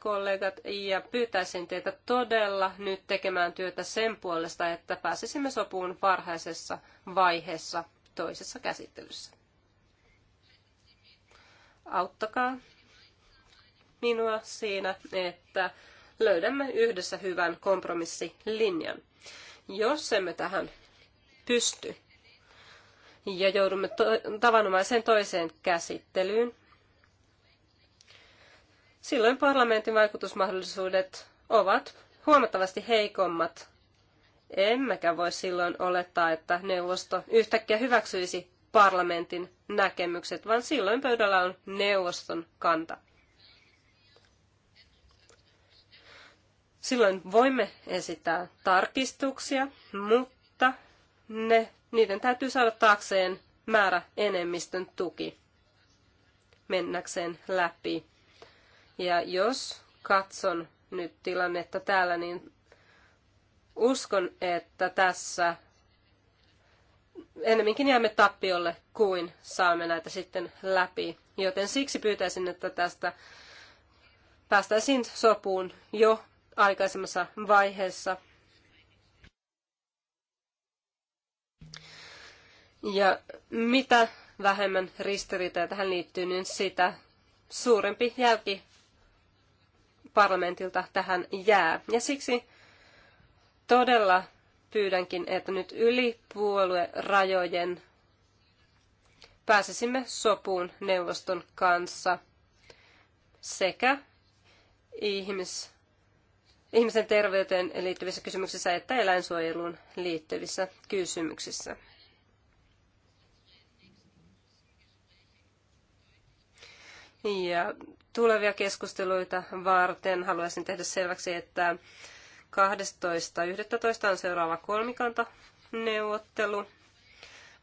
kollegat, ja pyytäisin teitä todella nyt tekemään työtä sen puolesta, että pääsisimme sopuun varhaisessa vaiheessa toisessa käsittelyssä. Auttakaa minua siinä, että löydämme yhdessä hyvän kompromissilinjan. Jos emme tähän pysty ja joudumme to- tavanomaiseen toiseen käsittelyyn, silloin parlamentin vaikutusmahdollisuudet ovat huomattavasti heikommat. Emmekä voi silloin olettaa, että neuvosto yhtäkkiä hyväksyisi parlamentin näkemykset, vaan silloin pöydällä on neuvoston kanta. Silloin voimme esittää tarkistuksia, mutta ne, niiden täytyy saada taakseen määrä enemmistön tuki mennäkseen läpi. Ja jos katson nyt tilannetta täällä, niin uskon, että tässä enemminkin jäämme tappiolle kuin saamme näitä sitten läpi. Joten siksi pyytäisin, että tästä päästäisiin sopuun jo aikaisemmassa vaiheessa. Ja mitä vähemmän ristiriitoja tähän liittyy, niin sitä suurempi jälki parlamentilta tähän jää. Ja siksi todella pyydänkin, että nyt yli puoluerajojen pääsisimme sopuun neuvoston kanssa sekä ihmis, ihmisen terveyteen liittyvissä kysymyksissä että eläinsuojeluun liittyvissä kysymyksissä. Ja tulevia keskusteluita varten haluaisin tehdä selväksi, että 12.11. on seuraava kolmikanta neuvottelu.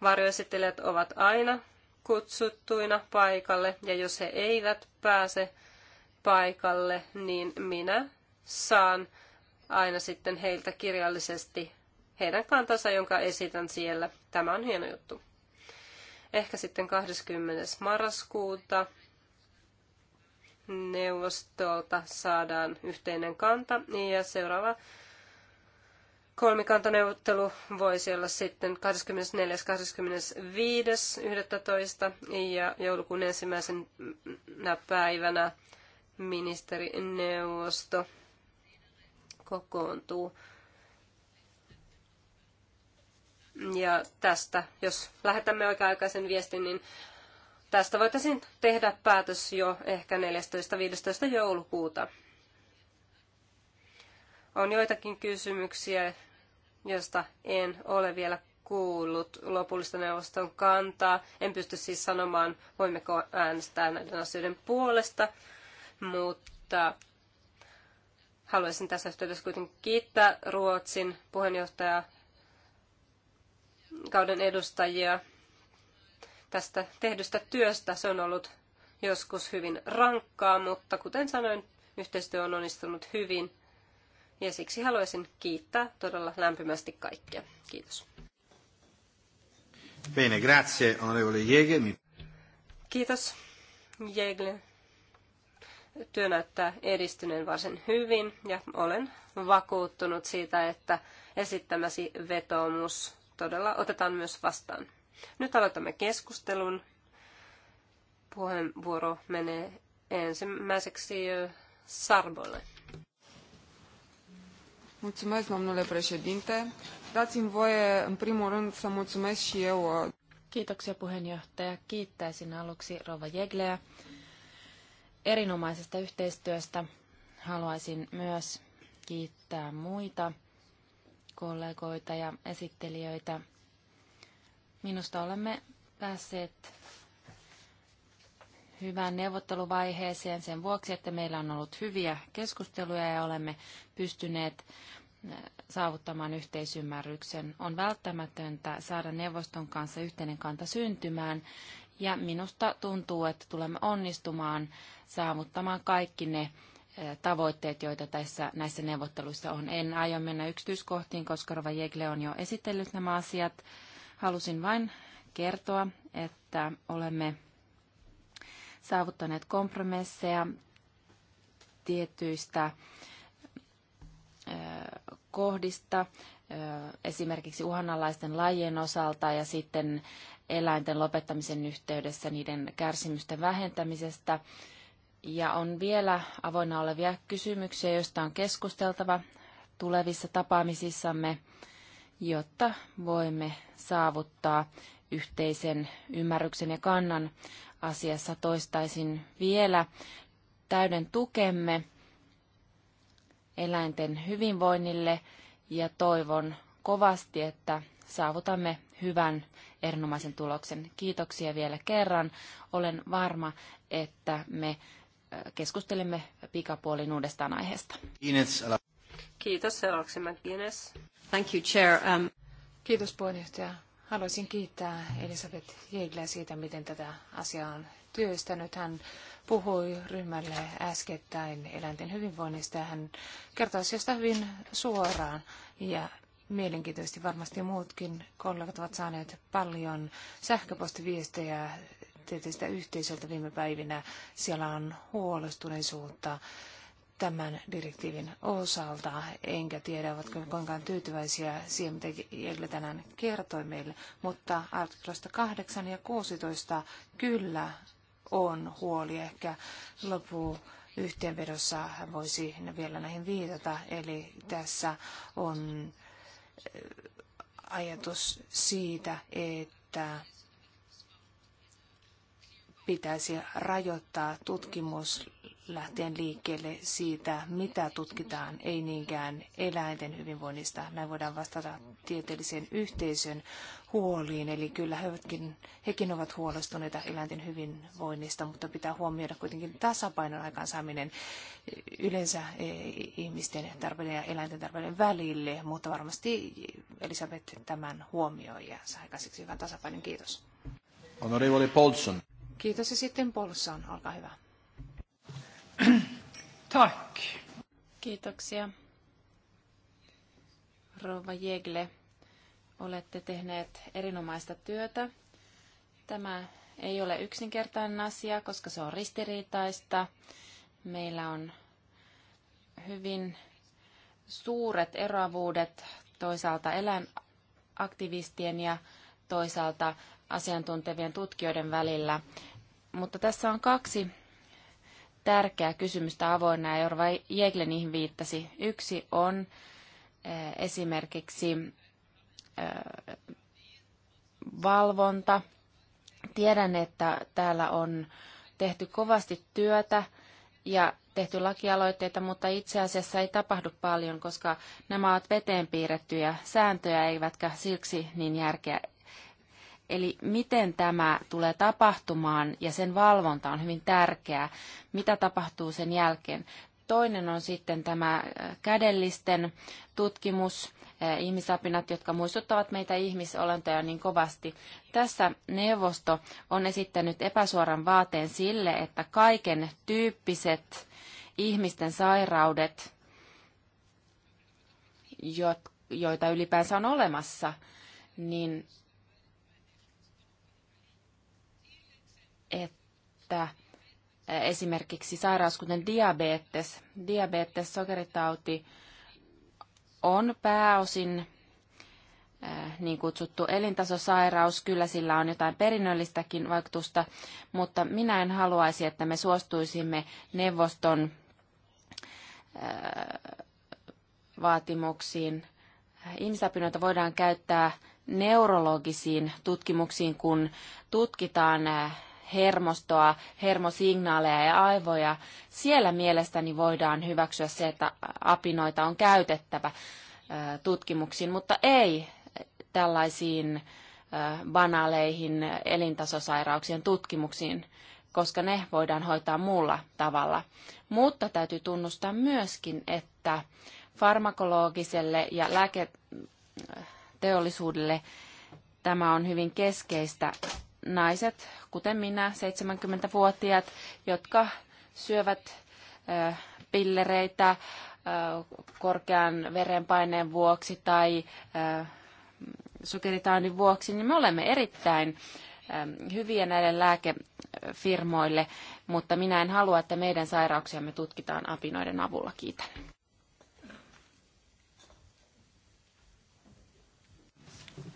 Varjoesittelijät ovat aina kutsuttuina paikalle ja jos he eivät pääse paikalle, niin minä saan aina sitten heiltä kirjallisesti heidän kantansa, jonka esitän siellä. Tämä on hieno juttu. Ehkä sitten 20. marraskuuta neuvostolta saadaan yhteinen kanta ja seuraava kolmikantaneuvottelu voisi olla sitten 24. 24.–25.11. ja joulukuun ensimmäisenä päivänä ministerineuvosto kokoontuu. Ja tästä, jos lähetämme oikea-aikaisen viestin, niin Tästä voitaisiin tehdä päätös jo ehkä 14-15 joulukuuta. On joitakin kysymyksiä, joista en ole vielä kuullut lopullista neuvoston kantaa. En pysty siis sanomaan, voimmeko äänestää näiden asioiden puolesta, mutta haluaisin tässä yhteydessä kuitenkin kiittää Ruotsin puheenjohtajaa kauden edustajia tästä tehdystä työstä. Se on ollut joskus hyvin rankkaa, mutta kuten sanoin, yhteistyö on onnistunut hyvin. Ja siksi haluaisin kiittää todella lämpimästi kaikkia. Kiitos. Bene, grazie, onorevole Jäger. Kiitos, Jägle. Työ näyttää edistyneen varsin hyvin ja olen vakuuttunut siitä, että esittämäsi vetoomus todella otetaan myös vastaan. Nyt aloitamme keskustelun. Puheenvuoro menee ensimmäiseksi Sarbolle. Mulțumesc, domnule președinte. Dați-mi voie, în primul rând, să mulțumesc și eu. Kiitoksia puheenjohtaja. Kiittäisin aluksi Rova Jegleä erinomaisesta yhteistyöstä. Haluaisin myös kiittää muita kollegoita ja esittelijöitä Minusta olemme päässeet hyvään neuvotteluvaiheeseen sen vuoksi, että meillä on ollut hyviä keskusteluja ja olemme pystyneet saavuttamaan yhteisymmärryksen. On välttämätöntä saada neuvoston kanssa yhteinen kanta syntymään ja minusta tuntuu, että tulemme onnistumaan saavuttamaan kaikki ne tavoitteet, joita tässä, näissä neuvotteluissa on. En aio mennä yksityiskohtiin, koska Rova Jegle on jo esitellyt nämä asiat Halusin vain kertoa, että olemme saavuttaneet kompromisseja tietyistä kohdista, esimerkiksi uhanalaisten lajien osalta ja sitten eläinten lopettamisen yhteydessä niiden kärsimysten vähentämisestä. Ja on vielä avoinna olevia kysymyksiä, joista on keskusteltava tulevissa tapaamisissamme jotta voimme saavuttaa yhteisen ymmärryksen ja kannan asiassa. Toistaisin vielä täyden tukemme eläinten hyvinvoinnille ja toivon kovasti, että saavutamme hyvän erinomaisen tuloksen. Kiitoksia vielä kerran. Olen varma, että me äh, keskustelemme pikapuolin uudestaan aiheesta. Kiitos. Seuraavaksi McGuinness. Thank you, Chair. Um... Kiitos puheenjohtaja. Haluaisin kiittää Elisabeth Jeglä siitä, miten tätä asiaa on työstänyt. Hän puhui ryhmälle äskettäin eläinten hyvinvoinnista ja hän kertoi asiasta hyvin suoraan. Ja mielenkiintoisesti varmasti muutkin kollegat ovat saaneet paljon sähköpostiviestejä tietystä yhteisöltä viime päivinä. Siellä on huolestuneisuutta tämän direktiivin osalta, enkä tiedä, ovatko kuinkaan tyytyväisiä siihen, mitä Jegle tänään kertoi meille, mutta artiklasta 8 ja 16 kyllä on huoli. Ehkä lopu yhteenvedossa voisi vielä näihin viitata, eli tässä on eh, ajatus siitä, että pitäisi rajoittaa tutkimus lähtien liikkeelle siitä, mitä tutkitaan, ei niinkään eläinten hyvinvoinnista. Näin voidaan vastata tieteellisen yhteisön huoliin, eli kyllä hekin, hekin ovat huolestuneita eläinten hyvinvoinnista, mutta pitää huomioida kuitenkin tasapainon aikaansaaminen yleensä e, ihmisten tarpeiden ja eläinten tarpeiden välille, mutta varmasti Elisabeth tämän huomioi ja saa aikaiseksi hyvän tasapainon. Kiitos. Honorevole Paulson. Kiitos ja sitten Polsson, olkaa hyvä. Tack. Kiitoksia. Rouva Jegle, olette tehneet erinomaista työtä. Tämä ei ole yksinkertainen asia, koska se on ristiriitaista. Meillä on hyvin suuret eroavuudet toisaalta eläinaktivistien ja toisaalta asiantuntevien tutkijoiden välillä. Mutta tässä on kaksi tärkeää kysymystä avoinna, ja Jorva Jegle niihin viittasi. Yksi on eh, esimerkiksi eh, valvonta. Tiedän, että täällä on tehty kovasti työtä ja tehty lakialoitteita, mutta itse asiassa ei tapahdu paljon, koska nämä ovat veteen piirrettyjä sääntöjä, eivätkä siksi niin järkeä, Eli miten tämä tulee tapahtumaan ja sen valvonta on hyvin tärkeää. Mitä tapahtuu sen jälkeen? Toinen on sitten tämä äh, kädellisten tutkimus, äh, ihmisapinat, jotka muistuttavat meitä ihmisolentoja niin kovasti. Tässä neuvosto on esittänyt epäsuoran vaateen sille, että kaiken tyyppiset ihmisten sairaudet, joita ylipäänsä on olemassa, niin että esimerkiksi sairaus kuten diabetes, diabetes, sokeritauti on pääosin niin kutsuttu elintasosairaus, kyllä sillä on jotain perinnöllistäkin vaikutusta, mutta minä en haluaisi, että me suostuisimme neuvoston vaatimuksiin. Ihmisapinoita voidaan käyttää neurologisiin tutkimuksiin, kun tutkitaan hermostoa, hermosignaaleja ja aivoja, siellä mielestäni voidaan hyväksyä se, että apinoita on käytettävä tutkimuksiin, mutta ei tällaisiin banaaleihin elintasosairauksien tutkimuksiin, koska ne voidaan hoitaa muulla tavalla. Mutta täytyy tunnustaa myöskin, että farmakologiselle ja lääketeollisuudelle tämä on hyvin keskeistä naiset, kuten minä, 70-vuotiaat, jotka syövät pillereitä korkean verenpaineen vuoksi tai sokeritaudin vuoksi, niin me olemme erittäin hyviä näille lääkefirmoille, mutta minä en halua, että meidän sairauksiamme tutkitaan apinoiden avulla. Kiitän.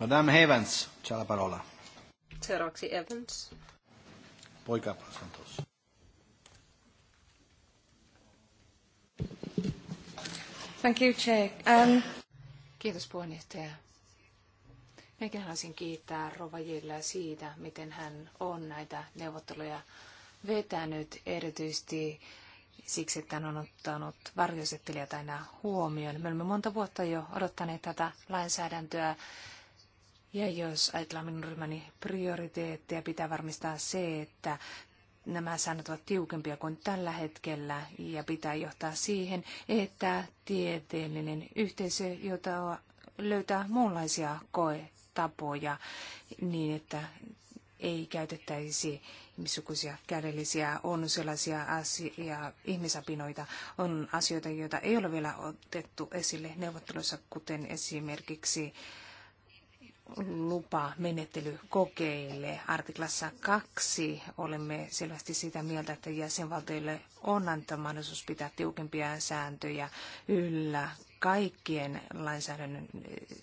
Madame Havens, c'è la parola. Seuraavaksi Evans. Poika Santos. Thank you, Chair. Um... Kiitos puheenjohtaja. Minäkin haluaisin kiittää Rova Jillä siitä, miten hän on näitä neuvotteluja vetänyt, erityisesti siksi, että hän on ottanut varjosettelijät aina huomioon. Me olemme monta vuotta jo odottaneet tätä lainsäädäntöä ja jos ajatellaan minun ryhmäni prioriteetteja, pitää varmistaa se, että nämä säännöt ovat tiukempia kuin tällä hetkellä ja pitää johtaa siihen, että tieteellinen yhteisö, jota löytää muunlaisia koetapoja niin, että ei käytettäisi ihmissukuisia kädellisiä, on sellaisia asia, ihmisapinoita, on asioita, joita ei ole vielä otettu esille neuvotteluissa, kuten esimerkiksi äh, lupamenettely kokeille. Artiklassa kaksi olemme selvästi sitä mieltä, että jäsenvaltioille on antama mahdollisuus pitää tiukempia sääntöjä yllä kaikkien lainsäädännön eh,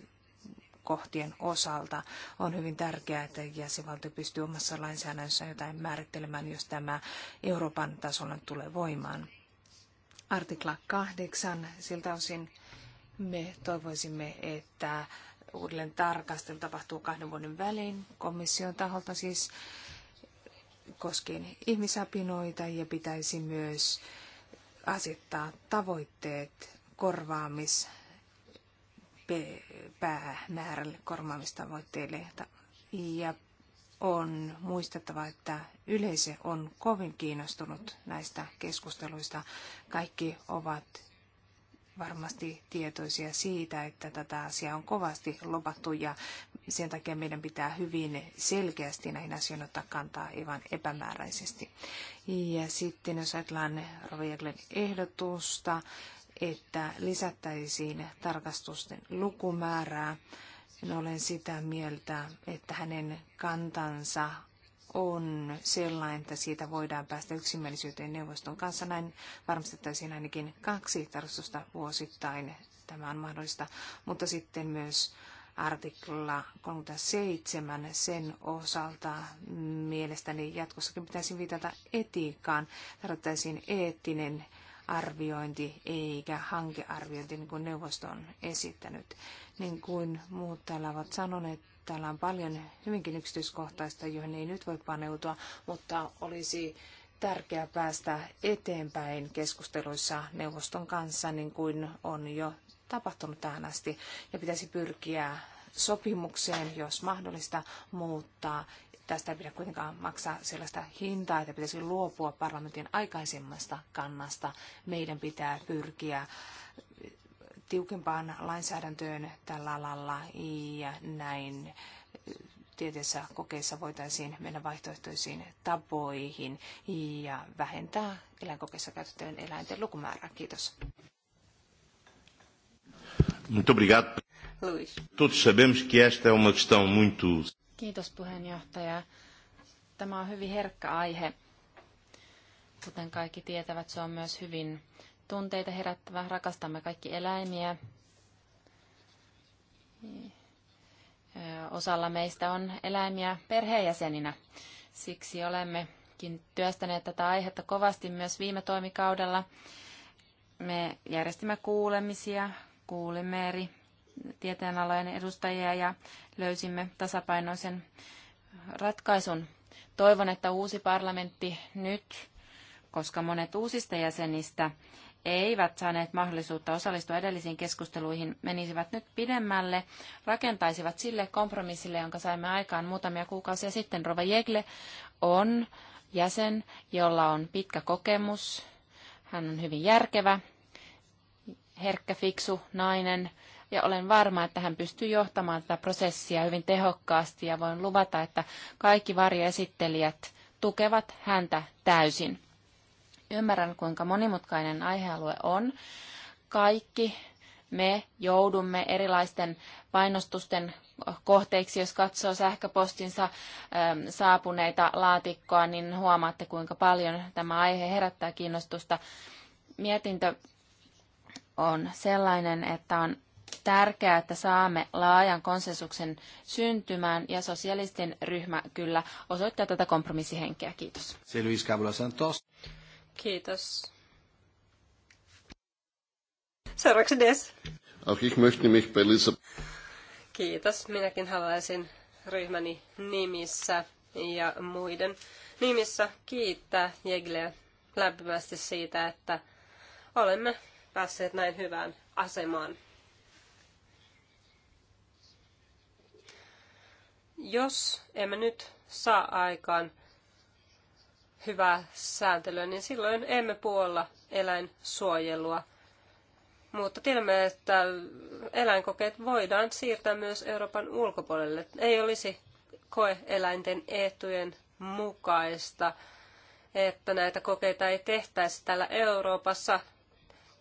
kohtien osalta on hyvin tärkeää, että jäsenvaltio pystyy omassa lainsäädännössä jotain määrittelemään, jos tämä Euroopan tasolla tulee voimaan. Artikla kahdeksan, siltä osin me toivoisimme, että uudelleen tarkastelu tapahtuu kahden vuoden välein komission taholta siis koskien ihmisapinoita ja pitäisi myös asettaa tavoitteet korvaamis päämäärälle, korvaamistavoitteille. Ja on muistettava, että yleisö on kovin kiinnostunut näistä keskusteluista. Kaikki ovat varmasti tietoisia siitä, että tätä asiaa on kovasti lopattu ja sen takia meidän pitää hyvin selkeästi näihin asioihin ottaa kantaa, ihan epämääräisesti. Ja sitten jos ajatellaan Rovierlen ehdotusta, että lisättäisiin tarkastusten lukumäärää, niin olen sitä mieltä, että hänen kantansa on sellainen, että siitä voidaan päästä yksimielisyyteen neuvoston kanssa. Näin varmistettaisiin ainakin kaksi tarkastusta vuosittain. Tämä on mahdollista. Mutta sitten myös artikla 37 sen osalta mielestäni jatkossakin pitäisi viitata etiikkaan. Tarvittaisiin eettinen arviointi eikä hankearviointi, niin kuin neuvosto on esittänyt. Niin kuin muut täällä ovat sanoneet, Täällä on paljon hyvinkin yksityiskohtaista, joihin ei nyt voi paneutua, mutta olisi tärkeää päästä eteenpäin keskusteluissa neuvoston kanssa, niin kuin on jo tapahtunut tähän asti, ja pitäisi pyrkiä sopimukseen, jos mahdollista, muuttaa tästä ei pidä kuitenkaan maksaa sellaista hintaa, että pitäisi luopua parlamentin aikaisemmasta kannasta. Meidän pitää pyrkiä tiukempaan lainsäädäntöön tällä alalla ja näin tieteessä kokeissa voitaisiin mennä vaihtoehtoisiin tapoihin ja vähentää eläinkokeissa käytettyjen eläinten lukumäärää. Kiitos. Muito obrigado. Luis. Todos sabemos que esta é uma questão muito... Kiitos puheenjohtaja. Tämä on hyvin herkkä aihe. Kuten kaikki tietävät, se on myös hyvin tunteita herättävä. Rakastamme kaikki eläimiä. Osalla meistä on eläimiä perheenjäseninä. Siksi olemmekin työstäneet tätä aihetta kovasti myös viime toimikaudella. Me järjestimme kuulemisia, kuulimme eri tieteenalojen edustajia ja löysimme tasapainoisen ratkaisun. Toivon, että uusi parlamentti nyt, koska monet uusista jäsenistä eivät saaneet mahdollisuutta osallistua edellisiin keskusteluihin, menisivät nyt pidemmälle, rakentaisivat sille kompromissille, jonka saimme aikaan muutamia kuukausia sitten. Rova Jegle on jäsen, jolla on pitkä kokemus. Hän on hyvin järkevä, herkkä, fiksu nainen, ja olen varma, että hän pystyy johtamaan tätä prosessia hyvin tehokkaasti ja voin luvata, että kaikki varjoesittelijät tukevat häntä täysin. Ymmärrän, kuinka monimutkainen aihealue on. Kaikki me joudumme erilaisten painostusten kohteiksi. Jos katsoo sähköpostinsa ähm, saapuneita laatikkoa, niin huomaatte, kuinka paljon tämä aihe herättää kiinnostusta. Mietintö on sellainen, että on tärkeää, että saamme laajan konsensuksen syntymään ja sosialistin ryhmä kyllä osoittaa tätä kompromissihenkeä. Kiitos. Se Luis Santos. Kiitos. Seuraavaksi Des. Auch ich möchte mich bei Lisa... Kiitos. Minäkin haluaisin ryhmäni nimissä ja muiden nimissä kiittää Jegleä lämpimästi siitä, että olemme päässeet näin hyvään asemaan. Jos emme nyt saa aikaan hyvää sääntelyä, niin silloin emme puolla eläinsuojelua. Mutta tiedämme, että eläinkokeet voidaan siirtää myös Euroopan ulkopuolelle. Ei olisi koeeläinten etujen mukaista, että näitä kokeita ei tehtäisi täällä Euroopassa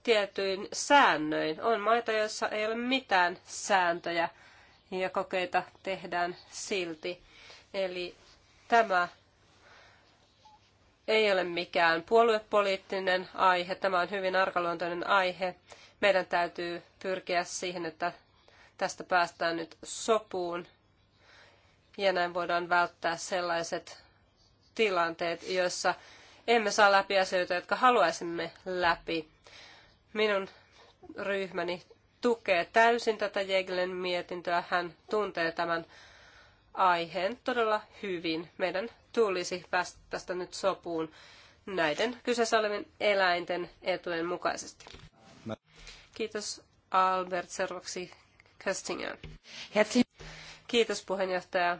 tietyin säännöin. On maita, joissa ei ole mitään sääntöjä ja kokeita tehdään silti. Eli tämä ei ole mikään puoluepoliittinen aihe. Tämä on hyvin arkaluontoinen aihe. Meidän täytyy pyrkiä siihen, että tästä päästään nyt sopuun. Ja näin voidaan välttää sellaiset tilanteet, joissa emme saa läpi asioita, jotka haluaisimme läpi. Minun ryhmäni tukee täysin tätä Jeglen mietintöä. Hän tuntee tämän aiheen todella hyvin. Meidän tulisi päästä tästä nyt sopuun näiden kyseessä olevien eläinten etujen mukaisesti. Kiitos Albert Servaksi Köstinger. Kiitos puheenjohtaja.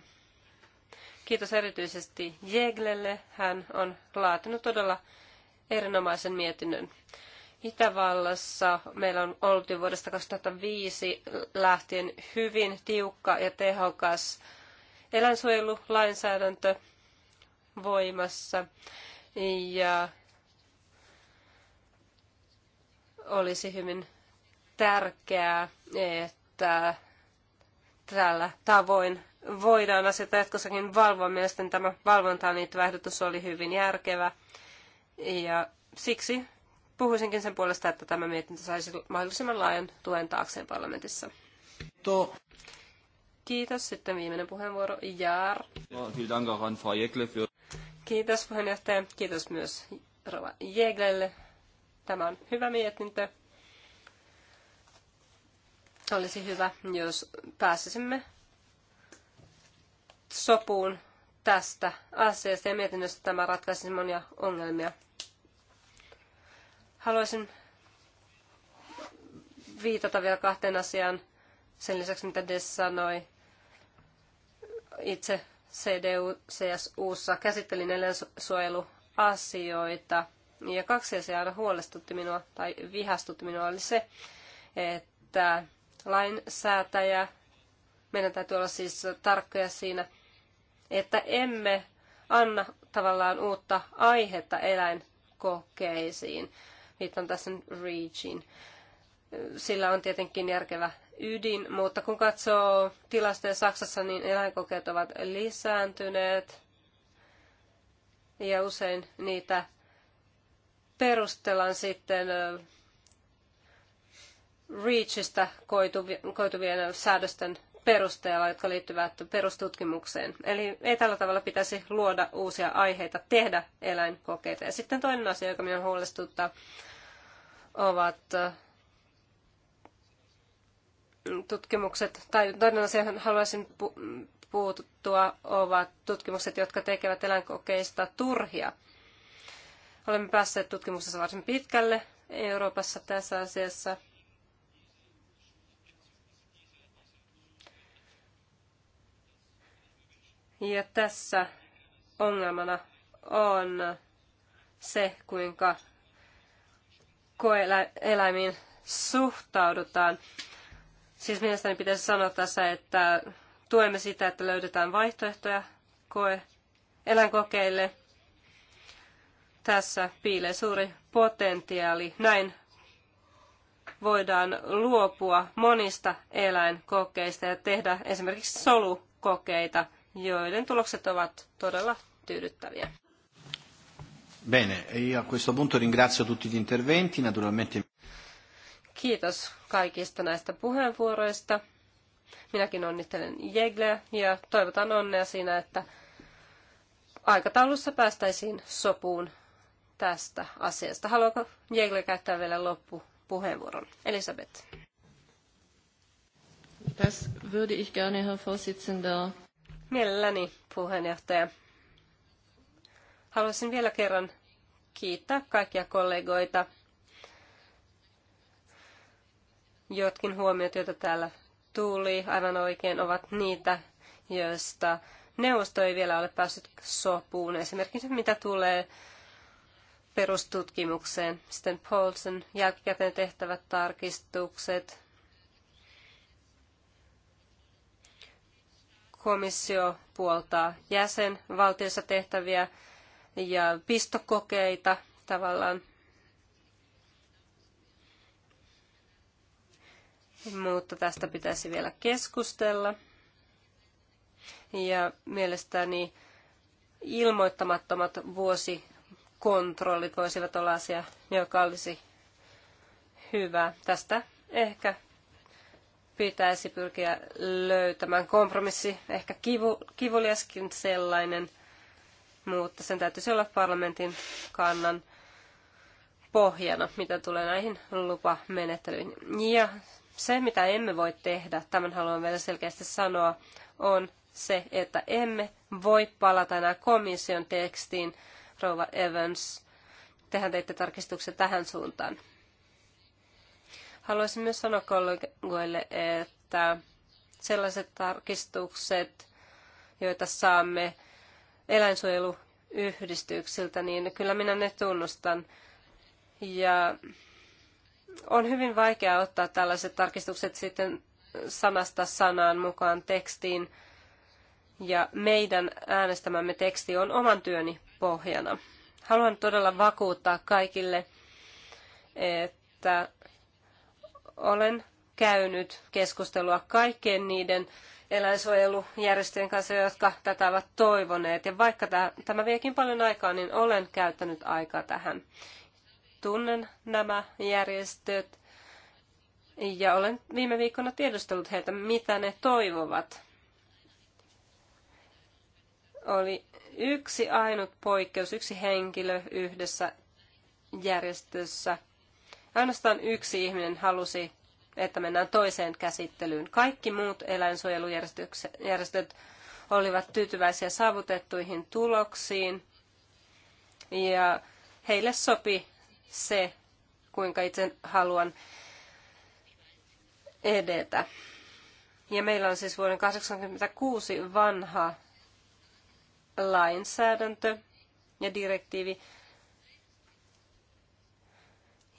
Kiitos erityisesti Jeglelle. Hän on laatinut todella erinomaisen mietinnön. Itävallassa meillä on ollut jo vuodesta 2005 lähtien hyvin tiukka ja tehokas eläinsuojelulainsäädäntö, voimassa ja olisi hyvin tärkeää, että tällä tavoin voidaan asioita jatkossakin valvoa. Mielestäni tämä valvontaan liittyvä ehdotus oli hyvin järkevä ja siksi puhuisinkin sen puolesta, että tämä mietintö saisi mahdollisimman laajan tuen taakseen parlamentissa. To. Kiitos. Sitten viimeinen puheenvuoro. Jaar. No, Kiitos puheenjohtaja. Kiitos myös Rova Jeglelle. Tämä on hyvä mietintö. Olisi hyvä, jos pääsisimme sopuun tästä asiasta ja mietinnöstä tämä ratkaisisi monia ongelmia. Haluaisin viitata vielä kahteen asiaan sen lisäksi, mitä Des sanoi. Itse CDU-CSUssa käsittelin eläinsuojeluasioita. Ja kaksi asiaa aina huolestutti minua tai vihastutti minua oli se, että lainsäätäjä, meidän täytyy olla siis tarkkoja siinä, että emme anna tavallaan uutta aihetta eläinkokeisiin. Viittaan tässä nyt REACHin. Sillä on tietenkin järkevä ydin, mutta kun katsoo tilastoja Saksassa, niin eläinkokeet ovat lisääntyneet ja usein niitä perustellaan sitten REACHista koituvien säädösten perusteella, jotka liittyvät perustutkimukseen. Eli ei tällä tavalla pitäisi luoda uusia aiheita tehdä eläinkokeita. Ja sitten toinen asia, joka minua huolestuttaa, ovat tutkimukset, tai toinen asia, johon haluaisin puuttua, ovat tutkimukset, jotka tekevät eläinkokeista turhia. Olemme päässeet tutkimuksessa varsin pitkälle Euroopassa tässä asiassa. Ja tässä ongelmana on se, kuinka eläimiin suhtaudutaan. Siis mielestäni pitäisi sanoa tässä, että tuemme sitä, että löydetään vaihtoehtoja koe eläinkokeille. Tässä piilee suuri potentiaali. Näin voidaan luopua monista eläinkokeista ja tehdä esimerkiksi solukokeita, joiden tulokset ovat todella tyydyttäviä. Bene, e io a questo punto ringrazio tutti gli interventi, naturalmente... Kiitos kaikista näistä puheenvuoroista. Minäkin onnittelen jegle ja toivotan onnea siinä, että aikataulussa päästäisiin sopuun tästä asiasta. Haluatko Jegle käyttää vielä loppupuheenvuoron? Elisabeth. Das würde ich gerne, Herr Vorsitzender. Mielelläni, puheenjohtaja. Haluaisin vielä kerran kiittää kaikkia kollegoita Jotkin huomiot, joita täällä tuli aivan oikein, ovat niitä, joista neuvosto ei vielä ole päässyt sopuun. Esimerkiksi mitä tulee perustutkimukseen, sitten Paulsen jälkikäteen tehtävät tarkistukset, komissio puoltaa jäsenvaltiossa tehtäviä ja pistokokeita tavallaan. mutta tästä pitäisi vielä keskustella. Ja mielestäni ilmoittamattomat vuosikontrollit voisivat olla asia, joka olisi hyvä. Tästä ehkä pitäisi pyrkiä löytämään kompromissi, ehkä kivu, kivuliaskin sellainen, mutta sen täytyisi olla parlamentin kannan pohjana, mitä tulee näihin lupamenettelyihin. Ja se, mitä emme voi tehdä, tämän haluan vielä selkeästi sanoa, on se, että emme voi palata enää komission tekstiin, Rova Evans. Tehän teitte tarkistuksen tähän suuntaan. Haluaisin myös sanoa kollegoille, että sellaiset tarkistukset, joita saamme eläinsuojeluyhdistyksiltä, niin kyllä minä ne tunnustan. Ja on hyvin vaikea ottaa tällaiset tarkistukset sitten sanasta sanaan mukaan tekstiin. Ja meidän äänestämämme teksti on oman työni pohjana. Haluan todella vakuuttaa kaikille, että olen käynyt keskustelua kaikkien niiden eläinsuojelujärjestöjen kanssa, jotka tätä ovat toivoneet. Ja vaikka tämä viekin paljon aikaa, niin olen käyttänyt aikaa tähän. Tunnen nämä järjestöt ja olen viime viikona tiedustellut heiltä, mitä ne toivovat. Oli yksi ainut poikkeus, yksi henkilö yhdessä järjestössä. Ainoastaan yksi ihminen halusi, että mennään toiseen käsittelyyn. Kaikki muut eläinsuojelujärjestöt olivat tyytyväisiä saavutettuihin tuloksiin ja heille sopi se, kuinka itse haluan edetä. Ja meillä on siis vuoden 1986 vanha lainsäädäntö ja direktiivi.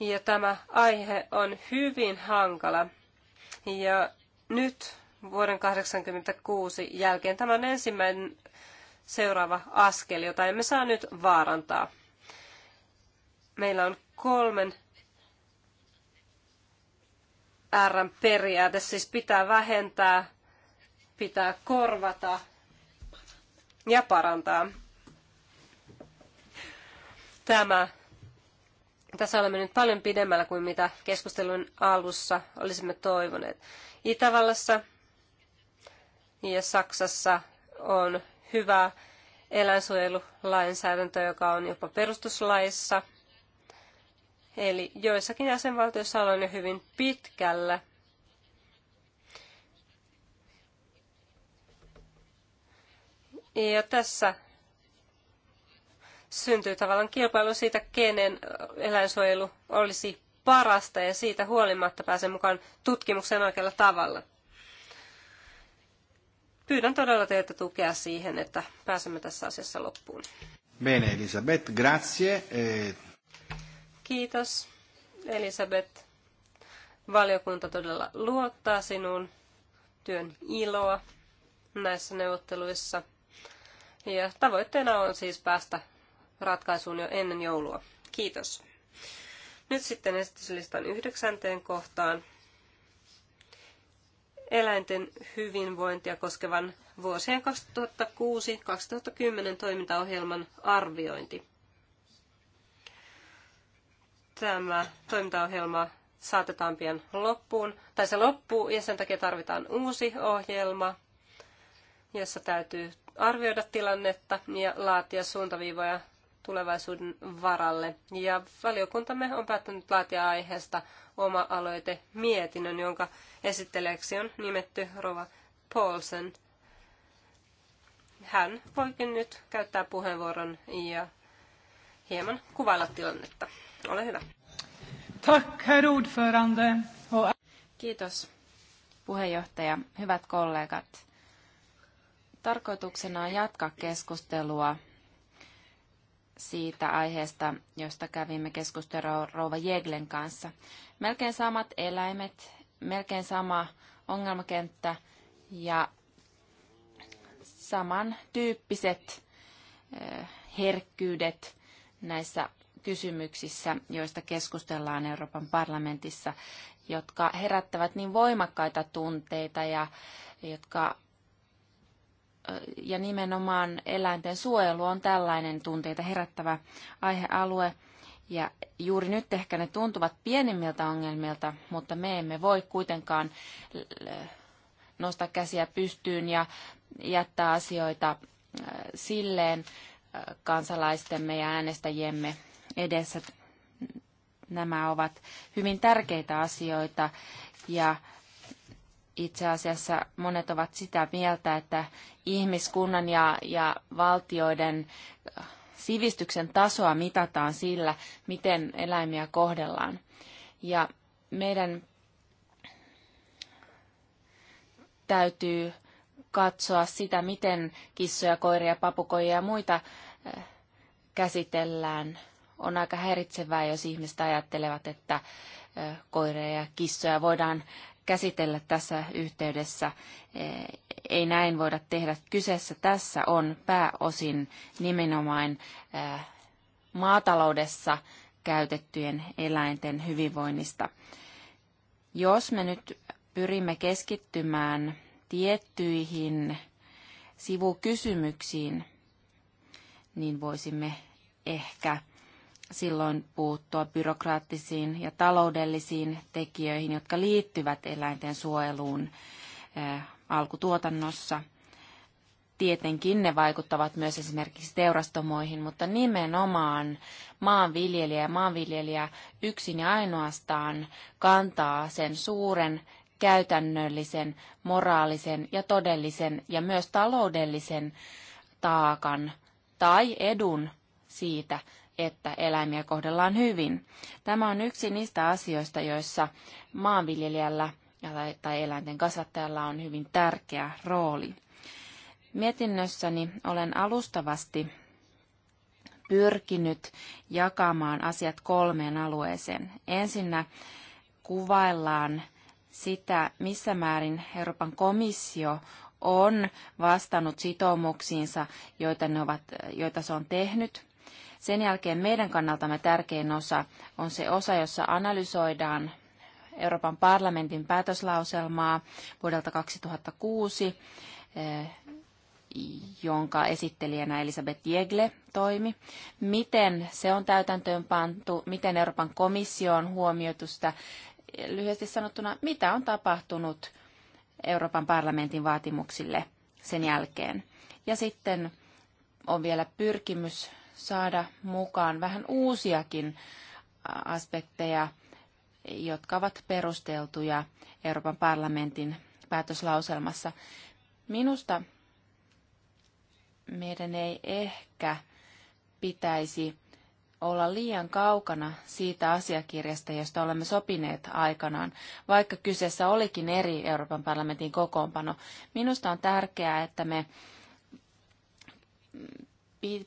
Ja tämä aihe on hyvin hankala. Ja nyt vuoden 1986 jälkeen tämä on ensimmäinen seuraava askel, jota emme saa nyt vaarantaa. Meillä on kolmen R periaate, siis pitää vähentää, pitää korvata ja parantaa. Tämä. Tässä olemme nyt paljon pidemmällä kuin mitä keskustelun alussa olisimme toivoneet. Itävallassa ja Saksassa on hyvä eläinsuojelulainsäädäntö, joka on jopa perustuslaissa – Eli joissakin jäsenvaltioissa ollaan jo hyvin pitkällä. Ja tässä syntyy tavallaan kilpailu siitä, kenen eläinsuojelu olisi parasta ja siitä huolimatta pääsen mukaan tutkimuksen oikealla tavalla. Pyydän todella teiltä tukea siihen, että pääsemme tässä asiassa loppuun. Bene Elisabeth, grazie. E Kiitos, Elisabeth. Valiokunta todella luottaa sinuun työn iloa näissä neuvotteluissa. Ja tavoitteena on siis päästä ratkaisuun jo ennen joulua. Kiitos. Nyt sitten esityslistan yhdeksänteen kohtaan. Eläinten hyvinvointia koskevan vuosien 2006-2010 toimintaohjelman arviointi tämä toimintaohjelma saatetaan pian loppuun, tai se loppuu, ja sen takia tarvitaan uusi ohjelma, jossa täytyy arvioida tilannetta ja laatia suuntaviivoja tulevaisuuden varalle. Ja valiokuntamme on päättänyt laatia aiheesta oma aloite mietinnön, jonka esittelijäksi on nimetty Rova Paulsen. Hän voikin nyt käyttää puheenvuoron ja hieman kuvailla tilannetta. Ole hyvä. Tack, herr ordförande. Kiitos, puheenjohtaja. Hyvät kollegat. Tarkoituksena on jatkaa keskustelua siitä aiheesta, josta kävimme keskustelua Rouva Jeglen kanssa. Melkein samat eläimet, melkein sama ongelmakenttä ja samantyyppiset eh, herkkyydet näissä kysymyksissä, joista keskustellaan Euroopan parlamentissa, jotka herättävät niin voimakkaita tunteita ja, jotka, ja nimenomaan eläinten suojelu on tällainen tunteita herättävä aihealue. Ja juuri nyt ehkä ne tuntuvat pienimmiltä ongelmilta, mutta me emme voi kuitenkaan nostaa käsiä pystyyn ja jättää asioita silleen kansalaistemme ja äänestäjiemme edessä. Nämä ovat hyvin tärkeitä asioita ja itse asiassa monet ovat sitä mieltä, että ihmiskunnan ja, ja valtioiden sivistyksen tasoa mitataan sillä, miten eläimiä kohdellaan. Ja meidän täytyy katsoa sitä, miten kissoja, koiria, papukoja ja muita eh, käsitellään on aika häiritsevää, jos ihmiset ajattelevat, että koireja ja kissoja voidaan käsitellä tässä yhteydessä. E, ei näin voida tehdä. Kyseessä tässä on pääosin nimenomaan maataloudessa käytettyjen eläinten hyvinvoinnista. Jos me nyt pyrimme keskittymään tiettyihin sivukysymyksiin, niin voisimme ehkä silloin puuttua byrokraattisiin ja taloudellisiin tekijöihin, jotka liittyvät eläinten suojeluun eh, alkutuotannossa. Tietenkin ne vaikuttavat myös esimerkiksi teurastomoihin, mutta nimenomaan maanviljelijä ja maanviljelijä yksin ja ainoastaan kantaa sen suuren käytännöllisen, moraalisen ja todellisen ja myös taloudellisen taakan tai edun siitä, että eläimiä kohdellaan hyvin. Tämä on yksi niistä asioista, joissa maanviljelijällä tai eläinten kasvattajalla on hyvin tärkeä rooli. Mietinnössäni olen alustavasti pyrkinyt jakamaan asiat kolmeen alueeseen. Ensinnä kuvaillaan sitä, missä määrin Euroopan komissio on vastannut sitoumuksiinsa, joita, ne ovat, joita se on tehnyt sen jälkeen meidän kannaltamme tärkein osa on se osa, jossa analysoidaan Euroopan parlamentin päätöslauselmaa vuodelta 2006, eh, jonka esittelijänä Elisabeth Jegle toimi. Miten se on täytäntöön pantu, miten Euroopan komissio on huomioitu sitä, lyhyesti sanottuna, mitä on tapahtunut Euroopan parlamentin vaatimuksille sen jälkeen. Ja sitten on vielä pyrkimys saada mukaan vähän uusiakin aspekteja, jotka ovat perusteltuja Euroopan parlamentin päätöslauselmassa. Minusta meidän ei ehkä pitäisi olla liian kaukana siitä asiakirjasta, josta olemme sopineet aikanaan, vaikka kyseessä olikin eri Euroopan parlamentin kokoonpano. Minusta on tärkeää, että me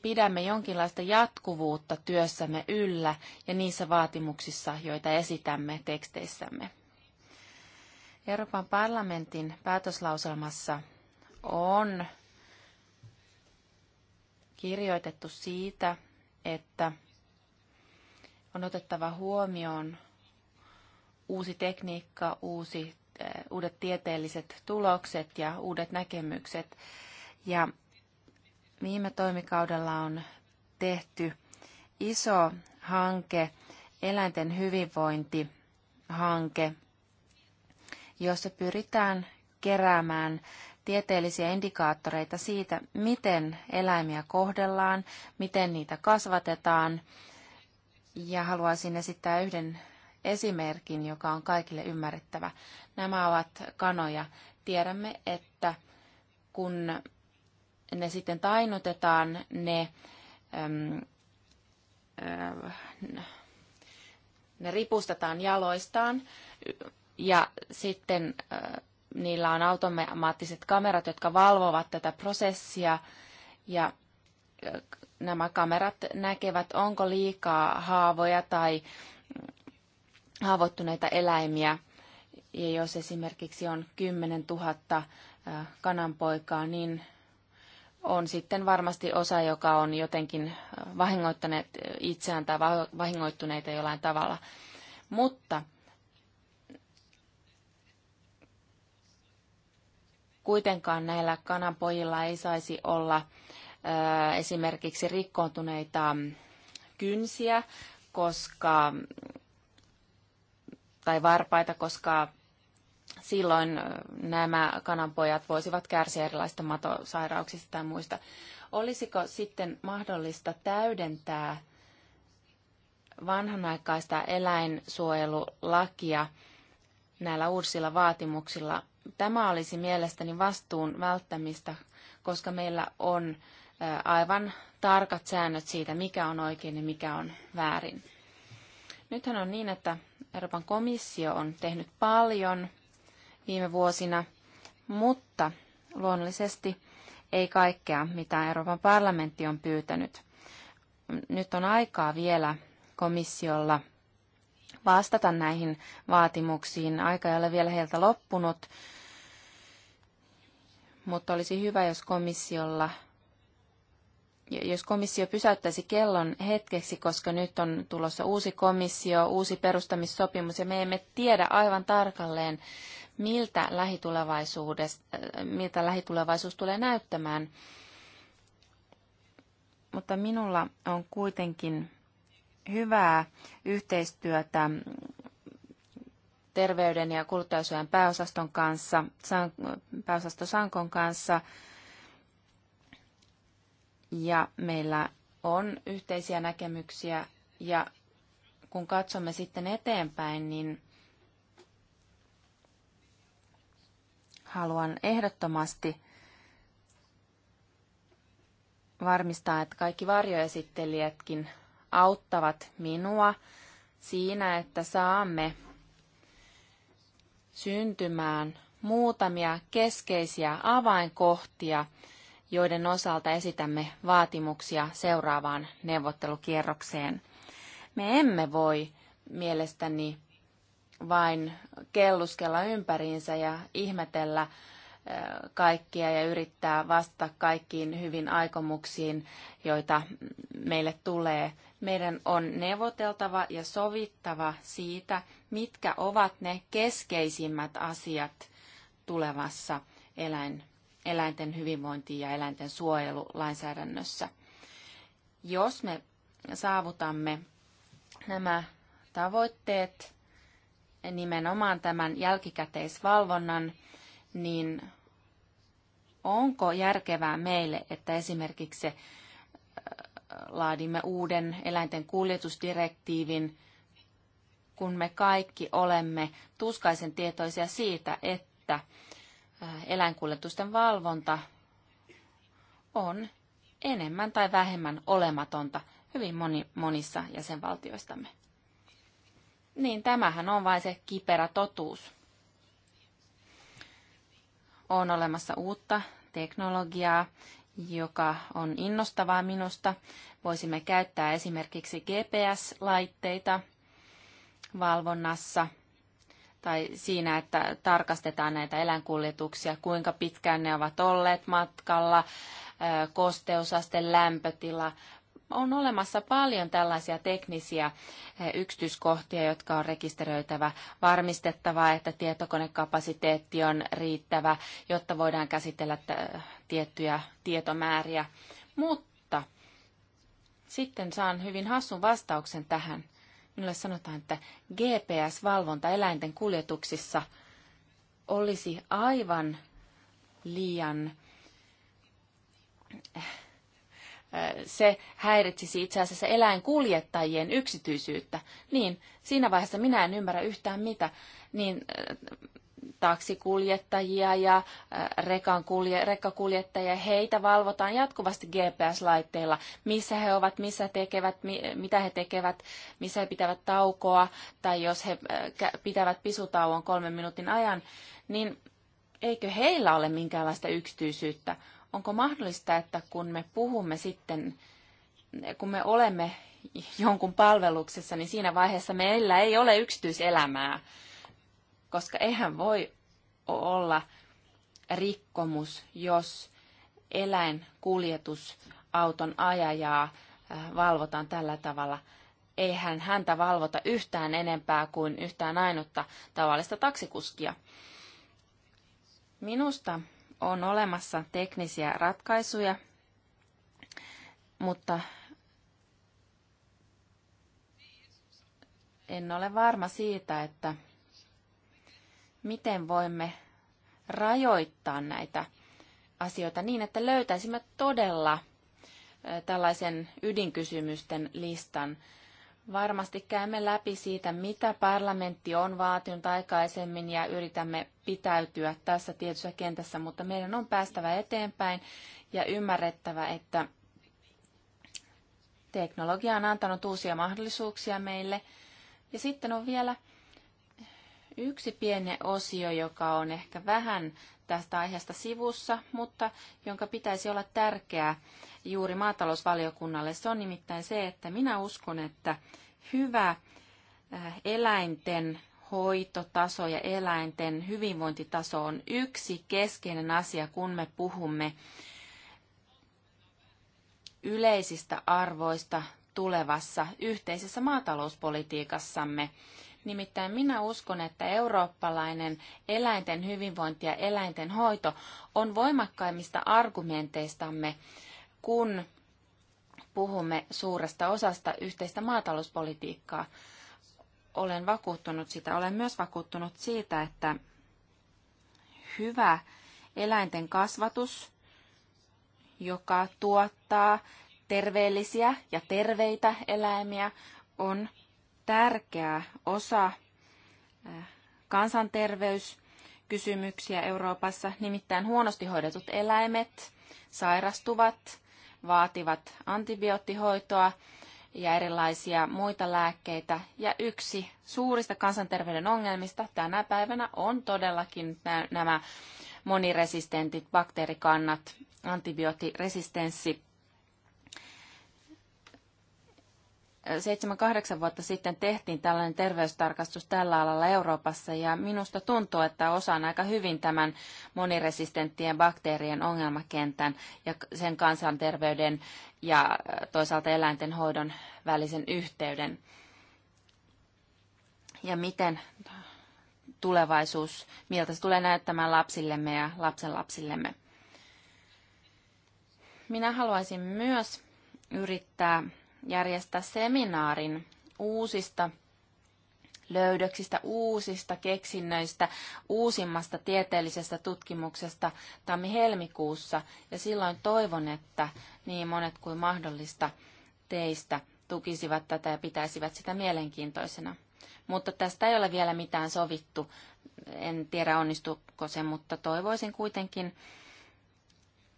pidämme jonkinlaista jatkuvuutta työssämme yllä ja niissä vaatimuksissa, joita esitämme teksteissämme. Euroopan parlamentin päätöslauselmassa on kirjoitettu siitä, että on otettava huomioon uusi tekniikka, uusi, eh, uudet tieteelliset tulokset ja uudet näkemykset. Ja Viime toimikaudella on tehty iso hanke, eläinten hyvinvointihanke, jossa pyritään keräämään tieteellisiä indikaattoreita siitä, miten eläimiä kohdellaan, miten niitä kasvatetaan. Ja haluaisin esittää yhden esimerkin, joka on kaikille ymmärrettävä. Nämä ovat kanoja. Tiedämme, että kun ne sitten tainotetaan, ne, äm, äh, ne ripustetaan jaloistaan ja sitten äh, niillä on automaattiset kamerat, jotka valvovat tätä prosessia ja äh, nämä kamerat näkevät, onko liikaa haavoja tai haavoittuneita eläimiä. Ja jos esimerkiksi on 10 000 äh, kananpoikaa, niin on sitten varmasti osa, joka on jotenkin vahingoittaneet itseään tai vahingoittuneita jollain tavalla. Mutta kuitenkaan näillä kananpojilla ei saisi olla esimerkiksi rikkoontuneita kynsiä koska, tai varpaita, koska silloin nämä kananpojat voisivat kärsiä erilaisista matosairauksista tai muista. Olisiko sitten mahdollista täydentää vanhanaikaista eläinsuojelulakia näillä uusilla vaatimuksilla? Tämä olisi mielestäni vastuun välttämistä, koska meillä on aivan tarkat säännöt siitä, mikä on oikein ja mikä on väärin. Nythän on niin, että Euroopan komissio on tehnyt paljon – viime vuosina, mutta luonnollisesti ei kaikkea, mitä Euroopan parlamentti on pyytänyt. Nyt on aikaa vielä komissiolla vastata näihin vaatimuksiin. Aika ei ole vielä heiltä loppunut, mutta olisi hyvä, jos komissiolla jos komissio pysäyttäisi kellon hetkeksi, koska nyt on tulossa uusi komissio, uusi perustamissopimus ja me emme tiedä aivan tarkalleen, miltä, miltä lähitulevaisuus tulee näyttämään. Mutta minulla on kuitenkin hyvää yhteistyötä terveyden ja kuluttajasuojan pääosaston kanssa, pääosasto Sankon kanssa. Ja meillä on yhteisiä näkemyksiä ja kun katsomme sitten eteenpäin, niin haluan ehdottomasti varmistaa, että kaikki varjoesittelijätkin auttavat minua siinä, että saamme syntymään muutamia keskeisiä avainkohtia, joiden osalta esitämme vaatimuksia seuraavaan neuvottelukierrokseen. Me emme voi mielestäni vain kelluskella ympäriinsä ja ihmetellä eh, kaikkia ja yrittää vastata kaikkiin hyvin aikomuksiin, joita meille tulee. Meidän on neuvoteltava ja sovittava siitä, mitkä ovat ne keskeisimmät asiat tulevassa eläin, eläinten hyvinvointi- ja eläinten suojelulainsäädännössä. Jos me saavutamme nämä tavoitteet, nimenomaan tämän jälkikäteisvalvonnan, niin onko järkevää meille, että esimerkiksi äh, laadimme uuden eläinten kuljetusdirektiivin, kun me kaikki olemme tuskaisen tietoisia siitä, että äh, eläinkuljetusten valvonta on enemmän tai vähemmän olematonta hyvin moni, monissa jäsenvaltioistamme. Niin, tämähän on vain se kiperä totuus. On olemassa uutta teknologiaa, joka on innostavaa minusta. Voisimme käyttää esimerkiksi GPS-laitteita valvonnassa tai siinä, että tarkastetaan näitä eläinkuljetuksia, kuinka pitkään ne ovat olleet matkalla, kosteusaste, lämpötila, on olemassa paljon tällaisia teknisiä eh, yksityiskohtia, jotka on rekisteröitävä, varmistettava, että tietokonekapasiteetti on riittävä, jotta voidaan käsitellä tiettyjä tietomääriä. Mutta sitten saan hyvin hassun vastauksen tähän. Minulle sanotaan, että GPS-valvonta eläinten kuljetuksissa olisi aivan liian eh, se häiritsisi itse asiassa eläinkuljettajien yksityisyyttä, niin siinä vaiheessa minä en ymmärrä yhtään mitä, niin taksikuljettajia ja rekan kulje, rekkakuljettajia, heitä valvotaan jatkuvasti GPS-laitteilla, missä he ovat, missä tekevät, mitä he tekevät, missä he pitävät taukoa, tai jos he pitävät pisutauon kolmen minuutin ajan, niin eikö heillä ole minkäänlaista yksityisyyttä? Onko mahdollista, että kun me puhumme sitten, kun me olemme jonkun palveluksessa, niin siinä vaiheessa meillä ei ole yksityiselämää, koska eihän voi olla rikkomus, jos eläinkuljetusauton ajajaa äh, valvotaan tällä tavalla. Eihän häntä valvota yhtään enempää kuin yhtään ainutta tavallista taksikuskia. Minusta on olemassa teknisiä ratkaisuja, mutta en ole varma siitä, että miten voimme rajoittaa näitä asioita niin, että löytäisimme todella tällaisen ydinkysymysten listan Varmasti käymme läpi siitä, mitä parlamentti on vaatinut aikaisemmin ja yritämme pitäytyä tässä tietyssä kentässä, mutta meidän on päästävä eteenpäin ja ymmärrettävä, että teknologia on antanut uusia mahdollisuuksia meille. Ja sitten on vielä yksi pieni osio, joka on ehkä vähän tästä aiheesta sivussa, mutta jonka pitäisi olla tärkeää juuri maatalousvaliokunnalle. Se on nimittäin se, että minä uskon, että hyvä äh, eläinten hoitotaso ja eläinten hyvinvointitaso on yksi keskeinen asia, kun me puhumme yleisistä arvoista tulevassa yhteisessä maatalouspolitiikassamme. Nimittäin minä uskon, että eurooppalainen eläinten hyvinvointi ja eläinten hoito on voimakkaimmista argumenteistamme, kun puhumme suuresta osasta yhteistä maatalouspolitiikkaa. Olen vakuuttunut sitä. Olen myös vakuuttunut siitä, että hyvä eläinten kasvatus, joka tuottaa terveellisiä ja terveitä eläimiä, on tärkeä osa äh, kansanterveyskysymyksiä Euroopassa. Nimittäin huonosti hoidetut eläimet sairastuvat, vaativat antibioottihoitoa ja erilaisia muita lääkkeitä. Ja yksi suurista kansanterveyden ongelmista tänä päivänä on todellakin nämä moniresistentit bakteerikannat, antibioottiresistenssi 7-8 vuotta sitten tehtiin tällainen terveystarkastus tällä alalla Euroopassa ja minusta tuntuu, että osaan aika hyvin tämän moniresistenttien bakteerien ongelmakentän ja sen kansanterveyden ja äh, toisaalta eläinten hoidon välisen yhteyden. Ja miten tulevaisuus, miltä se tulee näyttämään lapsillemme ja lapsenlapsillemme. Minä haluaisin myös yrittää järjestää seminaarin uusista löydöksistä, uusista keksinnöistä, uusimmasta tieteellisestä tutkimuksesta tammi-helmikuussa. Ja silloin toivon, että niin monet kuin mahdollista teistä tukisivat tätä ja pitäisivät sitä mielenkiintoisena. Mutta tästä ei ole vielä mitään sovittu. En tiedä onnistuuko se, mutta toivoisin kuitenkin,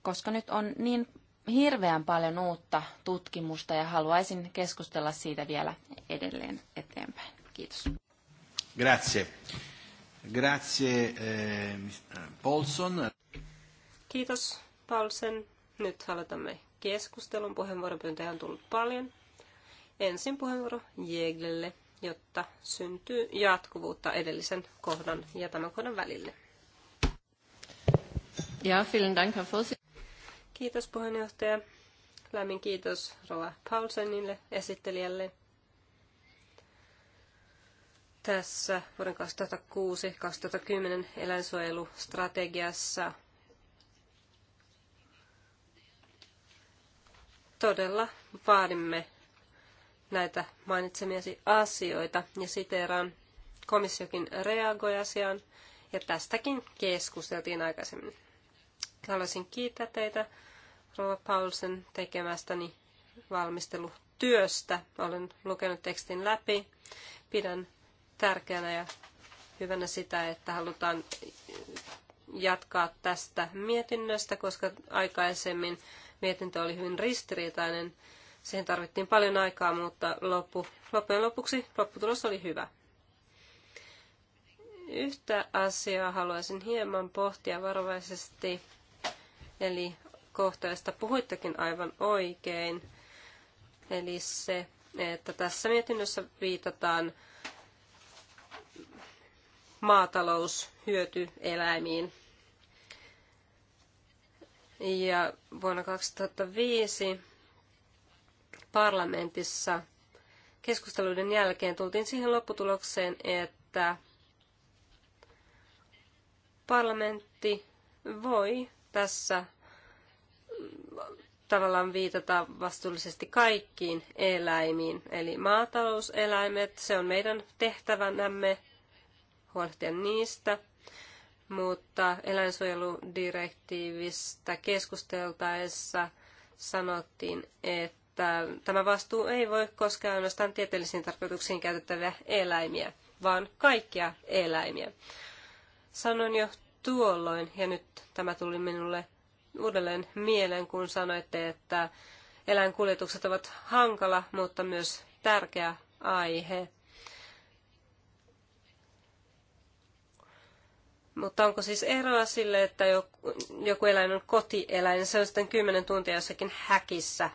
koska nyt on niin hirveän paljon uutta tutkimusta ja haluaisin keskustella siitä vielä edelleen eteenpäin. Kiitos. Grazie. Grazie, eh, eh Kiitos, Paulsen. Nyt aloitamme keskustelun. Puheenvuoropyyntöjä on tullut paljon. Ensin puheenvuoro Jeglelle, jotta syntyy jatkuvuutta edellisen kohdan ja tämän kohdan välille. Ja, vielen Dank, Herr Vorsitz. Kiitos puheenjohtaja. Lämmin kiitos Rova Paulsenille esittelijälle. Tässä vuoden 2006-2010 eläinsuojelustrategiassa todella vaadimme näitä mainitsemiasi asioita ja siteeraan komissiokin reagoi asiaan ja tästäkin keskusteltiin aikaisemmin. Haluaisin kiittää teitä Rova Paulsen tekemästäni valmistelutyöstä. Olen lukenut tekstin läpi. Pidän tärkeänä ja hyvänä sitä, että halutaan jatkaa tästä mietinnöstä, koska aikaisemmin mietintö oli hyvin ristiriitainen. Siihen tarvittiin paljon aikaa, mutta loppu, loppujen lopuksi lopputulos oli hyvä. Yhtä asiaa haluaisin hieman pohtia varovaisesti Eli kohteesta puhuittekin aivan oikein. Eli se, että tässä mietinnössä viitataan maataloushyötyeläimiin. Ja vuonna 2005 parlamentissa keskusteluiden jälkeen tultiin siihen lopputulokseen, että parlamentti voi tässä tavallaan viitata vastuullisesti kaikkiin eläimiin. Eli maatalouseläimet, se on meidän tehtävänämme huolehtia niistä, mutta eläinsuojeludirektiivistä keskusteltaessa sanottiin, että tämä vastuu ei voi koskea ainoastaan tieteellisiin tarkoituksiin käytettäviä eläimiä, vaan kaikkia eläimiä. Sanoin jo tuolloin, ja nyt tämä tuli minulle uudelleen mieleen, kun sanoitte, että eläinkuljetukset ovat hankala, mutta myös tärkeä aihe. Mutta onko siis eroa sille, että joku, joku eläin on kotieläin, se on sitten 10 tuntia jossakin häkissä?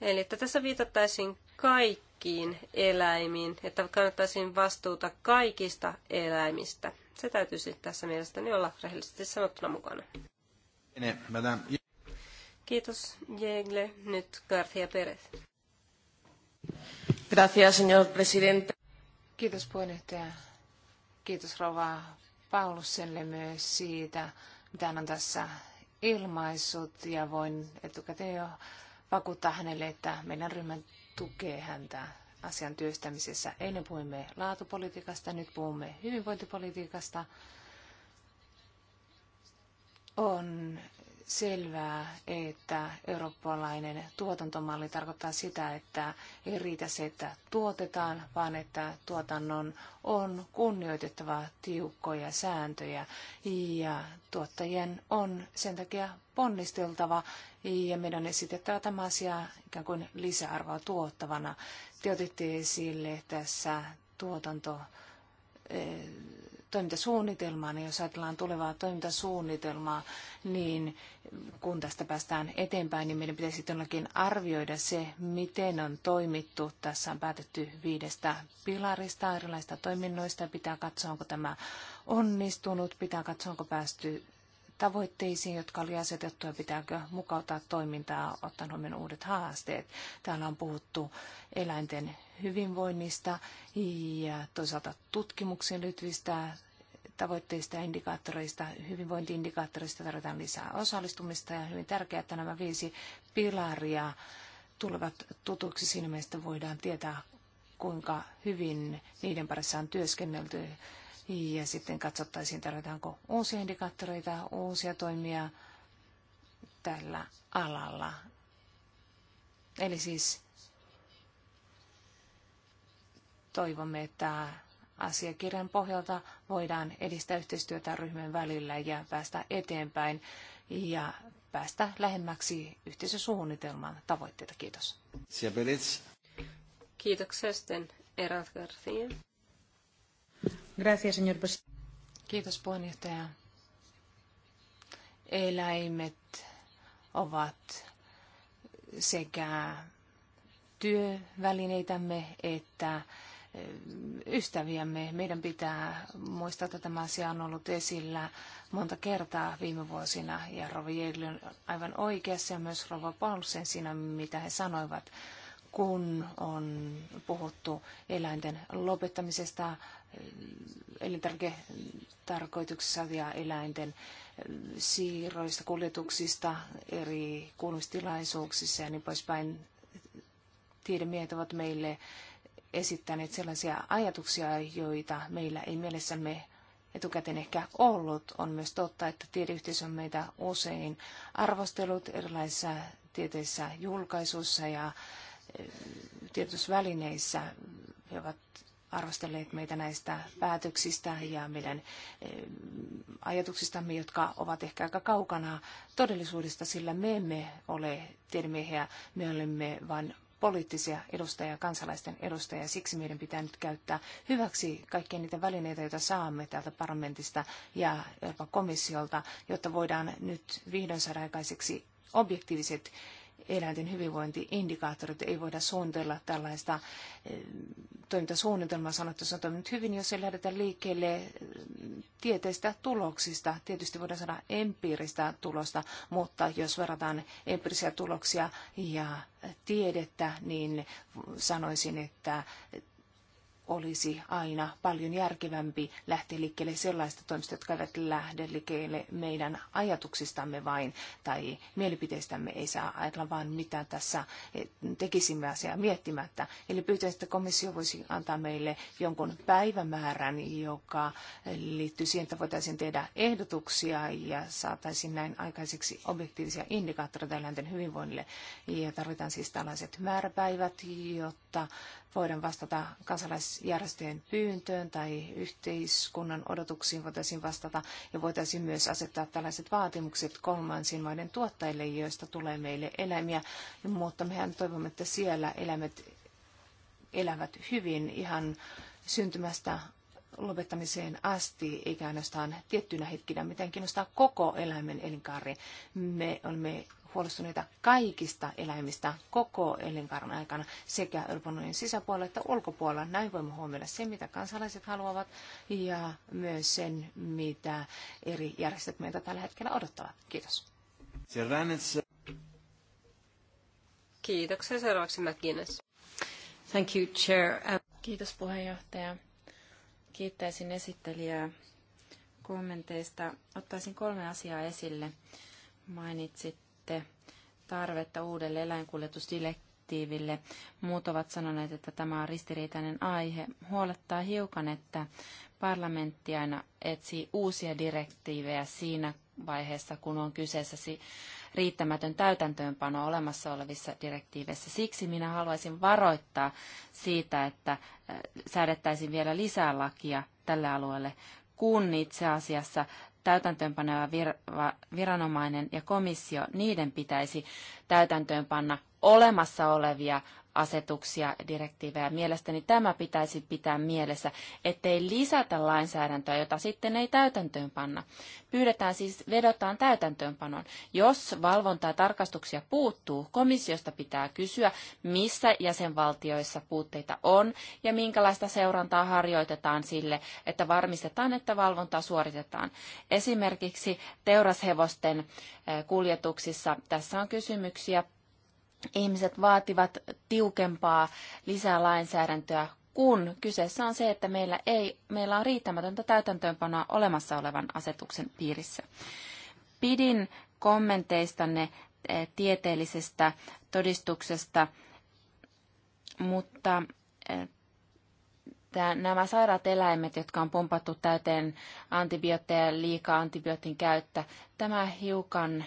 Eli että tässä viitattaisiin kaikkiin eläimiin, että kannattaisiin vastuuta kaikista eläimistä. Se täytyisi siis tässä mielestäni olla rehellisesti sanottuna mukana. Kiitos Jegle. Nyt García Pérez. Gracias, señor presidente. Kiitos puheenjohtaja. Kiitos Rova Paulusselle myös siitä, mitä hän on tässä ilmaissut ja voin etukäteen jo vakuuttaa hänelle, että meidän ryhmän tukee häntä asian työstämisessä. Eilen puhuimme laatupolitiikasta, nyt puhumme hyvinvointipolitiikasta. On selvää, että eurooppalainen tuotantomalli tarkoittaa sitä, että ei riitä se, että tuotetaan, vaan että tuotannon on kunnioitettava tiukkoja sääntöjä ja tuottajien on sen takia ponnisteltava ja meidän on esitettävä tämä asia ikään kuin lisäarvoa tuottavana. Te otitte esille tässä tuotanto eh, toimintasuunnitelmaa, niin jos ajatellaan tulevaa toimintasuunnitelmaa, niin kun tästä päästään eteenpäin, niin meidän pitäisi todellakin arvioida se, miten on toimittu. Tässä on päätetty viidestä pilarista, erilaisista toiminnoista. Pitää katsoa, onko tämä onnistunut, pitää katsoa, onko päästy tavoitteisiin, jotka oli asetettu ja pitääkö mukauttaa toimintaa ottaen huomioon uudet haasteet. Täällä on puhuttu eläinten hyvinvoinnista ja toisaalta tutkimuksiin liittyvistä tavoitteista ja indikaattoreista, hyvinvointiindikaattoreista tarvitaan lisää osallistumista ja hyvin tärkeää, että nämä viisi pilaria tulevat tutuksi siinä mielessä, voidaan tietää, kuinka hyvin niiden parissa on työskennelty ja sitten katsottaisiin, tarvitaanko uusia indikaattoreita, uusia toimia tällä alalla. Eli siis toivomme, että asiakirjan pohjalta voidaan edistää yhteistyötä ryhmien välillä ja päästä eteenpäin ja päästä lähemmäksi yhteisösuunnitelman tavoitteita. Kiitos. Kiitoksia sitten Erat Garcia. Gracias, señor Kiitos puheenjohtaja. Eläimet ovat sekä työvälineitämme että eh, ystäviämme. Meidän pitää muistaa, että tämä asia on ollut esillä monta kertaa viime vuosina ja Rova Jedli on aivan oikeassa ja myös Rova Paulsen siinä, mitä he sanoivat, kun on puhuttu eläinten lopettamisesta, elintarviketarkoituksessa ja eläinten siirroista, kuljetuksista, eri kuulumistilaisuuksissa ja niin poispäin. Tiedemiehet ovat meille esittäneet sellaisia ajatuksia, joita meillä ei mielessämme etukäteen ehkä ollut. On myös totta, että tiedeyhteisö on meitä usein arvostellut erilaisissa tieteissä julkaisuissa ja eh, tiedotusvälineissä. He ovat arvostelleet meitä näistä päätöksistä ja meidän eh, ajatuksistamme, jotka ovat ehkä aika kaukana todellisuudesta, sillä me emme ole tiedemiehiä, me olemme vain poliittisia edustajia, kansalaisten edustajia. Siksi meidän pitää nyt käyttää hyväksi kaikkia niitä välineitä, joita saamme täältä parlamentista ja Euroopan komissiolta, jotta voidaan nyt vihdoin saada aikaiseksi objektiiviset eläinten hyvinvointiindikaattorit. Ei voida suunnitella tällaista eh, toimintasuunnitelmaa sanoa, että se on toiminut hyvin, jos ei lähdetä liikkeelle eh, tieteistä tuloksista. Tietysti voidaan saada empiiristä tulosta, mutta jos verrataan empiirisiä tuloksia ja tiedettä, niin sanoisin, että olisi aina paljon järkevämpi lähteä liikkeelle sellaista toimista, jotka eivät lähde liikkeelle meidän ajatuksistamme vain tai mielipiteistämme. Ei saa ajatella vaan mitä tässä eh, tekisimme asiaa miettimättä. Eli pyytäisin, että komissio voisi antaa meille jonkun päivämäärän, joka liittyy siihen, että voitaisiin tehdä ehdotuksia ja saataisiin näin aikaiseksi objektiivisia indikaattoreita eläinten hyvinvoinnille. Ja tarvitaan siis tällaiset määräpäivät, jotta voidaan vastata kansalais- järjestöjen pyyntöön tai yhteiskunnan odotuksiin voitaisiin vastata ja voitaisiin myös asettaa tällaiset vaatimukset kolmansien maiden tuottajille, joista tulee meille eläimiä, mutta mehän toivomme, että siellä eläimet elävät hyvin ihan syntymästä lopettamiseen asti, eikä ainoastaan tiettynä hetkinä, miten kiinnostaa koko eläimen elinkaari. Me olemme huolestuneita kaikista eläimistä koko elinkaaren aikana sekä Euroopan unionin sisäpuolella että ulkopuolella. Näin voimme huomioida sen, mitä kansalaiset haluavat ja myös sen, mitä eri järjestöt meiltä tällä hetkellä odottavat. Kiitos. Kiitoksia. Seuraavaksi McGuinness. Thank you, Chair. Um, Kiitos puheenjohtaja. Kiittäisin esittelijää kommenteista. Ottaisin kolme asiaa esille. Mainitsit sitten tarvetta uudelle eläinkuljetusdirektiiville. Muut ovat sanoneet, että tämä on ristiriitainen aihe. Huolettaa hiukan, että parlamentti aina etsii uusia direktiivejä siinä vaiheessa, kun on kyseessä riittämätön täytäntöönpano olemassa olevissa direktiiveissä. Siksi minä haluaisin varoittaa siitä, että säädettäisiin vielä lisää lakia tälle alueelle, kun itse asiassa täytäntöönpaneva viranomainen ja komissio, niiden pitäisi täytäntöönpanna olemassa olevia asetuksia, direktiivejä. Mielestäni tämä pitäisi pitää mielessä, ettei lisätä lainsäädäntöä, jota sitten ei täytäntöön panna. Pyydetään siis, vedotaan täytäntöönpanoon. Jos valvontaa ja tarkastuksia puuttuu, komissiosta pitää kysyä, missä jäsenvaltioissa puutteita on ja minkälaista seurantaa harjoitetaan sille, että varmistetaan, että valvontaa suoritetaan. Esimerkiksi teurashevosten eh, kuljetuksissa tässä on kysymyksiä ihmiset vaativat tiukempaa lisää lainsäädäntöä, kun kyseessä on se, että meillä, ei, meillä on riittämätöntä täytäntöönpanoa olemassa olevan asetuksen piirissä. Pidin kommenteistanne eh, tieteellisestä todistuksesta, mutta eh, nämä sairaat eläimet, jotka on pumpattu täyteen antibiootteja ja liikaa antibiootin käyttä, tämä hiukan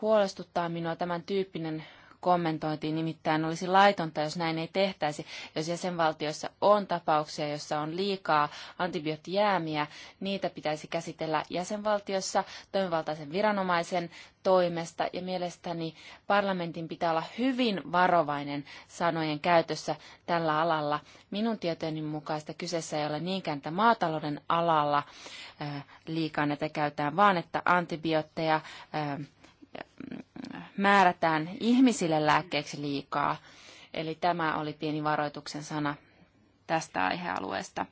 huolestuttaa minua tämän tyyppinen kommentointiin, nimittäin olisi laitonta, jos näin ei tehtäisi. Jos jäsenvaltioissa on tapauksia, joissa on liikaa antibioottijäämiä, niitä pitäisi käsitellä jäsenvaltiossa toimivaltaisen viranomaisen toimesta, ja mielestäni parlamentin pitää olla hyvin varovainen sanojen käytössä tällä alalla. Minun tietojeni mukaista kyseessä ei ole niinkään, että maatalouden alalla äh, liikaa näitä käytetään, vaan että antibiootteja äh, määrätään ihmisille lääkkeeksi liikaa. Eli tämä oli pieni varoituksen sana tästä aihealueesta.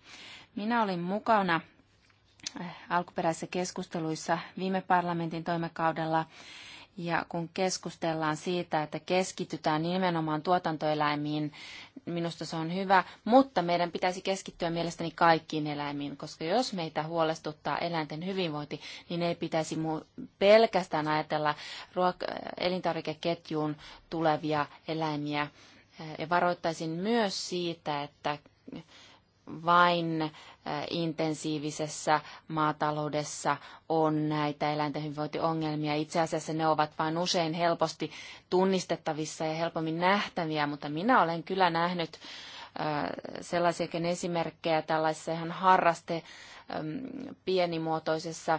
Minä olin mukana eh, alkuperäisissä keskusteluissa viime parlamentin toimekaudella ja kun keskustellaan siitä, että keskitytään nimenomaan tuotantoeläimiin, minusta se on hyvä, mutta meidän pitäisi keskittyä mielestäni kaikkiin eläimiin, koska jos meitä huolestuttaa eläinten hyvinvointi, niin ei pitäisi pelkästään ajatella ruok- elintarvikeketjuun tulevia eläimiä. Ja varoittaisin myös siitä, että vain äh, intensiivisessä maataloudessa on näitä eläinten hyvinvointiongelmia. Itse asiassa ne ovat vain usein helposti tunnistettavissa ja helpommin nähtäviä, mutta minä olen kyllä nähnyt äh, sellaisiakin esimerkkejä tällaisessa ihan harraste pienimuotoisessa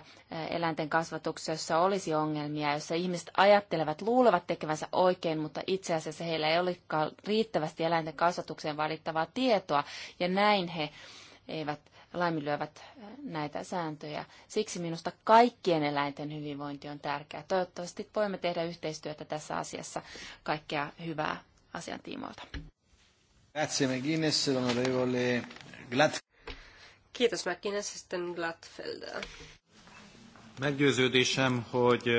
eläinten kasvatuksessa, jossa olisi ongelmia, jossa ihmiset ajattelevat, luulevat tekevänsä oikein, mutta itse asiassa heillä ei olekaan riittävästi eläinten kasvatukseen vaadittavaa tietoa, ja näin he eivät laiminlyövät näitä sääntöjä. Siksi minusta kaikkien eläinten hyvinvointi on tärkeää. Toivottavasti voimme tehdä yhteistyötä tässä asiassa kaikkea hyvää asian tiimoilta. Grazie McGuinness, onorevole Kiitos sitten Gladfelder. Meggyőződésem, hogy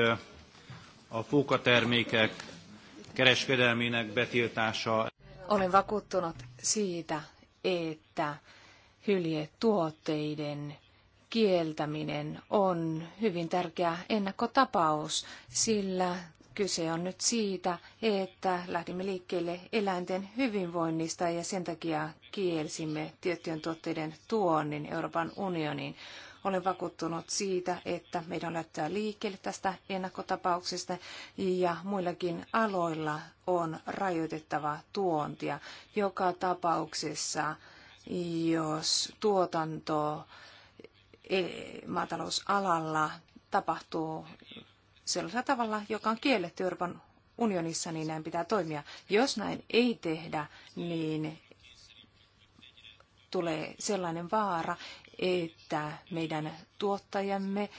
a fúkatermékek kereskedelmének betiltása. Olen vakuuttunut siitä, että hyljetuotteiden kieltäminen on hyvin tärkeä ennakkotapaus, sillä Kyse on nyt siitä, että lähdimme liikkeelle eläinten hyvinvoinnista ja sen takia kielsimme tiettyjen tuotteiden tuonnin Euroopan unioniin. Olen vakuuttunut siitä, että meidän lähtee liikkeelle tästä ennakkotapauksesta ja muillakin aloilla on rajoitettava tuontia. Joka tapauksessa, jos tuotanto e- maatalousalalla tapahtuu sellaisella tavalla, joka on kielletty Euroopan unionissa, niin näin pitää toimia. Jos näin ei tehdä, niin tulee sellainen vaara, että meidän tuottajamme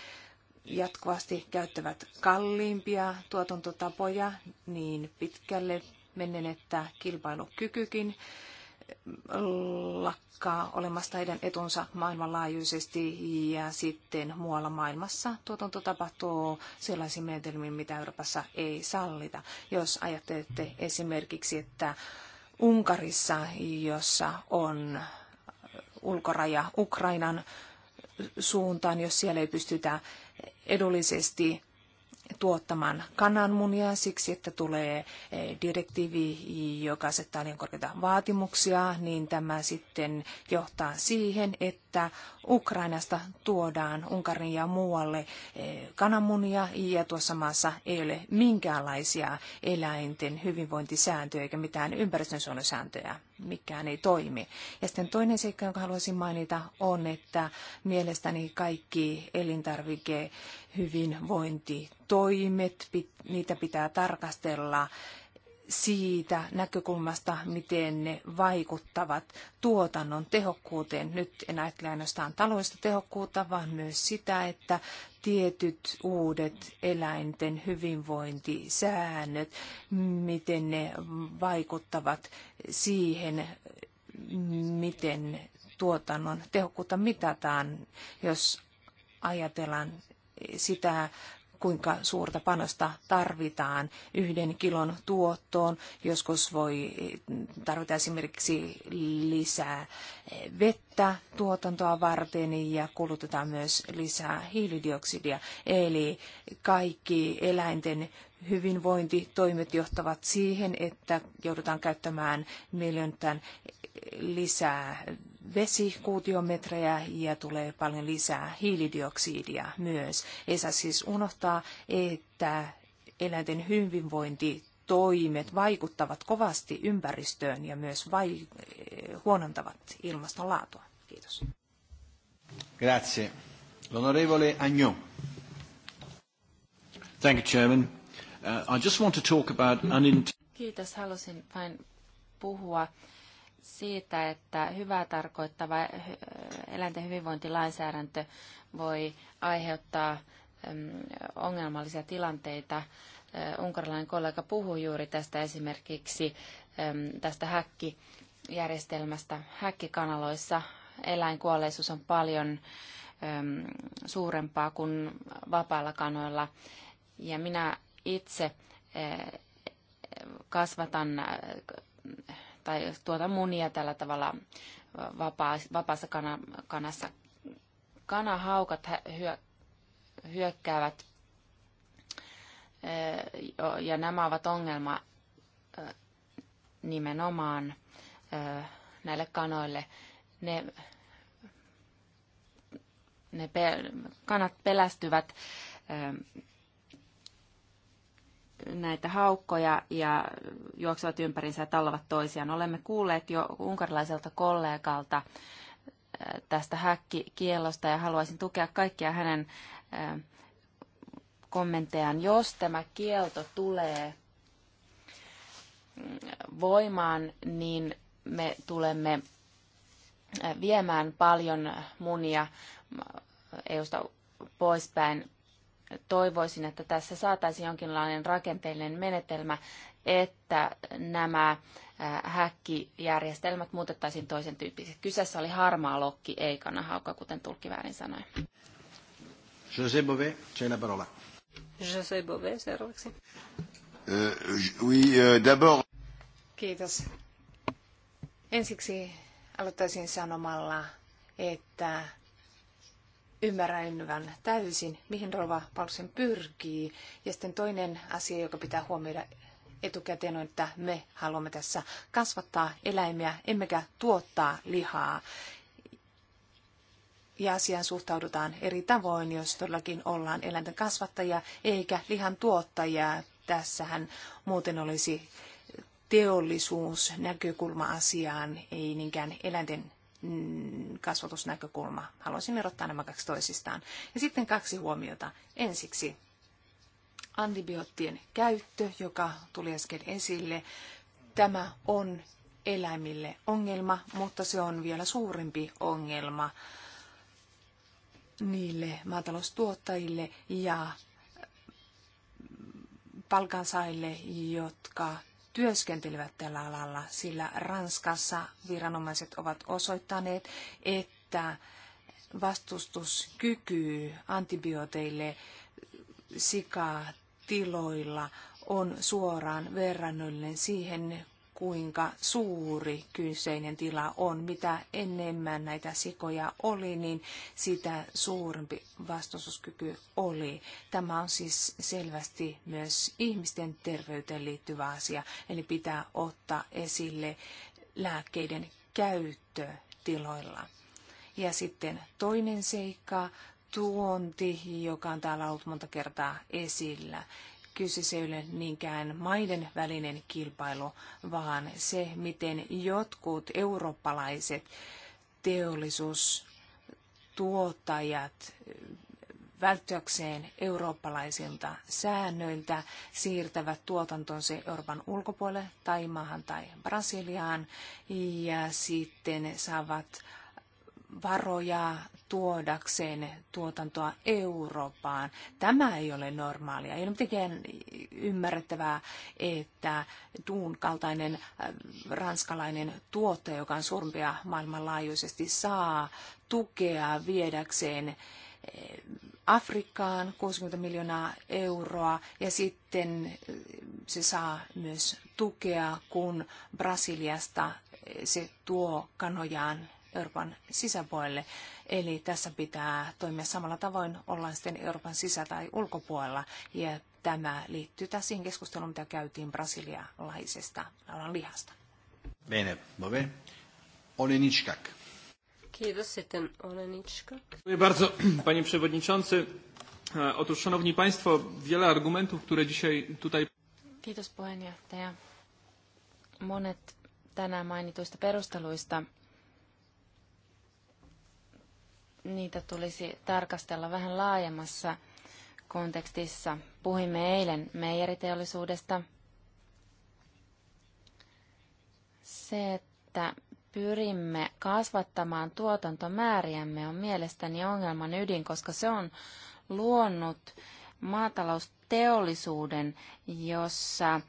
jatkuvasti käyttävät kalliimpia tuotantotapoja niin pitkälle mennen, että kilpailukykykin lakkaa olemasta heidän etunsa maailmanlaajuisesti ja sitten muualla maailmassa tuotanto tapahtuu sellaisiin menetelmiin, mitä Euroopassa ei sallita. Jos ajattelette esimerkiksi, että Unkarissa, jossa on ulkoraja Ukrainan suuntaan, jos siellä ei pystytä edullisesti tuottamaan kananmunia siksi, että tulee eh, direktiivi, joka asettaa liian korkeita vaatimuksia, niin tämä sitten johtaa siihen, että Ukrainasta tuodaan Unkarin ja muualle eh, kananmunia ja tuossa maassa ei ole minkäänlaisia eläinten hyvinvointisääntöjä eikä mitään ympäristönsuojelusääntöjä mikään ei toimi. Ja sitten toinen seikka, jonka haluaisin mainita, on, että mielestäni kaikki elintarvike hyvinvointitoimet, niitä pitää tarkastella siitä näkökulmasta, miten ne vaikuttavat tuotannon tehokkuuteen. Nyt en ajattele ainoastaan taloista tehokkuutta, vaan myös sitä, että tietyt uudet eläinten hyvinvointisäännöt, miten ne vaikuttavat siihen, miten tuotannon tehokkuutta mitataan, jos ajatellaan sitä, kuinka suurta panosta tarvitaan yhden kilon tuottoon. Joskus voi tarvita esimerkiksi lisää vettä tuotantoa varten ja kulutetaan myös lisää hiilidioksidia. Eli kaikki eläinten hyvinvointitoimet johtavat siihen, että joudutaan käyttämään miljoonan lisää vesikuutiometrejä ja tulee paljon lisää hiilidioksidia myös. Ei saa siis unohtaa, että eläinten hyvinvointi toimet vaikuttavat kovasti ympäristöön ja myös vai, huonontavat ilmaston laatua. Kiitos. Grazie. L'onorevole Agnon. Thank you, Chairman. Uh, I just want to talk about uninter- Kiitos. Halusin vain puhua siitä, että hyvää tarkoittava eh, eläinten hyvinvointilainsäädäntö voi aiheuttaa ongelmallisia tilanteita. Eh, unkarilainen kollega puhui juuri tästä esimerkiksi tästä häkkijärjestelmästä. Häkkikanaloissa eläinkuolleisuus on paljon suurempaa kuin vapailla kanoilla. Ja minä itse eh, kasvatan tai tuota munia tällä tavalla vapaassa kana, kanassa. Kanahaukat hyö, hyökkäävät ja nämä ovat ongelma nimenomaan näille kanoille. Ne, ne pe, kanat pelästyvät näitä haukkoja ja juoksevat ympärinsä ja tallovat toisiaan. Olemme kuulleet jo unkarilaiselta kollegalta äh, tästä häkkikiellosta ja haluaisin tukea kaikkia hänen äh, kommenttejaan. Jos tämä kielto tulee mm, voimaan, niin me tulemme äh, viemään paljon munia EUsta poispäin toivoisin, että tässä saataisiin jonkinlainen rakenteellinen menetelmä, että nämä häkkijärjestelmät muutettaisiin toisen tyyppisiksi. Kyseessä oli harmaa lokki, ei kanahaukka, kuten tulkki väärin sanoi. José Bové, c'è la parola. José Bové, seuraavaksi. Uh, oui, uh, d'abord... Kiitos. Ensiksi aloittaisin sanomalla, että ymmärrän täysin, mihin Rova Paulsen pyrkii. Ja sitten toinen asia, joka pitää huomioida etukäteen on, että me haluamme tässä kasvattaa eläimiä, emmekä tuottaa lihaa. Ja asiaan suhtaudutaan eri tavoin, jos todellakin ollaan eläinten kasvattajia eikä lihan tuottajia. Tässähän muuten olisi teollisuusnäkökulma asiaan, ei niinkään eläinten Mm, kasvatusnäkökulma. Haluaisin erottaa nämä kaksi toisistaan. Ja sitten kaksi huomiota. Ensiksi antibioottien käyttö, joka tuli äsken esille. Tämä on eläimille ongelma, mutta se on vielä suurempi ongelma niille maataloustuottajille ja palkansaille, jotka työskentelevät tällä alalla, sillä Ranskassa viranomaiset ovat osoittaneet, että vastustuskyky antibiooteille sikatiloilla on suoraan verrannollinen siihen, kuinka suuri kyseinen tila on. Mitä enemmän näitä sikoja oli, niin sitä suurempi vastustuskyky oli. Tämä on siis selvästi myös ihmisten terveyteen liittyvä asia, eli pitää ottaa esille lääkkeiden käyttö tiloilla. Ja sitten toinen seikka, tuonti, joka on täällä ollut monta kertaa esillä kyseessä ei ole niinkään maiden välinen kilpailu, vaan se, miten jotkut eurooppalaiset teollisuustuottajat välttyäkseen eurooppalaisilta säännöiltä siirtävät tuotantonsa Euroopan ulkopuolelle, Taimaahan tai Brasiliaan, ja sitten saavat varoja tuodakseen tuotantoa Eurooppaan. Tämä ei ole normaalia. Ei ole mitenkään ymmärrettävää, että tuun kaltainen äh, ranskalainen tuottaja, joka on surmpia maailmanlaajuisesti, saa tukea viedäkseen äh, Afrikkaan 60 miljoonaa euroa ja sitten äh, se saa myös tukea, kun Brasiliasta se tuo kanojaan Euroopan sisäpuolelle. Eli tässä pitää toimia samalla tavoin, ollaan sitten Euroopan sisä- tai ulkopuolella. Ja tämä liittyy tässä siihen keskusteluun, mitä käytiin brasilialaisesta naulan lihasta. Bene, va bene. Olenitskak. Kiitos sitten Olenitskak. Dziękuję bardzo, panie przewodniczący. E, otóż, szanowni państwo, wiele argumentów, które dzisiaj tutaj... Kiitos puheenjohtaja. Monet tänään mainituista perusteluista niitä tulisi tarkastella vähän laajemmassa kontekstissa. Puhimme eilen meijeriteollisuudesta. Se, että pyrimme kasvattamaan tuotantomääriämme on mielestäni ongelman ydin, koska se on luonut maatalousteollisuuden, jossa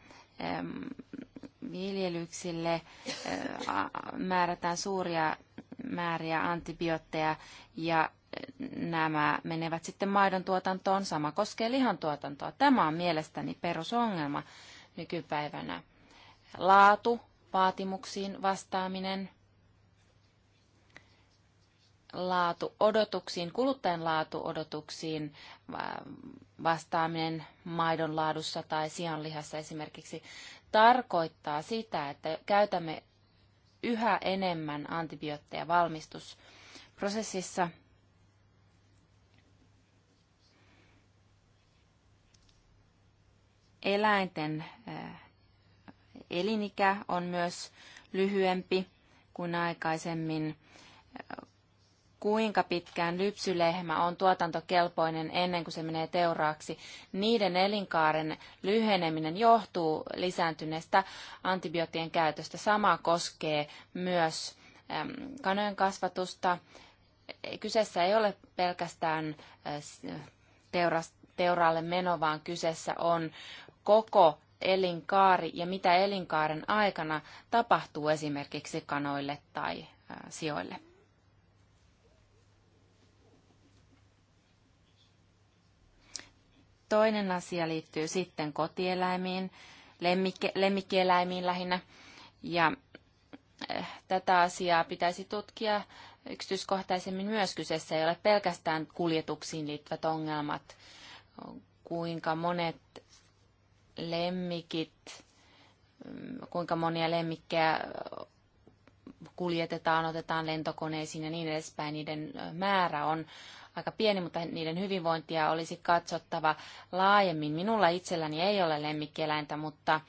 viljelyksille määrätään suuria määriä antibiootteja ja nämä menevät sitten maidon tuotantoon. Sama koskee lihan tuotantoa Tämä on mielestäni perusongelma nykypäivänä. Laatu, vaatimuksiin vastaaminen, laatu odotuksiin, kuluttajan laatu odotuksiin vastaaminen maidon laadussa tai sianlihassa esimerkiksi tarkoittaa sitä, että käytämme yhä enemmän antibiootteja valmistusprosessissa. Eläinten eh, elinikä on myös lyhyempi kuin aikaisemmin kuinka pitkään lypsylehmä on tuotantokelpoinen ennen kuin se menee teuraaksi. Niiden elinkaaren lyheneminen johtuu lisääntyneestä antibioottien käytöstä. Sama koskee myös kanojen kasvatusta. Kyseessä ei ole pelkästään äh, teuraalle meno, vaan kyseessä on koko elinkaari ja mitä elinkaaren aikana tapahtuu esimerkiksi kanoille tai äh, sijoille. Toinen asia liittyy sitten kotieläimiin, lemmikke, lemmikkieläimiin lähinnä. Ja eh, tätä asiaa pitäisi tutkia yksityiskohtaisemmin myös. Kyseessä ei ole pelkästään kuljetuksiin liittyvät ongelmat, kuinka monet lemmikit, mm, kuinka monia lemmikkejä kuljetetaan, otetaan lentokoneisiin ja niin edespäin. Niiden eh, määrä on aika pieni, mutta niiden hyvinvointia olisi katsottava laajemmin. Minulla itselläni ei ole lemmikkieläintä, mutta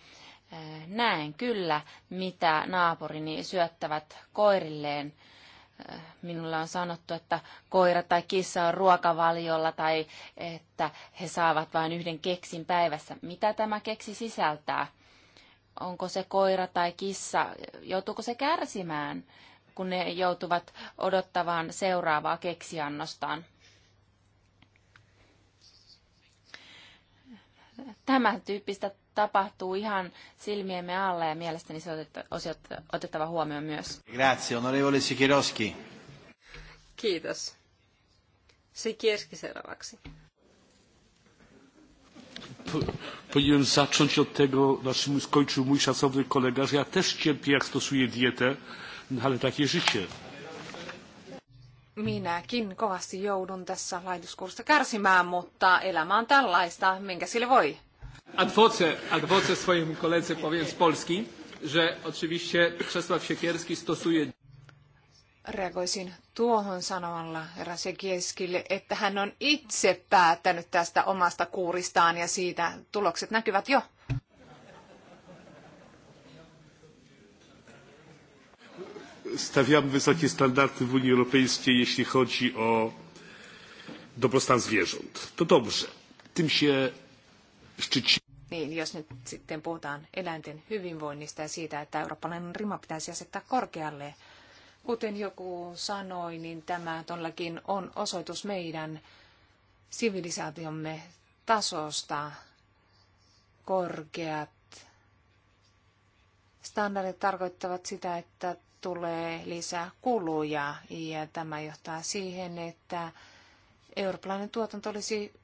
eh, näen kyllä, mitä naapurini syöttävät koirilleen. Eh, minulle on sanottu, että koira tai kissa on ruokavaliolla tai että he saavat vain yhden keksin päivässä. Mitä tämä keksi sisältää? Onko se koira tai kissa, joutuuko se kärsimään, kun ne joutuvat odottamaan seuraavaa keksiannostaan? tämän tyyppistä tapahtuu ihan silmiemme alla ja mielestäni se on otettava huomioon myös. Grazie, onorevole Sikiroski. Kiitos. Sikierski seuraavaksi. Powinien zacząć od tego, na czym skończył mój szacowny kolega, że ja też cierpię, jak stosuję dietę, no ale takie życie Minäkin kovasti joudun tässä laitoskurssissa kärsimään, mutta elämä on tällaista, minkä sille voi. Adwoce, adwoce swojemu koledze powiem z Polski, że oczywiście Czesław Siekierski stosuje... Reagoisin tuohon sanomalla eräs Siekierskille, että hän on itse päättänyt tästä omasta kuuristaan ja siitä tulokset näkyvät jo. stawiamy wysokie standardy w Unii Europejskiej, jeśli chodzi o dobrostan zwierząt. To dobrze. Tym się szczycimy. Niin, jos nyt sitten puhutaan eläinten hyvinvoinnista ja siitä, että eurooppalainen rima pitäisi asettaa korkealle, kuten joku sanoi, niin tämä todellakin on osoitus meidän sivilisaatiomme tasosta. Korkeat standardit tarkoittavat sitä, että tulee lisää kuluja ja tämä johtaa siihen, että eurooppalainen tuotanto olisi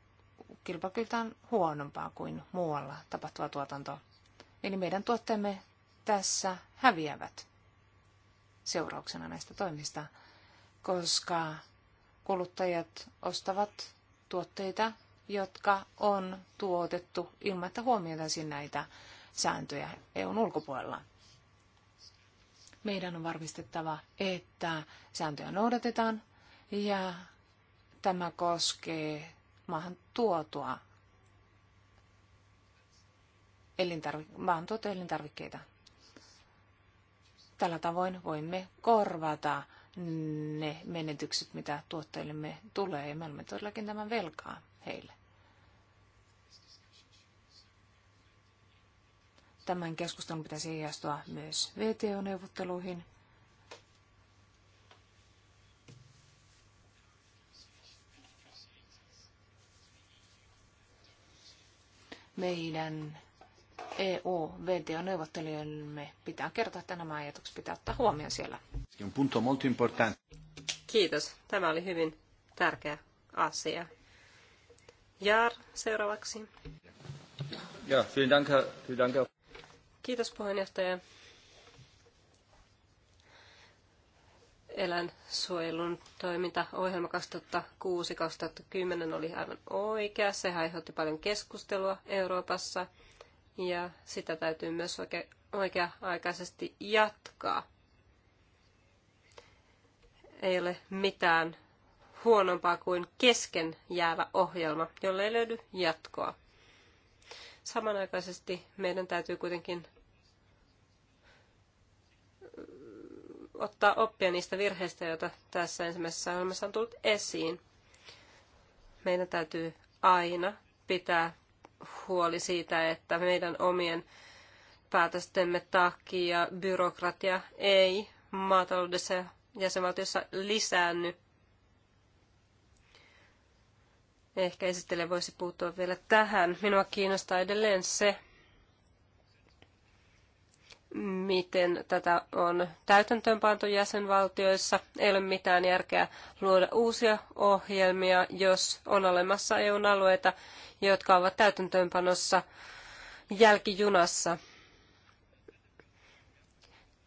kilpakyltään huonompaa kuin muualla tapahtuva tuotanto. Eli meidän tuotteemme tässä häviävät seurauksena näistä toimista, koska kuluttajat ostavat tuotteita, jotka on tuotettu ilman, että huomioitaisiin näitä sääntöjä EUn ulkopuolella. Meidän on varmistettava, että sääntöjä noudatetaan ja tämä koskee maahan tuotua elintarvi- maahan tuotua elintarvikkeita. Tällä tavoin voimme korvata ne menetykset, mitä tuottajillemme tulee, ja me olemme todellakin tämän velkaa heille. Tämän keskustelun pitäisi heijastua myös VTO-neuvotteluihin. Meidän EU-VTO-neuvottelijoille pitää kertoa, että nämä ajatukset pitää ottaa huomioon siellä. Kiitos. Tämä oli hyvin tärkeä asia. Jaar seuraavaksi. Ja, vielen dank, vielen dank. Kiitos puheenjohtaja. eläinsuojelun toimintaohjelma 2006-2010 oli aivan oikea. Se aiheutti paljon keskustelua Euroopassa ja sitä täytyy myös oikea-aikaisesti jatkaa. Ei ole mitään huonompaa kuin kesken jäävä ohjelma, jolle ei löydy jatkoa. Samanaikaisesti meidän täytyy kuitenkin ottaa oppia niistä virheistä, joita tässä ensimmäisessä ohjelmassa on tullut esiin. Meidän täytyy aina pitää huoli siitä, että meidän omien päätöstemme takia byrokratia ei maataloudessa ja jäsenvaltiossa lisäänny. Ehkä esittelijä voisi puuttua vielä tähän. Minua kiinnostaa edelleen se, miten tätä on täytäntöönpantu jäsenvaltioissa. Ei ole mitään järkeä luoda uusia ohjelmia, jos on olemassa eu alueita, jotka ovat täytäntöönpanossa jälkijunassa.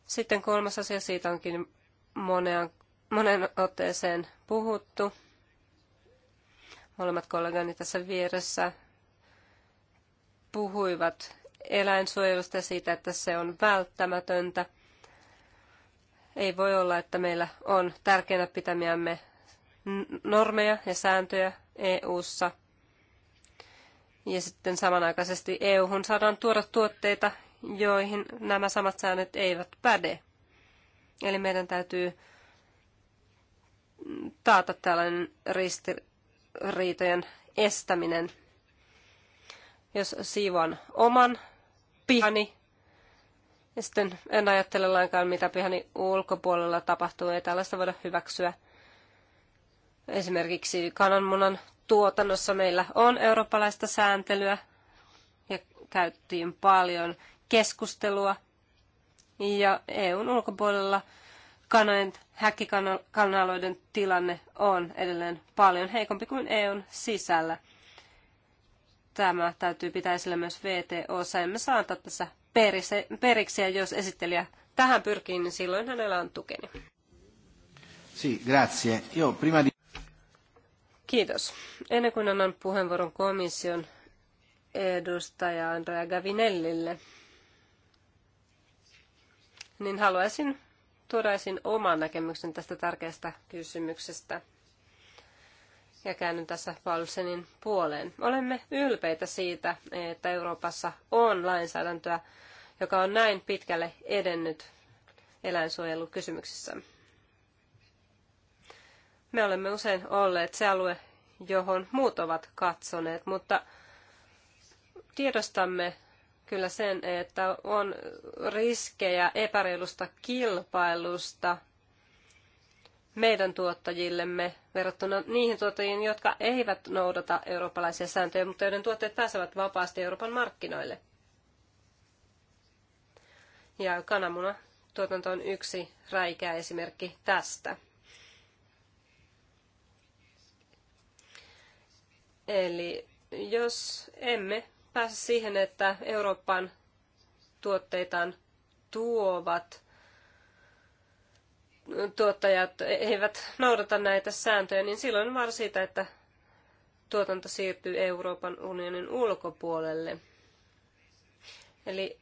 Sitten kolmas asia, siitä onkin monen monen otteeseen puhuttu. Molemmat kollegani tässä vieressä puhuivat eläinsuojelusta ja siitä, että se on välttämätöntä. Ei voi olla, että meillä on tärkeänä pitämiämme normeja ja sääntöjä EU-ssa. Ja sitten samanaikaisesti EU-hun saadaan tuoda tuotteita, joihin nämä samat säännöt eivät päde. Eli meidän täytyy taata tällainen ristiriitojen estäminen. Jos siivoan oman pihani. Ja sitten en ajattele lainkaan, mitä pihani ulkopuolella tapahtuu. Ei tällaista voida hyväksyä. Esimerkiksi kananmunan tuotannossa meillä on eurooppalaista sääntelyä ja käyttiin paljon keskustelua. Ja EUn ulkopuolella kanojen, häkkikanaloiden tilanne on edelleen paljon heikompi kuin EUn sisällä – tämä täytyy pitää esillä myös VTOssa. Emme saa antaa tässä periksi, ja jos esittelijä tähän pyrkii, niin silloin hänellä on tukeni. Si, grazie. Io prima di... Kiitos. Ennen kuin annan puheenvuoron komission edustaja Andrea Gavinellille, niin haluaisin tuoda esiin oman näkemyksen tästä tärkeästä kysymyksestä – ja käännyn tässä Paulsenin puoleen. Olemme ylpeitä siitä, että Euroopassa on lainsäädäntöä, joka on näin pitkälle edennyt eläinsuojelukysymyksissä. Me olemme usein olleet se alue, johon muut ovat katsoneet, mutta tiedostamme kyllä sen, että on riskejä epäreilusta kilpailusta – meidän tuottajillemme verrattuna niihin tuottajiin, jotka eivät noudata eurooppalaisia sääntöjä, mutta joiden tuotteet pääsevät vapaasti Euroopan markkinoille. Ja kananmuna tuotanto on yksi räikeä esimerkki tästä. Eli jos emme pääse siihen, että Euroopan tuotteitaan tuovat tuottajat eivät noudata näitä sääntöjä, niin silloin on vaara siitä, että tuotanto siirtyy Euroopan unionin ulkopuolelle. Eli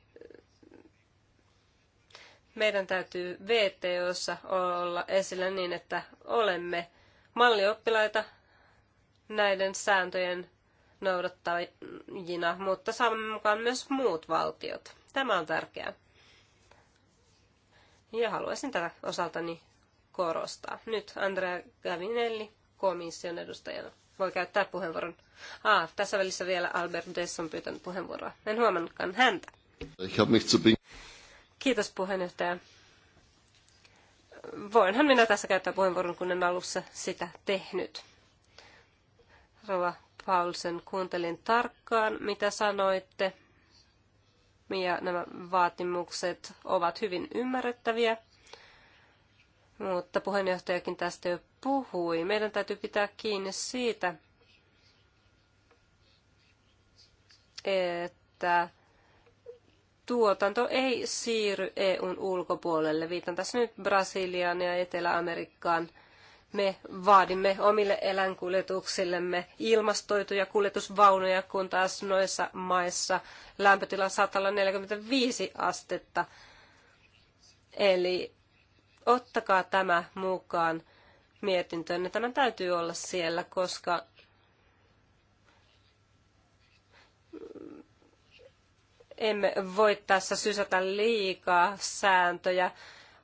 meidän täytyy VTOssa olla esillä niin, että olemme mallioppilaita näiden sääntöjen noudattajina, mutta saamme mukaan myös muut valtiot. Tämä on tärkeää. Ja haluaisin tätä osaltani korostaa. Nyt Andrea Gavinelli komission edustajana voi käyttää puheenvuoron. Ah, tässä välissä vielä Albert Dess on pyytänyt puheenvuoroa. En huomannutkaan häntä. Kiitos puheenjohtaja. Voinhan minä tässä käyttää puheenvuoron, kun en alussa sitä tehnyt. Rova Paulsen, kuuntelin tarkkaan, mitä sanoitte ja nämä vaatimukset ovat hyvin ymmärrettäviä, mutta puheenjohtajakin tästä jo puhui. Meidän täytyy pitää kiinni siitä, että tuotanto ei siirry EUn ulkopuolelle. Viitan tässä nyt Brasiliaan ja Etelä-Amerikkaan – me vaadimme omille eläinkuljetuksillemme ilmastoituja kuljetusvaunuja, kun taas noissa maissa lämpötila saattaa olla 45 astetta. Eli ottakaa tämä mukaan mietintöön. Tämä täytyy olla siellä, koska emme voi tässä sysätä liikaa sääntöjä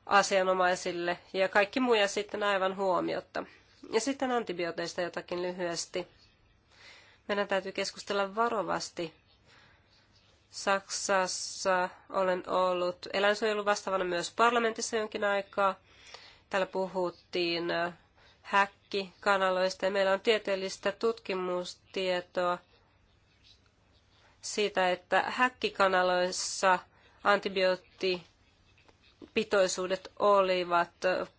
asianomaisille ja kaikki muu ja sitten aivan huomiotta. Ja sitten antibiooteista jotakin lyhyesti. Meidän täytyy keskustella varovasti. Saksassa olen ollut vastaavana myös parlamentissa jonkin aikaa. Täällä puhuttiin äh, häkkikanaloista ja meillä on tieteellistä tutkimustietoa siitä, että häkkikanaloissa antibiootti pitoisuudet olivat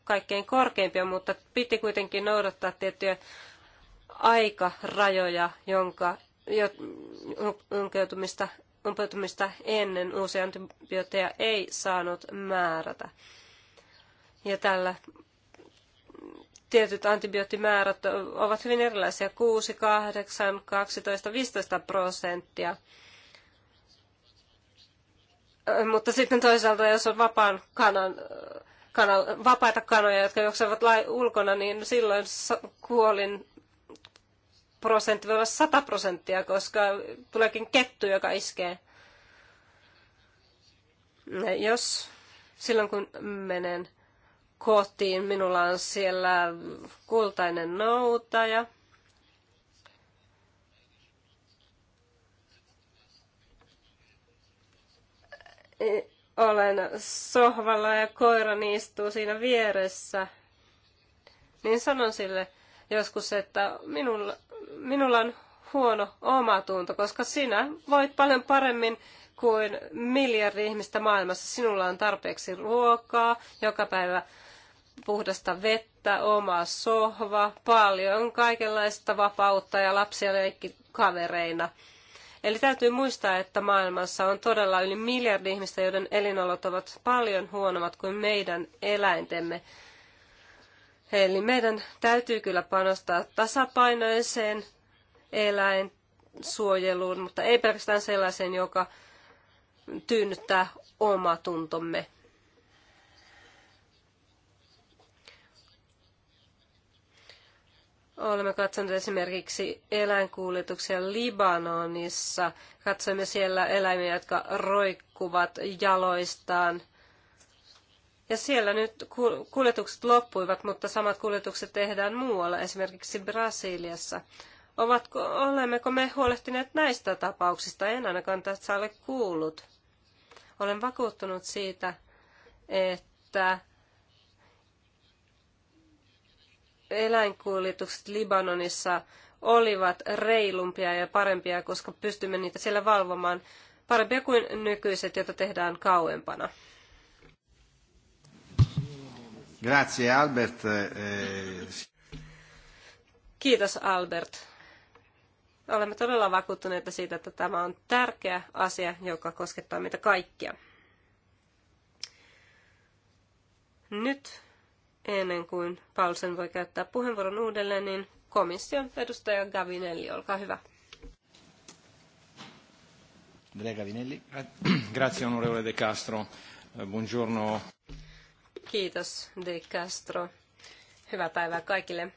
kaikkein korkeimpia, mutta piti kuitenkin noudattaa tiettyjä aikarajoja, jonka umpeutumista, umpeutumista ennen uusia antibiootteja ei saanut määrätä. Ja tällä tietyt antibioottimäärät ovat hyvin erilaisia, 6, 8, 12, 15 prosenttia – mutta sitten toisaalta, jos on vapaan kanan, kanan, vapaita kanoja, jotka juoksevat lai, ulkona, niin silloin kuolin prosentti voi olla 100 prosenttia, koska tuleekin kettu, joka iskee. No, jos silloin kun menen kotiin, minulla on siellä kultainen noutaja – olen sohvalla ja koira istuu siinä vieressä, niin sanon sille joskus, että minulla, minulla on huono omatunto, koska sinä voit paljon paremmin kuin miljardi ihmistä maailmassa. Sinulla on tarpeeksi ruokaa, joka päivä puhdasta vettä, oma sohva, paljon kaikenlaista vapautta ja lapsia leikki kavereina Eli täytyy muistaa, että maailmassa on todella yli miljardi ihmistä, joiden elinolot ovat paljon huonommat kuin meidän eläintemme. Eli meidän täytyy kyllä panostaa tasapainoiseen eläinsuojeluun, mutta ei pelkästään sellaiseen, joka tyynnyttää omatuntomme. Olemme katsoneet esimerkiksi eläinkuljetuksia Libanonissa. Katsoimme siellä eläimiä, jotka roikkuvat jaloistaan. Ja siellä nyt kuljetukset loppuivat, mutta samat kuljetukset tehdään muualla, esimerkiksi Brasiliassa. Ovatko, olemmeko me huolehtineet näistä tapauksista? En ainakaan tässä ole kuullut. Olen vakuuttunut siitä, että eläinkuljetukset Libanonissa olivat reilumpia ja parempia, koska pystymme niitä siellä valvomaan parempia kuin nykyiset, joita tehdään kauempana. Grazie Albert. Eh, Kiitos Albert. Olemme todella vakuuttuneita siitä, että tämä on tärkeä asia, joka koskettaa meitä kaikkia. Nyt ennen kuin Paulsen voi käyttää puheenvuoron uudelleen, niin komission edustaja Gavinelli, olkaa hyvä. Andrea Gavinelli. Grazie onorevole De Castro. Buongiorno. Kiitos De Castro. Hyvää päivää kaikille.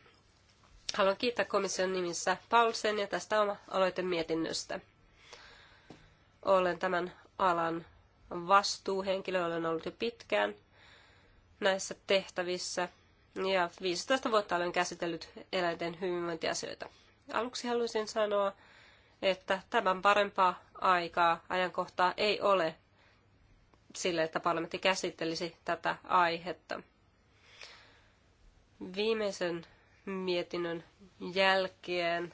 Haluan kiittää komission nimissä Paulsen ja tästä oma aloitemietinnöstä. Olen tämän alan vastuuhenkilö, olen ollut jo pitkään – näissä tehtävissä ja 15 vuotta olen käsitellyt eläinten hyvinvointiasioita. Aluksi haluaisin sanoa, että tämän parempaa aikaa, ajankohtaa ei ole sille, että parlamentti käsittelisi tätä aihetta. Viimeisen mietinnön jälkeen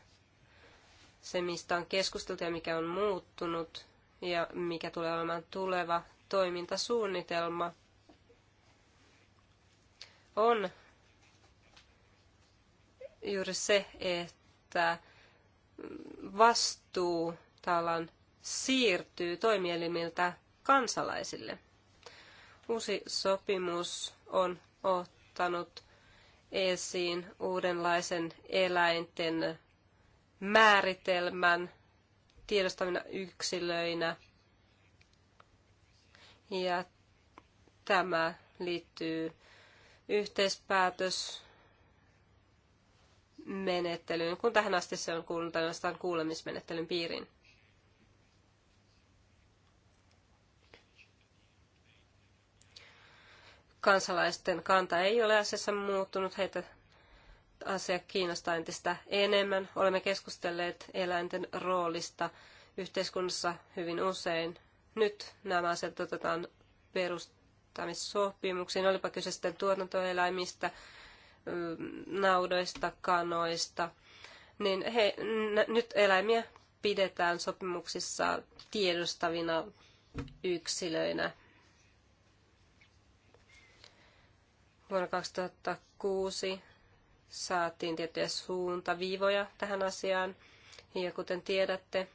se, mistä on keskusteltu ja mikä on muuttunut ja mikä tulee olemaan tuleva toimintasuunnitelma – on juuri se, että vastuu talan siirtyy toimielimiltä kansalaisille. Uusi sopimus on ottanut esiin uudenlaisen eläinten määritelmän tiedostamina yksilöinä. Ja tämä liittyy yhteispäätös menettelyyn, kun tähän asti se on kuulunut ainoastaan kuulemismenettelyn piiriin. Kansalaisten kanta ei ole asiassa muuttunut, heitä asia kiinnostaa entistä enemmän. Olemme keskustelleet eläinten roolista yhteiskunnassa hyvin usein. Nyt nämä asiat otetaan perust- vapaauttamissopimuksiin, olipa kyse sitten tuotantoeläimistä, mm, naudoista, kanoista, niin he, nyt eläimiä pidetään sopimuksissa tiedostavina yksilöinä. Vuonna 2006 saatiin tiettyjä suuntaviivoja tähän asiaan. Ja kuten tiedätte,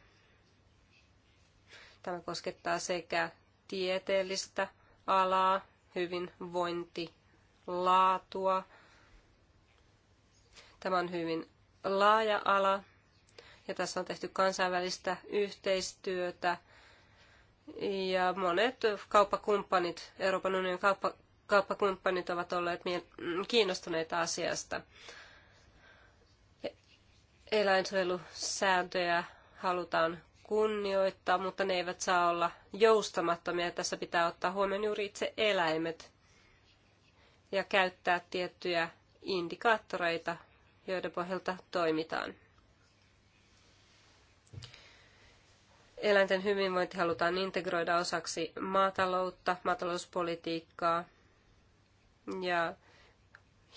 tämä koskettaa sekä tieteellistä alaa, hyvinvointi, laatua. Tämä on hyvin laaja ala ja tässä on tehty kansainvälistä yhteistyötä ja monet kauppakumppanit, Euroopan unionin kauppa, kauppakumppanit ovat olleet kiinnostuneita asiasta. Eläinsuojelusääntöjä halutaan kunnioittaa, mutta ne eivät saa olla joustamattomia. Tässä pitää ottaa huomioon juuri itse eläimet ja käyttää tiettyjä indikaattoreita, joiden pohjalta toimitaan. Eläinten hyvinvointi halutaan integroida osaksi maataloutta, maatalouspolitiikkaa ja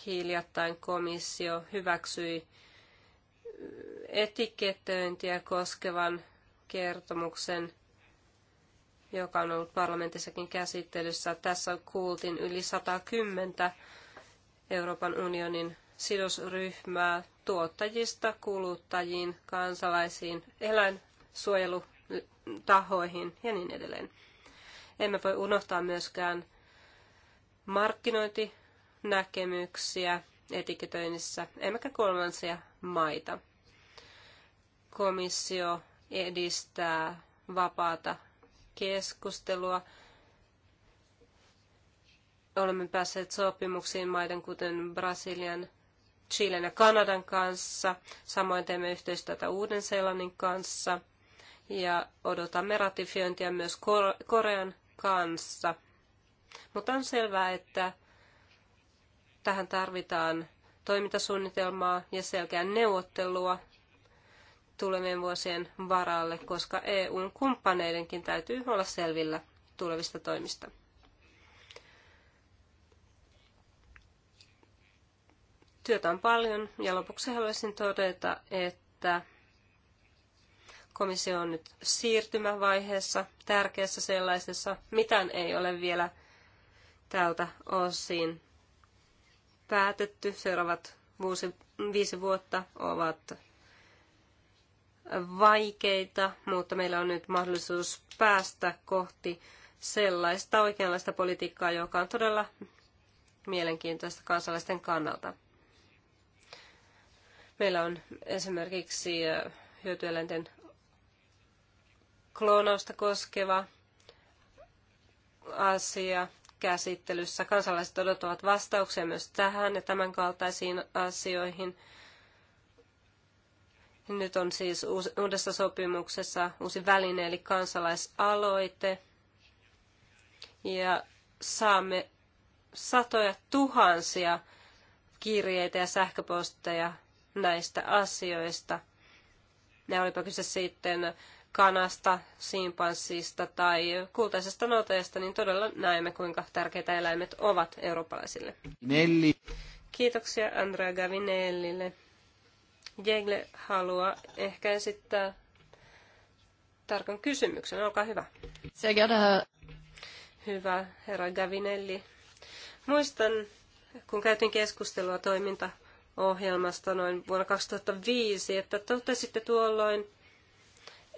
hiljattain komissio hyväksyi etikettöintiä koskevan kertomuksen, joka on ollut parlamentissakin käsittelyssä. Tässä kuultiin yli 110 Euroopan unionin sidosryhmää tuottajista kuluttajiin, kansalaisiin, eläinsuojelutahoihin ja niin edelleen. Emme voi unohtaa myöskään markkinointinäkemyksiä etiketöinnissä, emmekä kolmansia maita. Komissio edistää vapaata keskustelua. Olemme päässeet sopimuksiin maiden kuten Brasilian, Chilen ja Kanadan kanssa. Samoin teemme yhteistyötä Uuden-Seelannin kanssa ja odotamme ratifiointia myös Korean kanssa. Mutta on selvää, että tähän tarvitaan toimintasuunnitelmaa ja selkeää neuvottelua tulevien vuosien varalle, koska EUn kumppaneidenkin täytyy olla selvillä tulevista toimista. Työtä on paljon ja lopuksi haluaisin todeta, että komissio on nyt siirtymävaiheessa, tärkeässä sellaisessa. Mitään ei ole vielä tältä osin päätetty. Seuraavat vuosi, viisi vuotta ovat vaikeita, mutta meillä on nyt mahdollisuus päästä kohti sellaista oikeanlaista politiikkaa, joka on todella mielenkiintoista kansalaisten kannalta. Meillä on esimerkiksi eh, hyötyeläinten kloonausta koskeva asia käsittelyssä. Kansalaiset odottavat vastauksia myös tähän ja tämän kaltaisiin asioihin. Nyt on siis uudessa sopimuksessa uusi väline eli kansalaisaloite. Ja saamme satoja tuhansia kirjeitä ja sähköposteja näistä asioista. Ne olipa kyse sitten kanasta, simpanssista tai kultaisesta noteesta, niin todella näemme, kuinka tärkeitä eläimet ovat eurooppalaisille. Nelli. Kiitoksia Andrea Gavinellille. Jengle haluaa ehkä esittää tarkan kysymyksen. Olkaa hyvä. Hyvä, herra Gavinelli. Muistan, kun käytin keskustelua toimintaohjelmasta noin vuonna 2005, että totesitte tuolloin,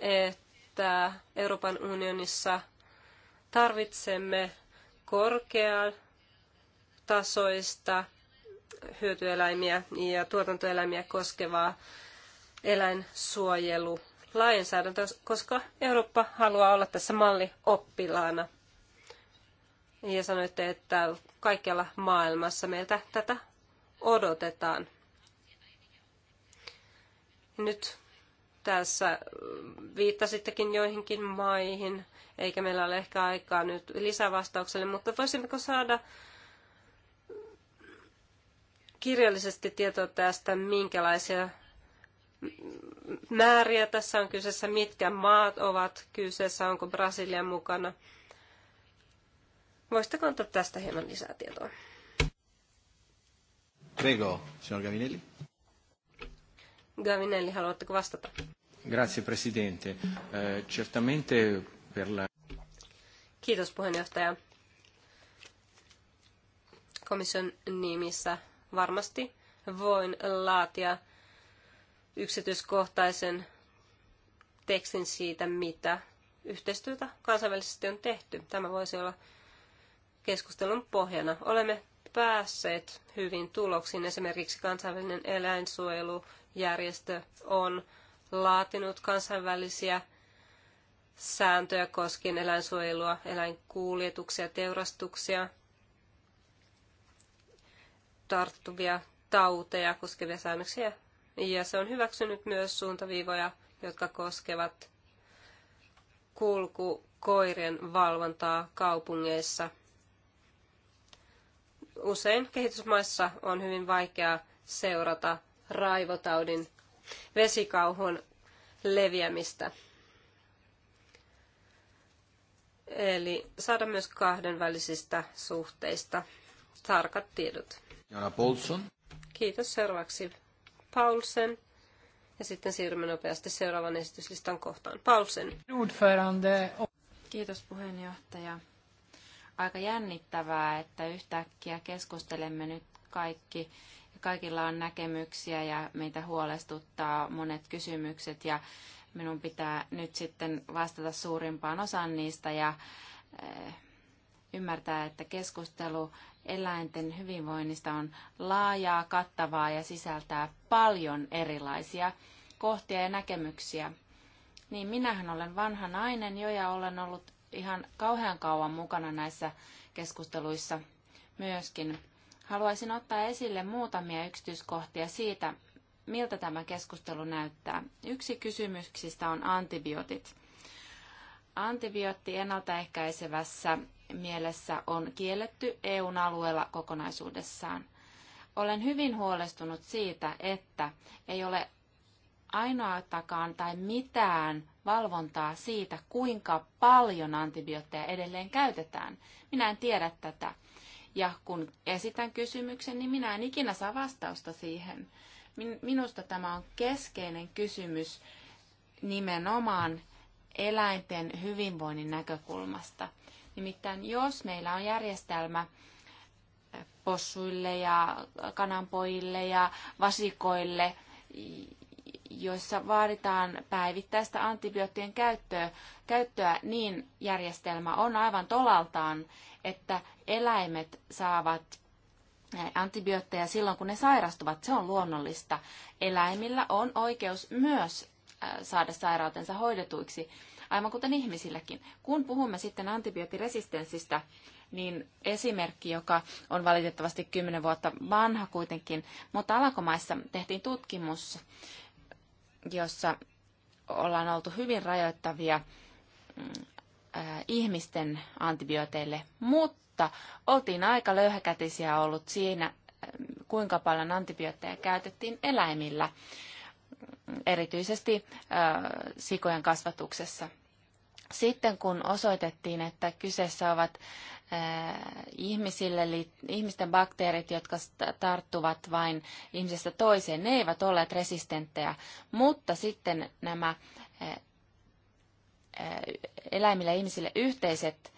että Euroopan unionissa tarvitsemme korkeaa tasoista hyötyeläimiä ja tuotantoeläimiä koskevaa eläinsuojelulainsäädäntöä, koska Eurooppa haluaa olla tässä mallioppilaana. Ja sanoitte, että kaikkialla maailmassa meiltä tätä odotetaan. Nyt tässä viittasittekin joihinkin maihin, eikä meillä ole ehkä aikaa nyt lisävastaukselle, mutta voisimmeko saada kirjallisesti tietoa tästä, minkälaisia määriä tässä on kyseessä, mitkä maat ovat kyseessä, onko Brasilia mukana. Voisitteko antaa tästä hieman lisää tietoa? Prego, signor Gavinelli. Gavinelli, haluatteko vastata? Grazie, Presidente. Eh, certamente per la... Kiitos, puheenjohtaja. Komission nimissä varmasti voin laatia yksityiskohtaisen tekstin siitä, mitä yhteistyötä kansainvälisesti on tehty. Tämä voisi olla keskustelun pohjana. Olemme päässeet hyvin tuloksiin. Esimerkiksi kansainvälinen eläinsuojelujärjestö on laatinut kansainvälisiä sääntöjä koskien eläinsuojelua, eläinkuljetuksia, teurastuksia – tarttuvia tauteja koskevia säännöksiä. Ja se on hyväksynyt myös suuntaviivoja, jotka koskevat kulkukoirien valvontaa kaupungeissa. Usein kehitysmaissa on hyvin vaikea seurata raivotaudin vesikauhun leviämistä. Eli saada myös kahdenvälisistä suhteista tarkat tiedot. Jana Paulson. Kiitos. Seuraavaksi Paulsen. Ja sitten siirrymme nopeasti seuraavan esityslistan kohtaan. Paulsen. Kiitos puheenjohtaja. Aika jännittävää, että yhtäkkiä keskustelemme nyt kaikki ja kaikilla on näkemyksiä ja meitä huolestuttaa monet kysymykset ja minun pitää nyt sitten vastata suurimpaan osaan niistä ja eh, ymmärtää, että keskustelu eläinten hyvinvoinnista on laajaa, kattavaa ja sisältää paljon erilaisia kohtia ja näkemyksiä. Niin minähän olen vanha nainen jo ja olen ollut ihan kauhean kauan mukana näissä keskusteluissa myöskin. Haluaisin ottaa esille muutamia yksityiskohtia siitä, miltä tämä keskustelu näyttää. Yksi kysymyksistä on antibiootit. Antibiootti ennaltaehkäisevässä mielessä on kielletty EUn alueella kokonaisuudessaan. Olen hyvin huolestunut siitä, että ei ole ainoatakaan tai mitään valvontaa siitä, kuinka paljon antibiootteja edelleen käytetään. Minä en tiedä tätä. Ja kun esitän kysymyksen, niin minä en ikinä saa vastausta siihen. Minusta tämä on keskeinen kysymys nimenomaan eläinten hyvinvoinnin näkökulmasta – Nimittäin jos meillä on järjestelmä possuille ja kananpojille ja vasikoille, joissa vaaditaan päivittäistä antibioottien käyttöä, käyttöä, niin järjestelmä on aivan tolaltaan, että eläimet saavat eh, antibiootteja silloin, kun ne sairastuvat. Se on luonnollista. Eläimillä on oikeus myös eh, saada sairautensa hoidetuiksi aivan kuten ihmisilläkin. Kun puhumme sitten antibioottiresistenssistä, niin esimerkki, joka on valitettavasti 10 vuotta vanha kuitenkin, mutta Alakomaissa tehtiin tutkimus, jossa ollaan oltu hyvin rajoittavia mm, ihmisten antibiooteille, mutta oltiin aika löyhäkätisiä ollut siinä, kuinka paljon antibiootteja käytettiin eläimillä erityisesti äh, sikojen kasvatuksessa. Sitten kun osoitettiin, että kyseessä ovat äh, ihmisille, ihmisten bakteerit, jotka tarttuvat vain ihmisestä toiseen, ne eivät olleet resistenttejä, mutta sitten nämä äh, eläimille ja ihmisille yhteiset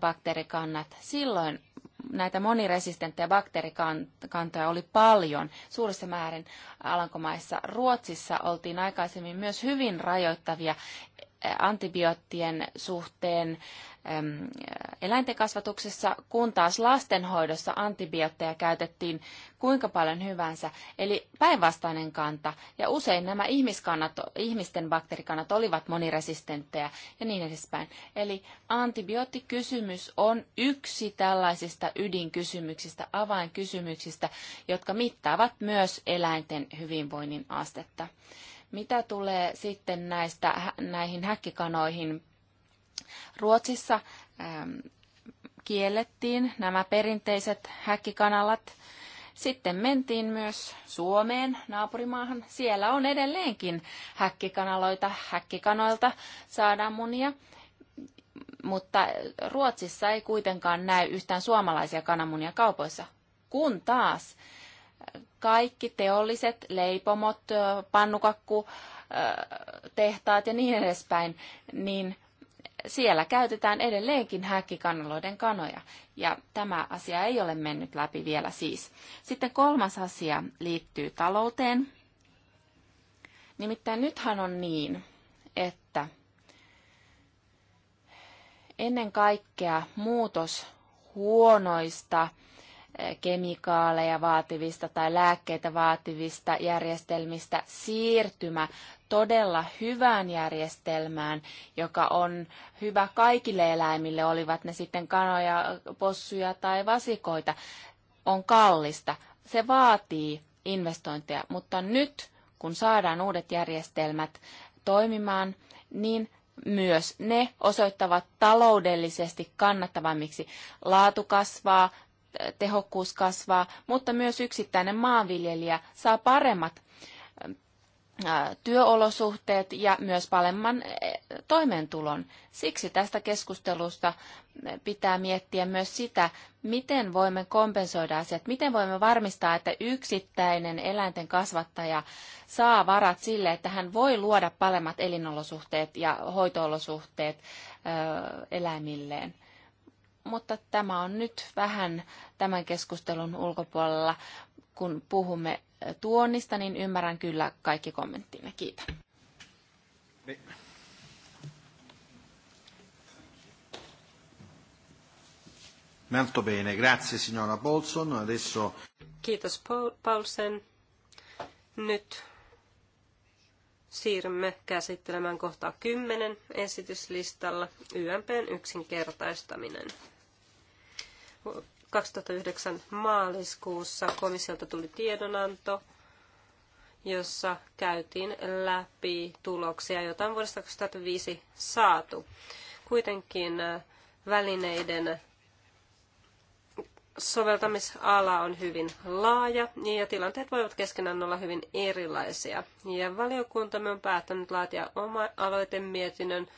bakteerikannat, silloin näitä moniresistenttejä bakteerikantoja oli paljon suurissa määrin Alankomaissa. Ruotsissa oltiin aikaisemmin myös hyvin rajoittavia antibioottien suhteen eläinten kasvatuksessa, kun taas lastenhoidossa antibiootteja käytettiin kuinka paljon hyvänsä. Eli päinvastainen kanta, ja usein nämä ihmiskannat, ihmisten bakteerikannat olivat moniresistenttejä ja niin edespäin. Eli antibioottikysymys on yksi tällaisista ydinkysymyksistä, avainkysymyksistä, jotka mittaavat myös eläinten hyvinvoinnin astetta. Mitä tulee sitten näistä, näihin häkkikanoihin? Ruotsissa ähm, kiellettiin nämä perinteiset häkkikanalat. Sitten mentiin myös Suomeen, naapurimaahan. Siellä on edelleenkin häkkikanaloita. Häkkikanoilta saadaan munia. Mutta Ruotsissa ei kuitenkaan näy yhtään suomalaisia kananmunia kaupoissa. Kun taas kaikki teolliset leipomot, pannukakku, ja niin edespäin, niin siellä käytetään edelleenkin häkkikanaloiden kanoja. Ja tämä asia ei ole mennyt läpi vielä siis. Sitten kolmas asia liittyy talouteen. Nimittäin nythän on niin, että ennen kaikkea muutos huonoista Eh, kemikaaleja vaativista tai lääkkeitä vaativista järjestelmistä siirtymä todella hyvään järjestelmään, joka on hyvä kaikille eläimille, olivat ne sitten kanoja, possuja tai vasikoita, on kallista. Se vaatii investointeja, mutta nyt kun saadaan uudet järjestelmät toimimaan, niin myös ne osoittavat taloudellisesti kannattavammiksi. Laatu kasvaa, tehokkuus kasvaa, mutta myös yksittäinen maanviljelijä saa paremmat työolosuhteet ja myös paremman toimeentulon. Siksi tästä keskustelusta pitää miettiä myös sitä, miten voimme kompensoida asiat, miten voimme varmistaa, että yksittäinen eläinten kasvattaja saa varat sille, että hän voi luoda paremmat elinolosuhteet ja hoitoolosuhteet eläimilleen mutta tämä on nyt vähän tämän keskustelun ulkopuolella. Kun puhumme tuonnista, niin ymmärrän kyllä kaikki kommenttinne. Kiitän. Molto bene, grazie signora Paulson. Adesso... Kiitos Paulsen. Nyt siirrymme käsittelemään kohtaa 10 esityslistalla YMPn yksinkertaistaminen. 2009 maaliskuussa komissiolta tuli tiedonanto, jossa käytiin läpi tuloksia, joita on vuodesta 2005 saatu. Kuitenkin äh, välineiden soveltamisala on hyvin laaja ja tilanteet voivat keskenään olla hyvin erilaisia. Ja valiokuntamme on päättänyt laatia oma aloitemietinnön mietinnön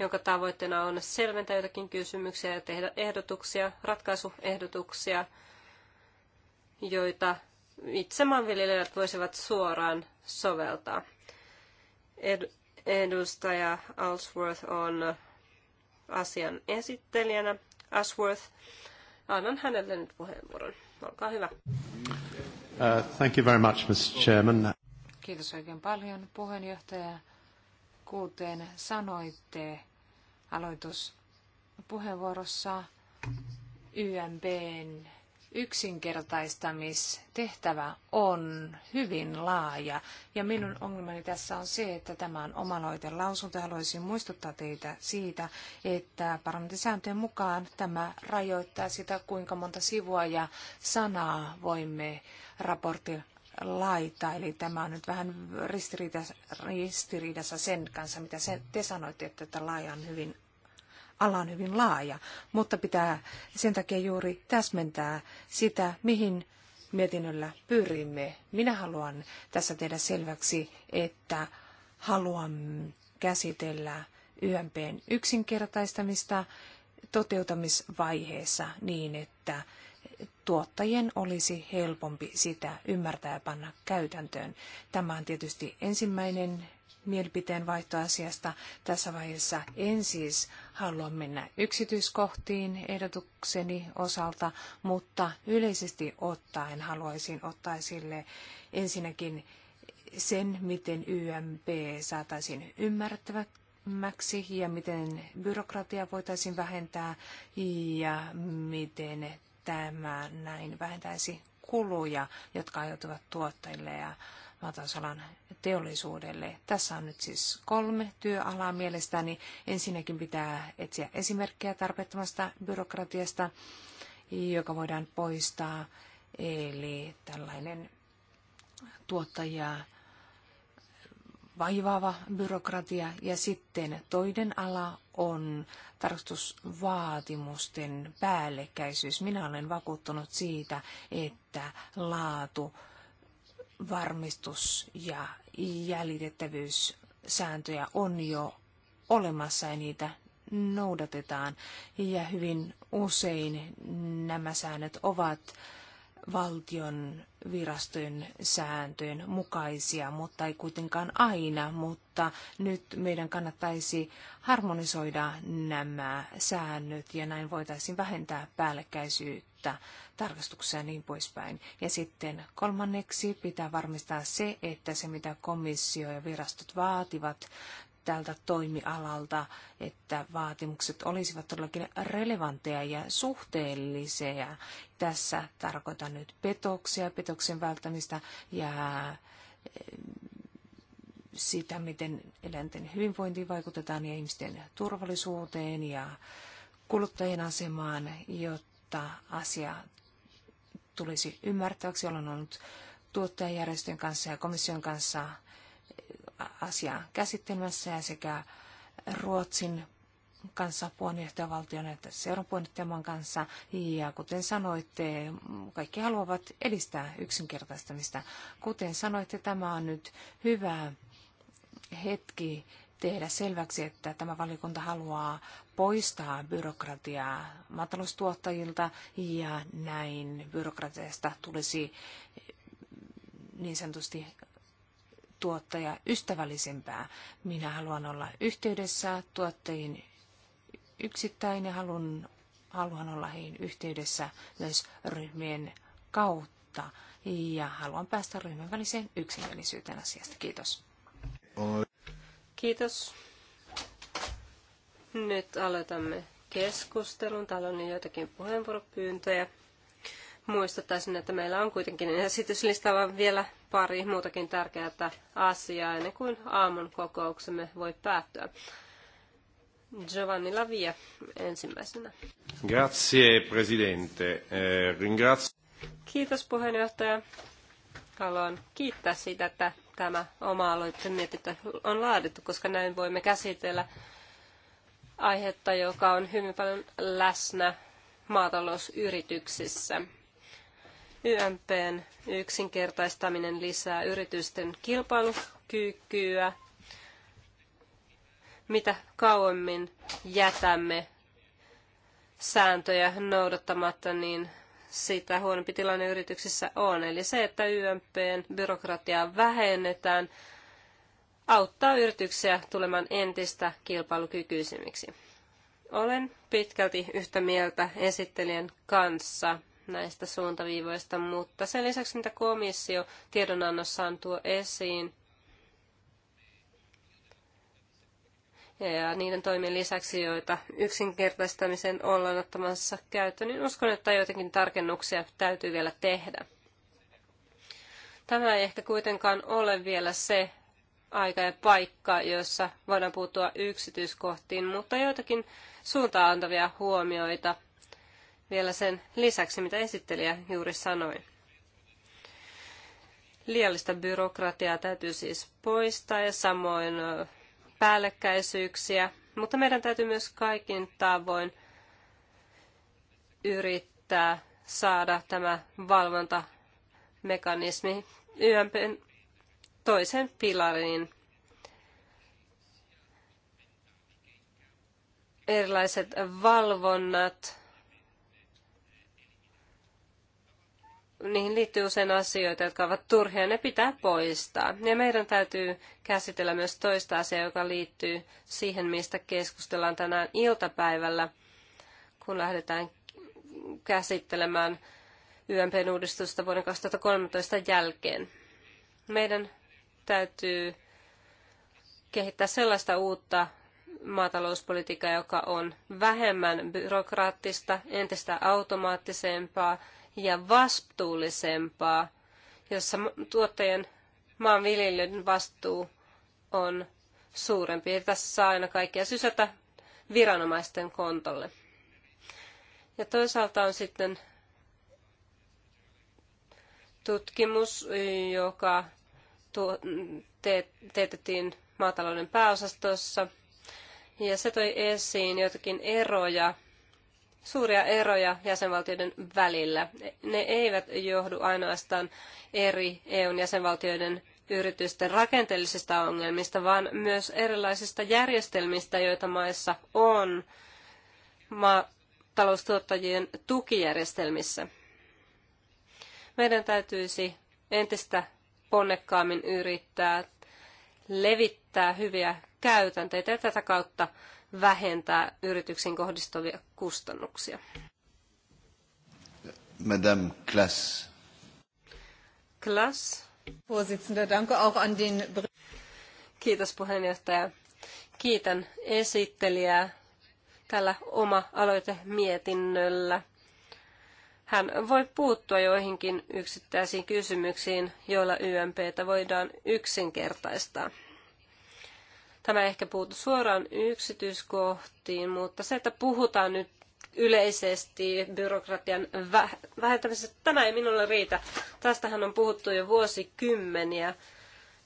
jonka tavoitteena on selventää jotakin kysymyksiä ja tehdä ehdotuksia, ratkaisuehdotuksia, joita itse maanviljelijät voisivat suoraan soveltaa. Ed- edustaja Alsworth on asian esittelijänä. Asworth, annan hänelle nyt puheenvuoron. Olkaa hyvä. Uh, thank you very much, Mr. Chairman. Kiitos oikein paljon puheenjohtaja. Kuten sanoitte, puheenvuorossa YMBn yksinkertaistamistehtävä on hyvin laaja. Ja minun ongelmani tässä on se, että tämä on omaloite lausunto. Haluaisin muistuttaa teitä siitä, että parlamentisääntöjen mukaan tämä rajoittaa sitä, kuinka monta sivua ja sanaa voimme raportin laita, eli tämä on nyt vähän ristiriidassa, ristiriidassa sen kanssa, mitä sen, te sanoitte, että tämä laaja on hyvin, ala on hyvin laaja, mutta pitää sen takia juuri täsmentää sitä, mihin mietinnöllä pyrimme. Minä haluan tässä tehdä selväksi, että haluan käsitellä YMPn yksinkertaistamista toteutamisvaiheessa niin, että tuottajien olisi helpompi sitä ymmärtää ja panna käytäntöön. Tämä on tietysti ensimmäinen mielipiteen vaihtoasiasta. Tässä vaiheessa en siis halua mennä yksityiskohtiin ehdotukseni osalta, mutta yleisesti ottaen haluaisin ottaa esille ensinnäkin sen, miten YMP saataisiin ymmärrettäväksi ja miten byrokratia voitaisiin vähentää ja miten tämä näin vähentäisi kuluja, jotka aiheutuvat tuottajille ja maatalousalan teollisuudelle. Tässä on nyt siis kolme työalaa mielestäni. Ensinnäkin pitää etsiä esimerkkejä tarpeettomasta byrokratiasta, joka voidaan poistaa, eli tällainen tuottajaa vaivaava byrokratia ja sitten toinen ala on tarkastusvaatimusten päällekkäisyys. Minä olen vakuuttunut siitä, että laatu, varmistus ja jäljitettävyyssääntöjä on jo olemassa ja niitä noudatetaan. Ja hyvin usein nämä säännöt ovat valtion virastojen sääntöjen mukaisia, mutta ei kuitenkaan aina, mutta nyt meidän kannattaisi harmonisoida nämä säännöt ja näin voitaisiin vähentää päällekkäisyyttä tarkastuksia ja niin poispäin. Ja sitten kolmanneksi pitää varmistaa se, että se mitä komissio ja virastot vaativat tältä toimialalta, että vaatimukset olisivat todellakin relevantteja ja suhteellisia. Tässä tarkoitan nyt petoksia, petoksen välttämistä ja eh, sitä, miten eläinten hyvinvointiin vaikutetaan ja ihmisten turvallisuuteen ja kuluttajien asemaan, jotta asia tulisi ymmärtäväksi. on ollut tuottajajärjestöjen kanssa ja komission kanssa asiaa käsittelemässä sekä Ruotsin kanssa puheenjohtajavaltion että seuran puheenjohtajamaan kanssa. Ja kuten sanoitte, kaikki haluavat edistää yksinkertaistamista. Kuten sanoitte, tämä on nyt hyvä hetki tehdä selväksi, että tämä valiokunta haluaa poistaa byrokratiaa maataloustuottajilta ja näin byrokratiasta tulisi niin sanotusti tuottaja ystävällisempää. Minä haluan olla yhteydessä tuottajiin yksittäin ja haluan, haluan olla heihin yhteydessä myös ryhmien kautta ja haluan päästä ryhmän väliseen yksimielisyyteen asiasta. Kiitos. Kiitos. Nyt aloitamme keskustelun. Täällä on joitakin puheenvuoropyyntöjä muistuttaisin, että meillä on kuitenkin esityslistalla vielä pari muutakin tärkeää asiaa ennen kuin aamun kokouksemme voi päättyä. Giovanni Lavia ensimmäisenä. Grazie, presidente. Eh, ringrazio. Kiitos puheenjohtaja. Haluan kiittää siitä, että tämä oma aloitteen mietintö on laadittu, koska näin voimme käsitellä aihetta, joka on hyvin paljon läsnä maatalousyrityksissä. YMPn yksinkertaistaminen lisää yritysten kilpailukykyä. Mitä kauemmin jätämme sääntöjä noudattamatta, niin sitä huonompi tilanne yrityksissä on. Eli se, että YMPn byrokratiaa vähennetään, auttaa yrityksiä tulemaan entistä kilpailukykyisemmiksi. Olen pitkälti yhtä mieltä esittelijän kanssa – näistä suuntaviivoista, mutta sen lisäksi mitä komissio tiedonannossaan tuo esiin, ja niiden toimien lisäksi, joita yksinkertaistamisen ollaan ottamassa käyttöön, niin uskon, että joitakin tarkennuksia täytyy vielä tehdä. Tämä ei ehkä kuitenkaan ole vielä se aika ja paikka, jossa voidaan puuttua yksityiskohtiin, mutta joitakin suuntaan antavia huomioita – vielä sen lisäksi, mitä esittelijä juuri sanoi. Liiallista byrokratiaa täytyy siis poistaa ja samoin päällekkäisyyksiä, mutta meidän täytyy myös kaikin tavoin yrittää saada tämä valvontamekanismi YMPn toisen pilariin. Erilaiset valvonnat niihin liittyy usein asioita, jotka ovat turhia, ne pitää poistaa. Ja meidän täytyy käsitellä myös toista asiaa, joka liittyy siihen, mistä keskustellaan tänään iltapäivällä, kun lähdetään käsittelemään YMPn uudistusta vuoden 2013 jälkeen. Meidän täytyy kehittää sellaista uutta maatalouspolitiikkaa, joka on vähemmän byrokraattista, entistä automaattisempaa, ja vastuullisempaa, jossa tuottajien maanviljelijöiden vastuu on suurempi. Ei tässä saa aina kaikkea sysätä viranomaisten kontolle. Ja toisaalta on sitten tutkimus, joka teetettiin maatalouden pääosastossa. Ja se toi esiin joitakin eroja suuria eroja jäsenvaltioiden välillä. Ne eivät johdu ainoastaan eri EUn jäsenvaltioiden yritysten rakenteellisista ongelmista, vaan myös erilaisista järjestelmistä, joita maissa on maataloustuottajien tukijärjestelmissä. Meidän täytyisi entistä ponnekkaammin yrittää levittää hyviä käytänteitä ja tätä kautta vähentää yrityksiin kohdistuvia kustannuksia. Madame Klass. Klass. Vorsitzender, danke auch an den... Kiitos puheenjohtaja. Kiitän esittelijää tällä oma aloite mietinnöllä. Hän voi puuttua joihinkin yksittäisiin kysymyksiin, joilla YMPtä voidaan yksinkertaistaa. Tämä ehkä puutu suoraan yksityiskohtiin, mutta se, että puhutaan nyt yleisesti byrokratian vähentämisestä, tämä ei minulle riitä. Tästähän on puhuttu jo vuosikymmeniä,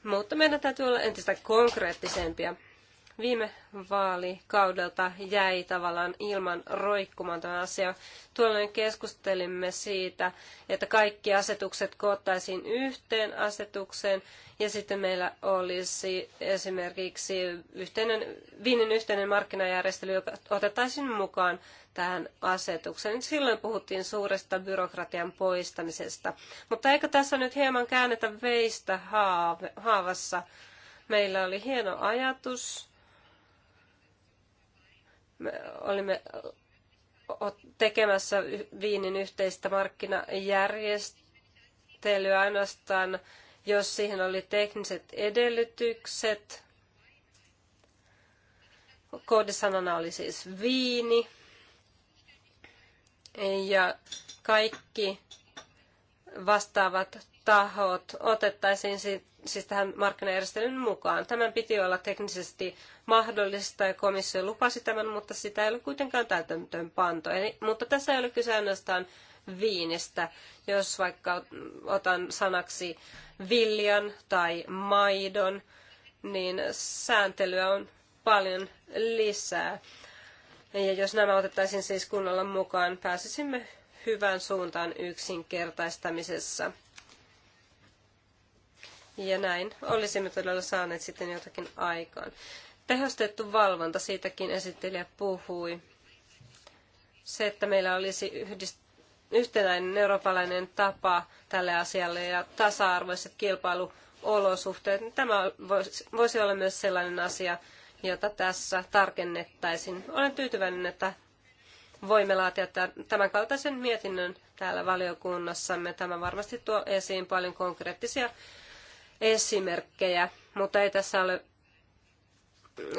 mutta meidän täytyy olla entistä konkreettisempia viime vaalikaudelta jäi tavallaan ilman roikkumaan tämä asia. Tuolloin keskustelimme siitä, että kaikki asetukset koottaisiin yhteen asetukseen ja sitten meillä olisi esimerkiksi yhteinen, viinin yhteinen markkinajärjestely, joka otettaisiin mukaan tähän asetukseen. Silloin puhuttiin suuresta byrokratian poistamisesta. Mutta eikö tässä nyt hieman käännetä veistä haave, haavassa? Meillä oli hieno ajatus, me olimme tekemässä viinin yhteistä markkinajärjestelyä ainoastaan, jos siihen oli tekniset edellytykset. Koodisanana oli siis viini. Ja kaikki vastaavat tahot otettaisiin siis tähän markkinajärjestelyyn mukaan. Tämän piti olla teknisesti mahdollista ja komissio lupasi tämän, mutta sitä ei ole kuitenkaan täytäntöön panto. Eli, mutta tässä ei ole kyse ainoastaan viinistä. Jos vaikka otan sanaksi viljan tai maidon, niin sääntelyä on paljon lisää. Ja jos nämä otettaisiin siis kunnolla mukaan, pääsisimme hyvään suuntaan yksinkertaistamisessa. Ja näin olisimme todella saaneet sitten jotakin aikaan. Tehostettu valvonta, siitäkin esittelijä puhui. Se, että meillä olisi yhdist- yhtenäinen eurooppalainen tapa tälle asialle ja tasa-arvoiset kilpailuolosuhteet, niin tämä voisi olla myös sellainen asia, jota tässä tarkennettaisiin. Olen tyytyväinen, että voimme laatia tämän kaltaisen mietinnön täällä valiokunnassamme. Tämä varmasti tuo esiin paljon konkreettisia esimerkkejä, mutta ei tässä ole,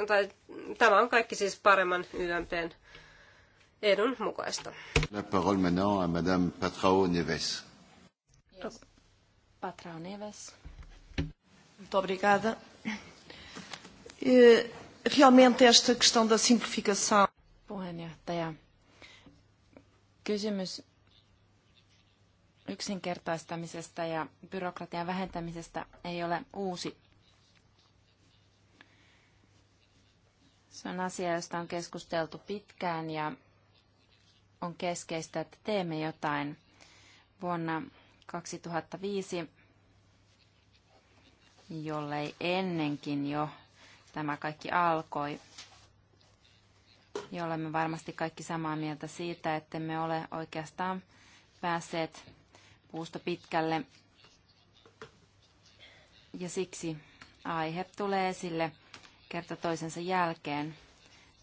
tai tämä on kaikki siis paremman YMPn edun mukaista. La parole maintenant à Madame Patrao Neves. Yes. Patrao Neves. obrigada. Eh, realmente esta questão da simplificação. Puheenjohtaja. Kysymys yksinkertaistamisesta ja byrokratian vähentämisestä ei ole uusi. Se on asia, josta on keskusteltu pitkään ja on keskeistä, että teemme jotain. Vuonna 2005, jollei ennenkin jo tämä kaikki alkoi, jolle me varmasti kaikki samaa mieltä siitä, että me ole oikeastaan päässeet puusta pitkälle. Ja siksi aihe tulee esille kerta toisensa jälkeen.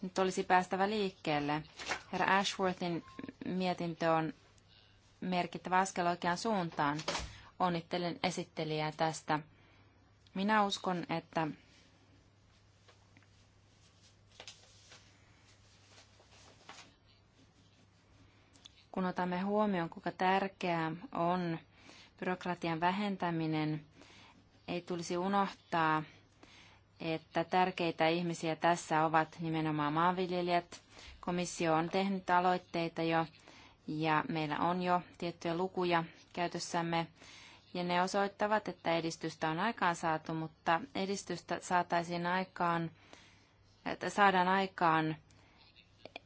Nyt olisi päästävä liikkeelle. Herra Ashworthin mietintö on merkittävä askel oikeaan suuntaan. Onnittelen esittelijää tästä. Minä uskon, että kun otamme huomioon, kuinka tärkeää on byrokratian vähentäminen, ei tulisi unohtaa, että tärkeitä ihmisiä tässä ovat nimenomaan maanviljelijät. Komissio on tehnyt aloitteita jo ja meillä on jo tiettyjä lukuja käytössämme ja ne osoittavat, että edistystä on aikaan saatu, mutta edistystä saataisiin aikaan, että saadaan aikaan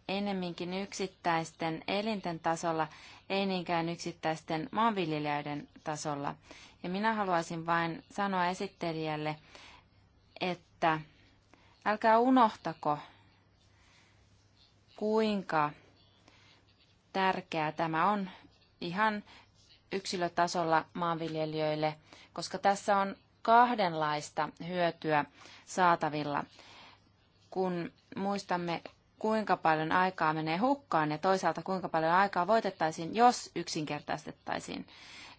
enemminkin yksittäisten elinten tasolla, ei niinkään yksittäisten maanviljelijöiden tasolla. Ja minä haluaisin vain sanoa esittelijälle, että älkää unohtako, kuinka tärkeää tämä on ihan yksilötasolla maanviljelijöille, koska tässä on kahdenlaista hyötyä saatavilla. Kun muistamme kuinka paljon aikaa menee hukkaan ja toisaalta kuinka paljon aikaa voitettaisiin, jos yksinkertaistettaisiin.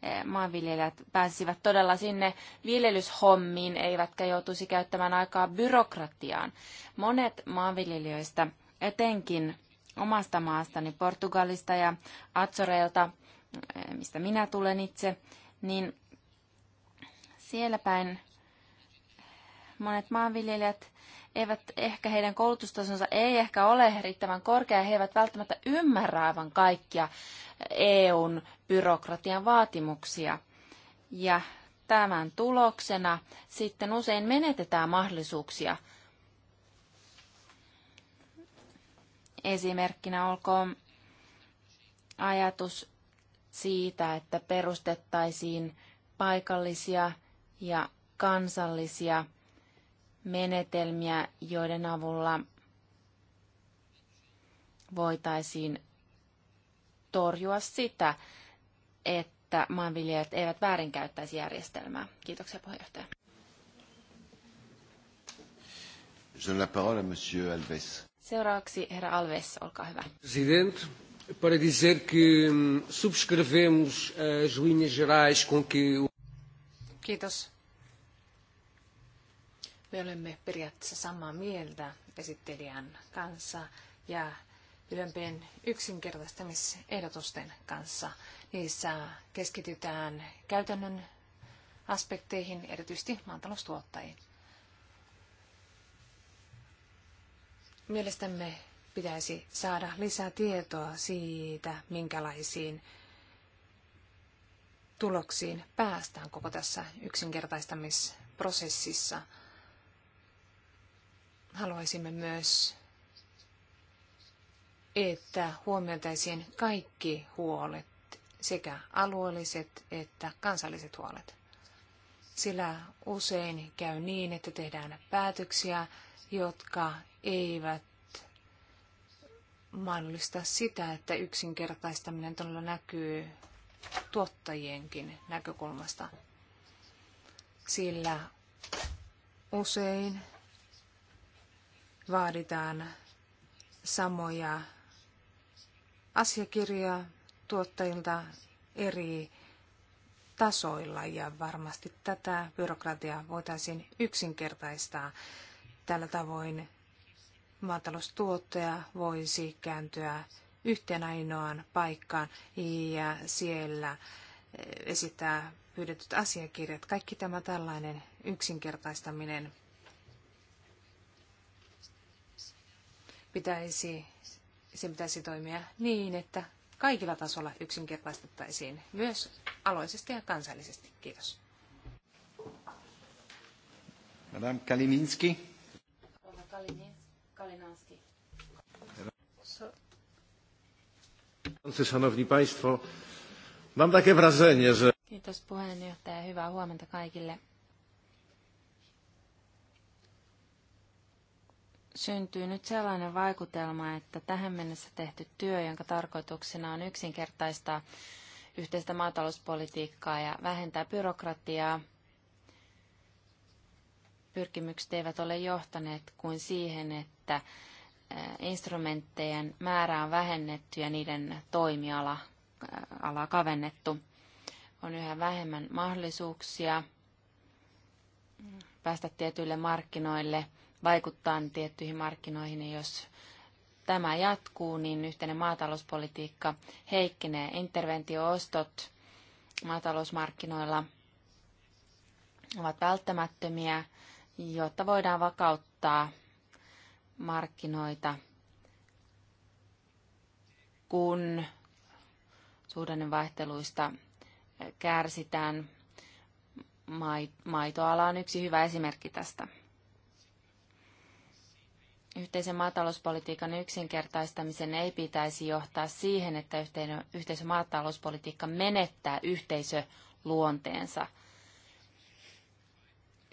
Eh, maanviljelijät pääsisivät todella sinne viljelyshommiin, eivätkä joutuisi käyttämään aikaa byrokratiaan. Monet maanviljelijöistä, etenkin omasta maastani Portugalista ja Azoreilta, eh, mistä minä tulen itse, niin siellä päin monet maanviljelijät eivät ehkä heidän koulutustasonsa ei ehkä ole riittävän korkea, he eivät välttämättä ymmärrä aivan kaikkia EUn byrokratian vaatimuksia. Ja tämän tuloksena sitten usein menetetään mahdollisuuksia. Esimerkkinä olkoon ajatus siitä, että perustettaisiin paikallisia ja kansallisia menetelmiä, joiden avulla voitaisiin torjua sitä, että maanviljelijät eivät väärinkäyttäisi järjestelmää. Kiitoksia puheenjohtaja. Alves. Seuraavaksi herra Alves, olkaa hyvä. President, para dizer que subscrevemos as linhas gerais com que... Kiitos me olemme periaatteessa samaa mieltä esittelijän kanssa ja ylempien yksinkertaistamisehdotusten kanssa. Niissä keskitytään käytännön aspekteihin, erityisesti maataloustuottajiin. Mielestämme pitäisi saada lisää tietoa siitä, minkälaisiin tuloksiin päästään koko tässä yksinkertaistamisprosessissa – haluaisimme myös, että huomioitaisiin kaikki huolet, sekä alueelliset että kansalliset huolet. Sillä usein käy niin, että tehdään päätöksiä, jotka eivät mahdollista sitä, että yksinkertaistaminen todella näkyy tuottajienkin näkökulmasta. Sillä usein vaaditaan samoja asiakirjoja tuottajilta eri tasoilla ja varmasti tätä byrokratiaa voitaisiin yksinkertaistaa. Tällä tavoin maataloustuottaja voisi kääntyä yhteen ainoaan paikkaan ja siellä eh, esittää pyydetyt asiakirjat. Kaikki tämä tällainen yksinkertaistaminen pitäisi, sen pitäisi toimia niin, että kaikilla tasolla yksinkertaistettaisiin myös aloisesti ja kansallisesti. Kiitos. Madame Kalininski. Kiitos puheenjohtaja. Hyvää huomenta kaikille. syntyy nyt sellainen vaikutelma, että tähän mennessä tehty työ, jonka tarkoituksena on yksinkertaistaa yhteistä maatalouspolitiikkaa ja vähentää byrokratiaa, pyrkimykset eivät ole johtaneet kuin siihen, että instrumenttejen määrää on vähennetty ja niiden toimiala ala kavennettu. On yhä vähemmän mahdollisuuksia päästä tietyille markkinoille – vaikuttaa tiettyihin markkinoihin, ja jos tämä jatkuu, niin yhteinen maatalouspolitiikka heikkenee. Interventioostot maatalousmarkkinoilla ovat välttämättömiä, jotta voidaan vakauttaa markkinoita, kun suhdannevaihteluista kärsitään. Maitoala on yksi hyvä esimerkki tästä. Yhteisen maatalouspolitiikan yksinkertaistamisen ei pitäisi johtaa siihen, että yhteinen, maatalouspolitiikka menettää yhteisöluonteensa.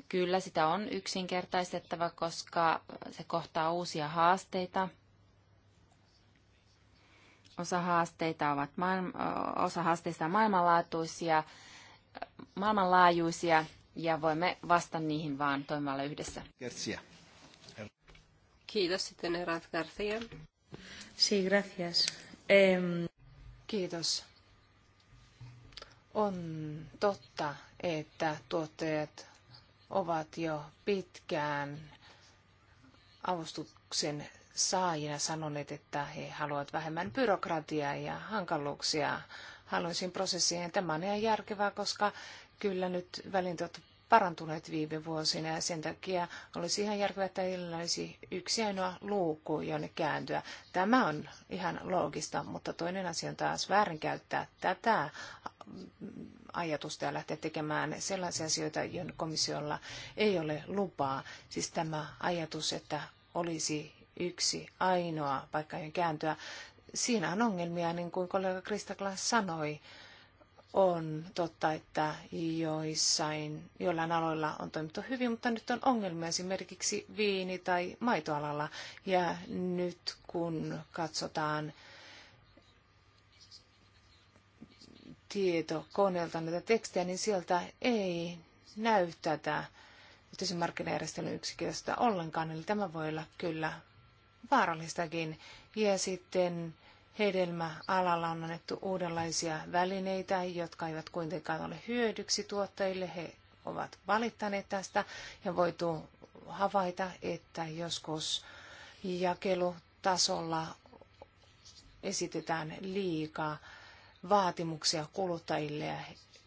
Kyllä sitä on yksinkertaistettava, koska se kohtaa uusia haasteita. Osa, haasteita ovat osa haasteista on maailmanlaatuisia, maailmanlaajuisia ja voimme vastata niihin vaan toimimalla yhdessä. Kertsiä. Kiitos sitten García. Sí, gracias. Kiitos. On totta, että tuottajat ovat jo pitkään avustuksen saajina sanoneet, että he haluavat vähemmän byrokratiaa ja hankaluuksia haluaisin prosessiin. Tämä on ihan järkevää, koska kyllä nyt välintuotto parantuneet viime vuosina ja sen takia olisi ihan järkevää, että heillä olisi yksi ainoa luukku, jonne kääntyä. Tämä on ihan loogista, mutta toinen asia on taas väärinkäyttää tätä ajatusta ja lähteä tekemään sellaisia asioita, joiden komissiolla ei ole lupaa. Siis tämä ajatus, että olisi yksi ainoa paikka, johon kääntyä. Siinä on ongelmia, niin kuin kollega Krista Klaas sanoi on totta, että joissain, jollain aloilla on toimittu hyvin, mutta nyt on ongelmia esimerkiksi viini- tai maitoalalla. Ja nyt kun katsotaan tietokoneelta näitä tekstejä, niin sieltä ei näy tätä yhteisen markkinajärjestelyn yksiköstä ollenkaan. Eli tämä voi olla kyllä vaarallistakin. Ja sitten Hedelmäalalla on annettu uudenlaisia välineitä, jotka eivät kuitenkaan ole hyödyksi tuottajille. He ovat valittaneet tästä ja voitu havaita, että joskus jakelutasolla esitetään liikaa vaatimuksia kuluttajille ja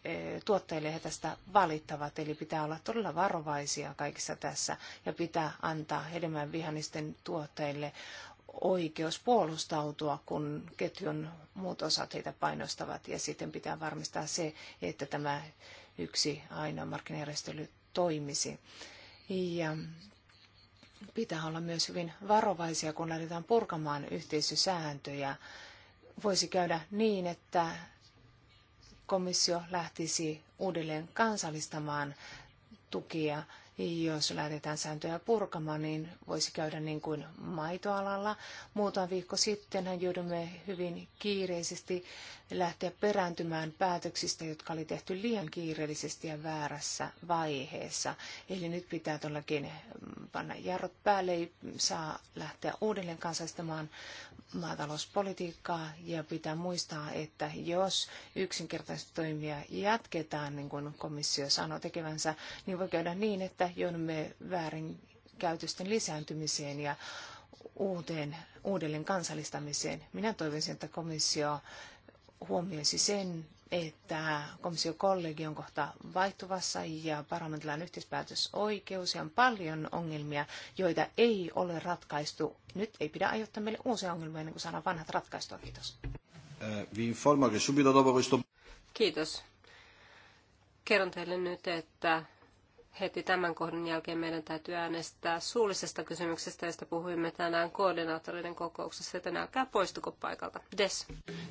e, tuottajille he tästä valittavat, eli pitää olla todella varovaisia kaikissa tässä ja pitää antaa hedelmän vihannisten tuottajille oikeus puolustautua, kun ketjun muut osat heitä painostavat. Ja sitten pitää varmistaa se, että tämä yksi aina markkinajärjestely toimisi. Ja pitää olla myös hyvin varovaisia, kun lähdetään purkamaan yhteisösääntöjä. Voisi käydä niin, että komissio lähtisi uudelleen kansallistamaan tukia jos lähdetään sääntöjä purkamaan, niin voisi käydä niin kuin maitoalalla. Muutama viikko hän joudumme hyvin kiireisesti lähteä perääntymään päätöksistä, jotka oli tehty liian kiireellisesti ja väärässä vaiheessa. Eli nyt pitää todellakin mm, panna jarrot päälle, ei saa lähteä uudelleen kansallistamaan maatalouspolitiikkaa ja pitää muistaa, että jos yksinkertaisesti toimia jatketaan, niin kuin komissio sanoo tekevänsä, niin voi käydä niin, että joudumme väärinkäytösten lisääntymiseen ja uuteen, uudelleen kansallistamiseen. Minä toivoisin, että komissio huomioisi sen, että komissiokollegi on kohta vaihtuvassa ja parlamentilla on yhteispäätösoikeus ja on paljon ongelmia, joita ei ole ratkaistu. Nyt ei pidä aiheuttaa meille uusia ongelmia ennen kuin saadaan vanhat ratkaistua. Kiitos. Eh, Kiitos. Kerron teille nyt, että heti tämän kohdan jälkeen meidän täytyy äänestää suullisesta kysymyksestä, josta puhuimme tänään koordinaattoreiden kokouksessa, joten älkää poistuko paikalta. Des.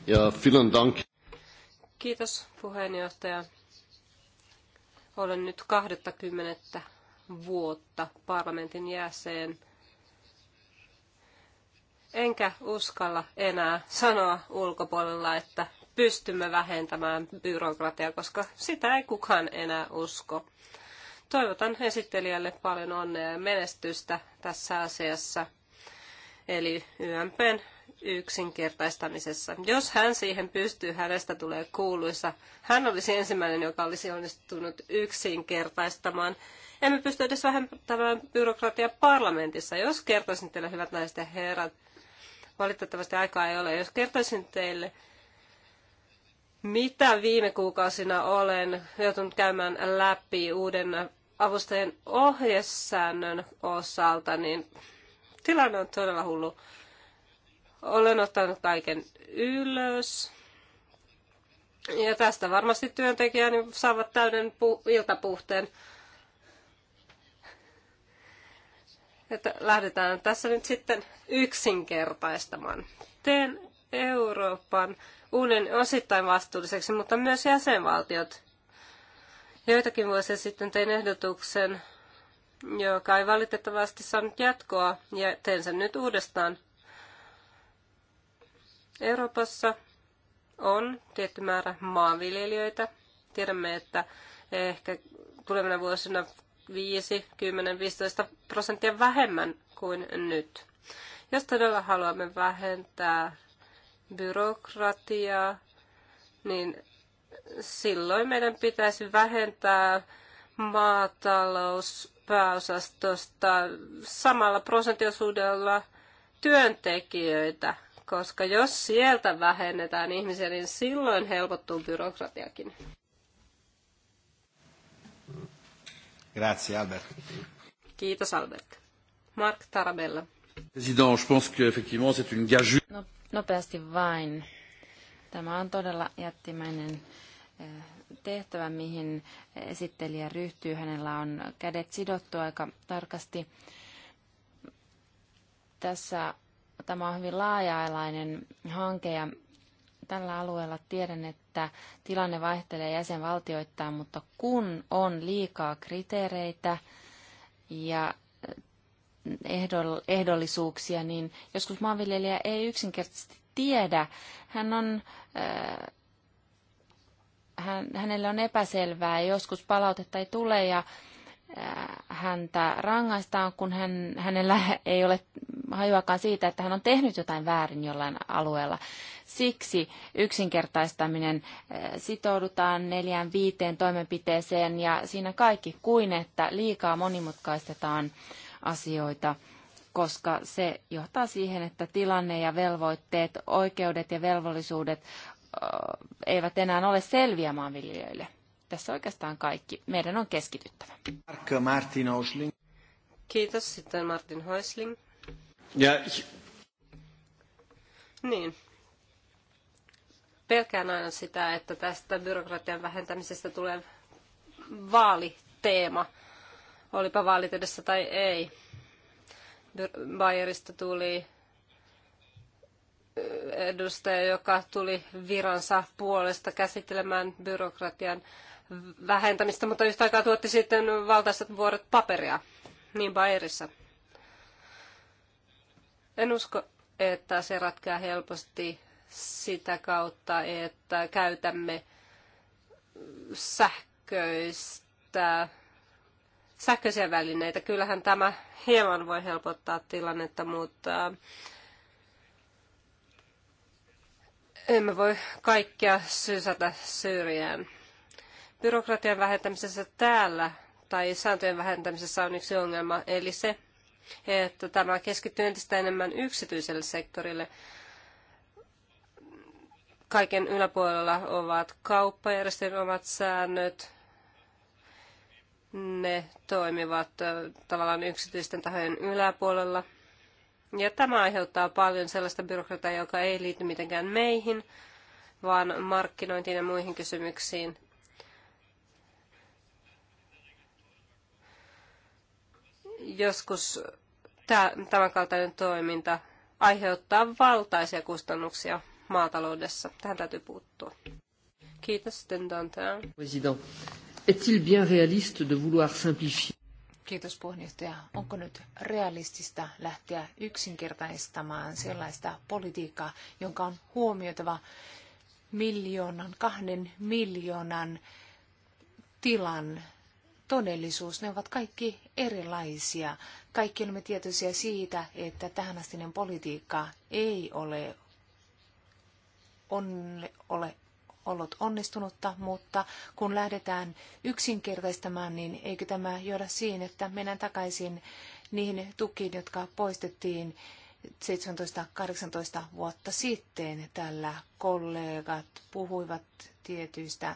Ja vielen dank. Kiitos puheenjohtaja. Olen nyt 20 vuotta parlamentin jäsen. Enkä uskalla enää sanoa ulkopuolella, että pystymme vähentämään byrokratiaa, koska sitä ei kukaan enää usko. Toivotan esittelijälle paljon onnea ja menestystä tässä asiassa, eli YMPn yksinkertaistamisessa. Jos hän siihen pystyy, hänestä tulee kuuluisa. Hän olisi ensimmäinen, joka olisi onnistunut yksinkertaistamaan. Emme pysty edes vähentämään byrokratia parlamentissa. Jos kertoisin teille, hyvät naiset ja herrat, valitettavasti aikaa ei ole, jos kertoisin teille, mitä viime kuukausina olen joutunut käymään läpi uuden avustajien ohjesäännön osalta, niin tilanne on todella hullu. Olen ottanut kaiken ylös. Ja tästä varmasti työntekijäni saavat täyden pu- iltapuhteen. Että lähdetään tässä nyt sitten yksinkertaistamaan. Teen Euroopan uuden osittain vastuulliseksi, mutta myös jäsenvaltiot Joitakin vuosia sitten tein ehdotuksen, joka ei valitettavasti saanut jatkoa, ja teen sen nyt uudestaan. Euroopassa on tietty määrä maanviljelijöitä. Tiedämme, että ehkä tulevina vuosina 5, 10, 15 prosenttia vähemmän kuin nyt. Jos todella haluamme vähentää byrokratiaa, niin silloin meidän pitäisi vähentää maatalouspääosastosta samalla prosenttiosuudella työntekijöitä, koska jos sieltä vähennetään ihmisiä, niin silloin helpottuu byrokratiakin. Grazie Albert. Kiitos Albert. Mark Tarabella. President, je pense que effectivement c'est une gageure. No, nopeasti vain Tämä on todella jättimäinen eh, tehtävä, mihin esittelijä ryhtyy. Hänellä on kädet sidottu aika tarkasti. Tässä tämä on hyvin laaja-alainen hanke ja tällä alueella tiedän, että tilanne vaihtelee jäsenvaltioittain, mutta kun on liikaa kriteereitä ja eh, ehdollisuuksia, niin joskus maanviljelijä ei yksinkertaisesti tiedä. Hän on, äh, hän, hänelle on epäselvää ja joskus palautetta ei tule ja äh, häntä rangaistaan, kun hän, hänellä ei ole hajuakaan siitä, että hän on tehnyt jotain väärin jollain alueella. Siksi yksinkertaistaminen äh, sitoudutaan neljään viiteen toimenpiteeseen ja siinä kaikki kuin, että liikaa monimutkaistetaan asioita koska se johtaa siihen, että tilanne ja velvoitteet, oikeudet ja velvollisuudet eivät enää ole selviä maanviljelijöille. Tässä oikeastaan kaikki. Meidän on keskityttävä. Martin Häusling. Kiitos. Sitten Martin Häusling. Ja... Niin. Pelkään aina sitä, että tästä byrokratian vähentämisestä tulee vaaliteema. Olipa vaalit edessä tai ei. Bayerista tuli edustaja, joka tuli viransa puolesta käsittelemään byrokratian vähentämistä, mutta yhtä aikaa tuotti sitten valtaiset vuoret paperia, niin Bayerissa. En usko, että se ratkeaa helposti sitä kautta, että käytämme sähköistä sähköisiä välineitä. Kyllähän tämä hieman voi helpottaa tilannetta, mutta äh, emme voi kaikkea sysätä syrjään. Byrokratian vähentämisessä täällä tai sääntöjen vähentämisessä on yksi ongelma, eli se, että tämä keskittyy entistä enemmän yksityiselle sektorille. Kaiken yläpuolella ovat kauppajärjestöjen omat säännöt, ne toimivat tavallaan yksityisten tahojen yläpuolella. Ja tämä aiheuttaa paljon sellaista byrokratiaa, joka ei liity mitenkään meihin, vaan markkinointiin ja muihin kysymyksiin. Joskus tämän kaltainen toiminta aiheuttaa valtaisia kustannuksia maataloudessa. Tähän täytyy puuttua. Kiitos sitten Est-il bien réaliste de vouloir simplifier? Kiitos puheenjohtaja. Onko nyt realistista lähteä yksinkertaistamaan sellaista politiikkaa, jonka on huomioitava miljoonan, kahden miljoonan tilan todellisuus, ne ovat kaikki erilaisia. Kaikki olemme tietoisia siitä, että tähänastinen politiikka ei ole, on, ole ollut onnistunutta, mutta kun lähdetään yksinkertaistamaan, niin eikö tämä johda siihen, että mennään takaisin niihin tukiin, jotka poistettiin 17-18 vuotta sitten. Tällä kollegat puhuivat tietyistä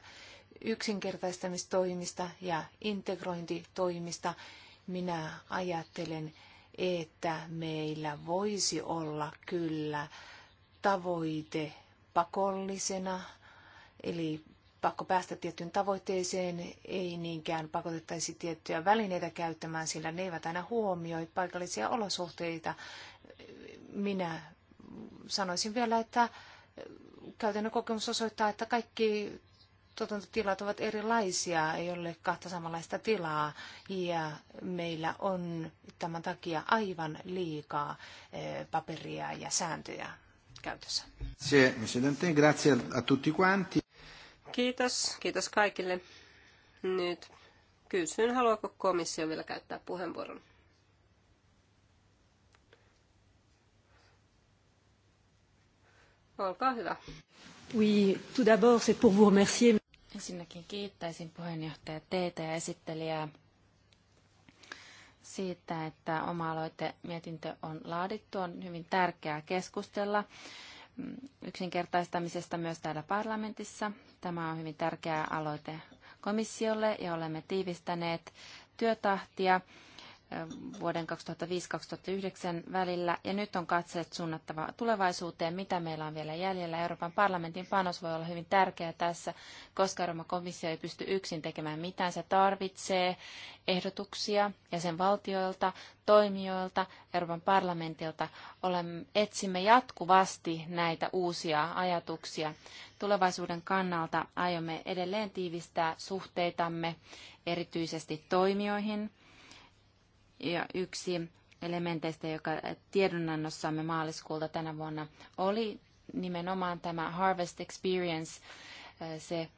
yksinkertaistamistoimista ja integrointitoimista. Minä ajattelen, että meillä voisi olla kyllä tavoite pakollisena Eli pakko päästä tiettyyn tavoitteeseen, ei niinkään pakotettaisi tiettyjä välineitä käyttämään, sillä ne eivät aina huomioi paikallisia olosuhteita. Minä sanoisin vielä, että käytännön kokemus osoittaa, että kaikki tuotantotilat ovat erilaisia, ei ole kahta samanlaista tilaa ja meillä on tämän takia aivan liikaa eh, paperia ja sääntöjä käytössä. Grazie a tutti quanti. Kiitos, kiitos kaikille. Nyt kysyn, haluaako komissio vielä käyttää puheenvuoron? Olkaa hyvä. Oui, tout d'abord, c'est pour vous remercier. Ensinnäkin kiittäisin puheenjohtaja teitä ja esittelijää siitä, että oma-aloite mietintö on laadittu. On hyvin tärkeää keskustella mm, yksinkertaistamisesta myös täällä parlamentissa. Tämä on hyvin tärkeä aloite komissiolle ja olemme tiivistäneet työtahtia vuoden 2005-2009 välillä, ja nyt on katseet suunnattava tulevaisuuteen, mitä meillä on vielä jäljellä. Euroopan parlamentin panos voi olla hyvin tärkeä tässä, koska Euroopan komissio ei pysty yksin tekemään mitään. Se tarvitsee ehdotuksia jäsenvaltioilta, toimijoilta, Euroopan parlamentilta. Olemme, etsimme jatkuvasti näitä uusia ajatuksia. Tulevaisuuden kannalta aiomme edelleen tiivistää suhteitamme erityisesti toimijoihin – ja yksi elementeistä, joka tiedonannossamme maaliskuulta tänä vuonna oli nimenomaan tämä Harvest Experience. Se,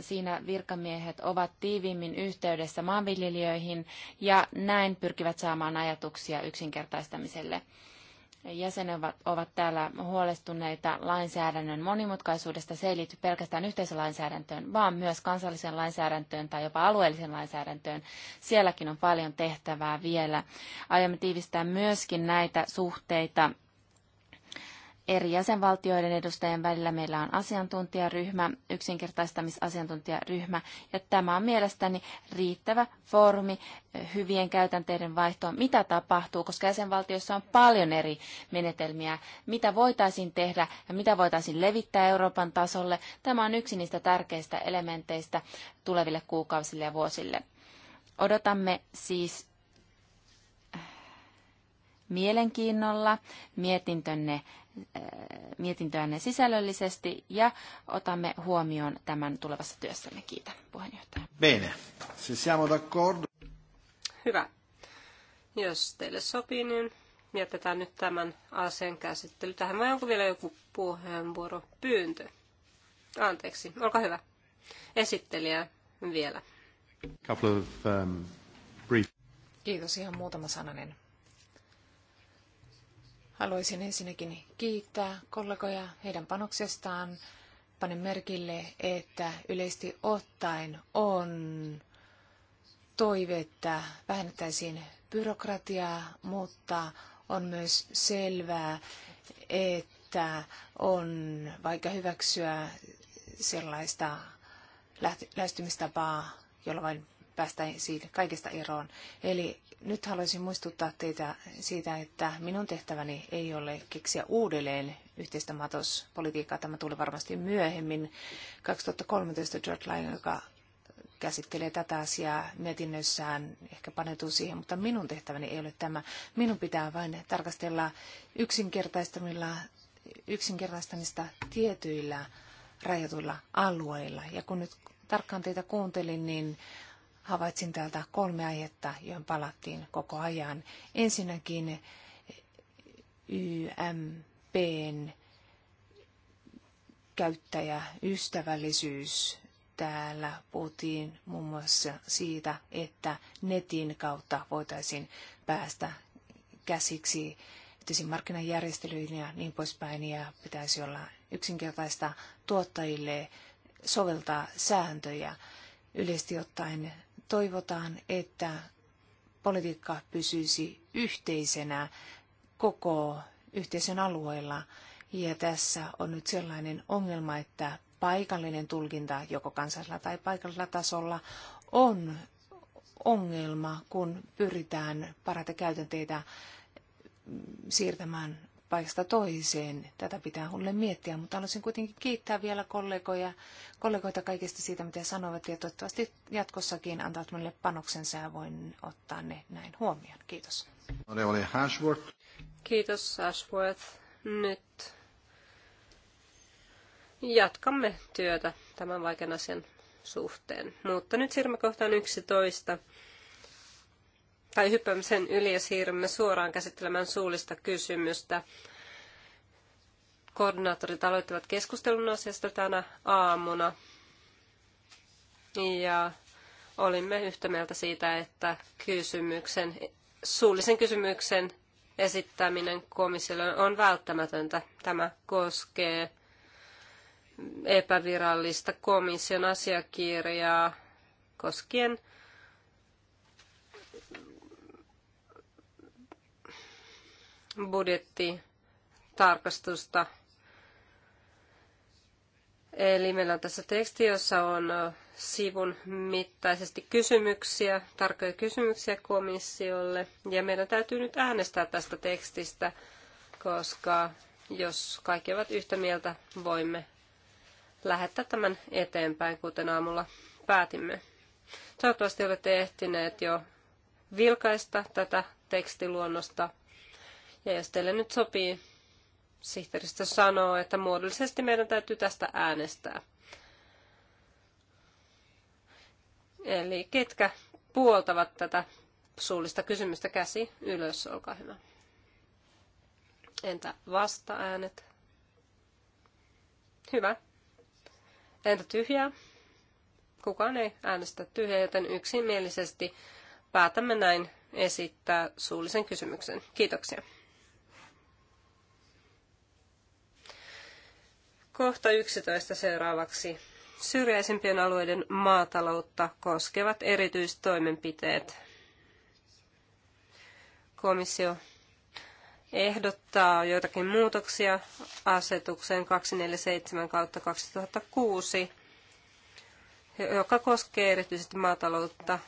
siinä virkamiehet ovat tiiviimmin yhteydessä maanviljelijöihin ja näin pyrkivät saamaan ajatuksia yksinkertaistamiselle jäsenet ovat, täällä huolestuneita lainsäädännön monimutkaisuudesta. Se ei liity pelkästään yhteisölainsäädäntöön, vaan myös kansalliseen lainsäädäntöön tai jopa alueelliseen lainsäädäntöön. Sielläkin on paljon tehtävää vielä. Aiomme tiivistää myöskin näitä suhteita eri jäsenvaltioiden edustajien välillä meillä on asiantuntijaryhmä, yksinkertaistamisasiantuntijaryhmä, ja tämä on mielestäni riittävä foorumi eh, hyvien käytänteiden vaihtoon, mitä tapahtuu, koska jäsenvaltioissa on paljon eri menetelmiä, mitä voitaisiin tehdä ja mitä voitaisiin levittää Euroopan tasolle. Tämä on yksi niistä tärkeistä elementeistä tuleville kuukausille ja vuosille. Odotamme siis mielenkiinnolla mietintönne, äh, mietintöänne sisällöllisesti ja otamme huomioon tämän tulevassa työssämme. Kiitän puheenjohtaja. Bene. Se siamo d'accordo. Hyvä. Jos teille sopii, niin jätetään nyt tämän asian käsittely. Tähän vai onko vielä joku puheenvuoro pyyntö? Anteeksi, olkaa hyvä. Esittelijä vielä. Couple of, um, brief. Kiitos ihan muutama sananen Haluaisin ensinnäkin kiittää kollegoja heidän panoksestaan. Panen merkille, että yleisesti ottaen on toive, että vähennettäisiin byrokratiaa, mutta on myös selvää, että on vaikka hyväksyä sellaista lähestymistapaa, jolla vain päästäisiin kaikesta eroon. Eli nyt haluaisin muistuttaa teitä siitä, että minun tehtäväni ei ole keksiä uudelleen yhteistä matospolitiikkaa. Tämä tuli varmasti myöhemmin. 2013 George Lyon, joka käsittelee tätä asiaa mietinnössään, ehkä paneutuu siihen, mutta minun tehtäväni ei ole tämä. Minun pitää vain tarkastella yksinkertaistamilla, yksinkertaistamista tietyillä rajatuilla alueilla. Ja kun nyt tarkkaan teitä kuuntelin, niin havaitsin täältä kolme aihetta, joihin palattiin koko ajan. Ensinnäkin YMPn käyttäjäystävällisyys. Täällä puhuttiin muun muassa siitä, että netin kautta voitaisiin päästä käsiksi yhteisiin markkinajärjestelyihin ja niin poispäin, ja pitäisi olla yksinkertaista tuottajille soveltaa sääntöjä. Yleisesti ottaen toivotaan, että politiikka pysyisi yhteisenä koko yhteisön alueella. Ja tässä on nyt sellainen ongelma, että paikallinen tulkinta joko kansallisella tai paikallisella tasolla on ongelma, kun pyritään parhaita käytänteitä siirtämään paikasta toiseen. Tätä pitää hulle miettiä, mutta haluaisin kuitenkin kiittää vielä kollegoja, kollegoita kaikesta siitä, mitä sanovat, ja toivottavasti jatkossakin antavat minulle panoksensa ja voin ottaa ne näin huomioon. Kiitos. Kiitos Ashworth. Nyt jatkamme työtä tämän vaikean asian suhteen. Mutta nyt siirrymme kohtaan 11 tai hyppäämme sen yli ja siirrymme suoraan käsittelemään suullista kysymystä. Koordinaattorit aloittavat keskustelun asiasta tänä aamuna. Ja olimme yhtä mieltä siitä, että kysymyksen, suullisen kysymyksen esittäminen komissiolle on välttämätöntä. Tämä koskee epävirallista komission asiakirjaa koskien budjettitarkastusta. Eli meillä on tässä teksti, jossa on sivun mittaisesti kysymyksiä, tarkoja kysymyksiä komissiolle. Ja meidän täytyy nyt äänestää tästä tekstistä, koska jos kaikki ovat yhtä mieltä, voimme lähettää tämän eteenpäin, kuten aamulla päätimme. Toivottavasti olette ehtineet jo vilkaista tätä tekstiluonnosta ja jos teille nyt sopii, sihteeristö sanoo, että muodollisesti meidän täytyy tästä äänestää. Eli ketkä puoltavat tätä suullista kysymystä käsi ylös, olkaa hyvä. Entä vasta-äänet? Hyvä. Entä tyhjää? Kukaan ei äänestä tyhjää, joten yksimielisesti päätämme näin esittää suullisen kysymyksen. Kiitoksia. Kohta 11 seuraavaksi. Syrjäisimpien alueiden maataloutta koskevat erityistoimenpiteet. Komissio ehdottaa joitakin muutoksia asetukseen 247 kautta 2006, joka koskee erityisesti maataloutta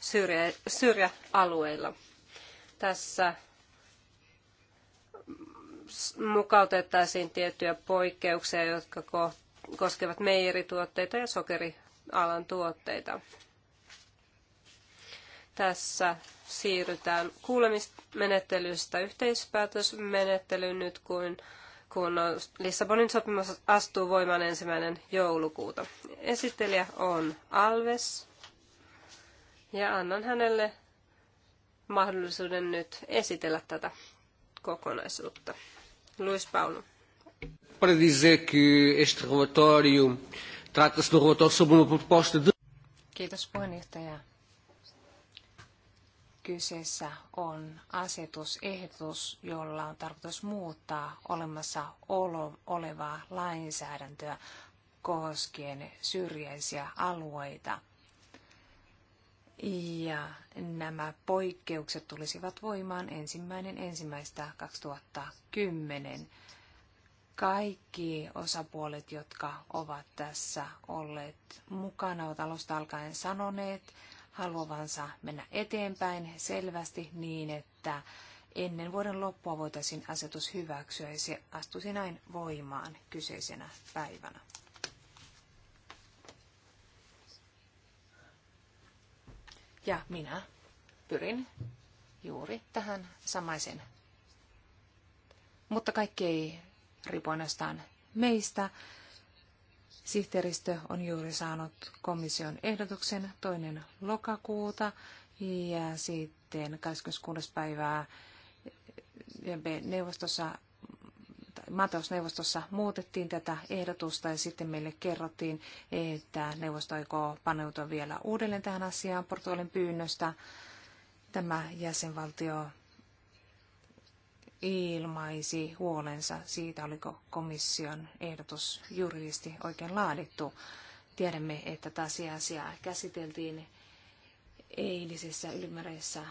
syrjä, syrjäalueilla. Tässä mukautettaisiin tiettyjä poikkeuksia, jotka koskevat meijerituotteita ja sokerialan tuotteita. Tässä siirrytään kuulemismenettelystä yhteispäätösmenettelyyn nyt, kun, kun Lissabonin sopimus astuu voimaan ensimmäinen joulukuuta. Esittelijä on Alves ja annan hänelle mahdollisuuden nyt esitellä tätä kokonaisuutta. Luis Paulo. Para dizer que este relatório trata-se de um relatório sobre uma proposta de... Kiitos puheenjohtaja. Kyseessä on asetusehdotus, jolla on tarkoitus muuttaa olemassa olevaa lainsäädäntöä koskien syrjäisiä alueita – ja nämä poikkeukset tulisivat voimaan ensimmäinen ensimmäistä 2010. Kaikki osapuolet, jotka ovat tässä olleet mukana, ovat alusta alkaen sanoneet haluavansa mennä eteenpäin selvästi niin, että ennen vuoden loppua voitaisiin asetus hyväksyä ja se astuisi näin voimaan kyseisenä päivänä. Ja minä pyrin juuri tähän samaisen. Mutta kaikki ei riipu ainoastaan meistä. Sihteeristö on juuri saanut komission ehdotuksen toinen lokakuuta ja sitten 26. päivää neuvostossa maatalousneuvostossa muutettiin tätä ehdotusta ja sitten meille kerrottiin, että neuvosto aikoo paneutua vielä uudelleen tähän asiaan Portugalin pyynnöstä. Tämä jäsenvaltio ilmaisi huolensa siitä, oliko komission ehdotus juridisesti oikein laadittu. Tiedämme, että tämä asia käsiteltiin eilisessä ylimääräisessä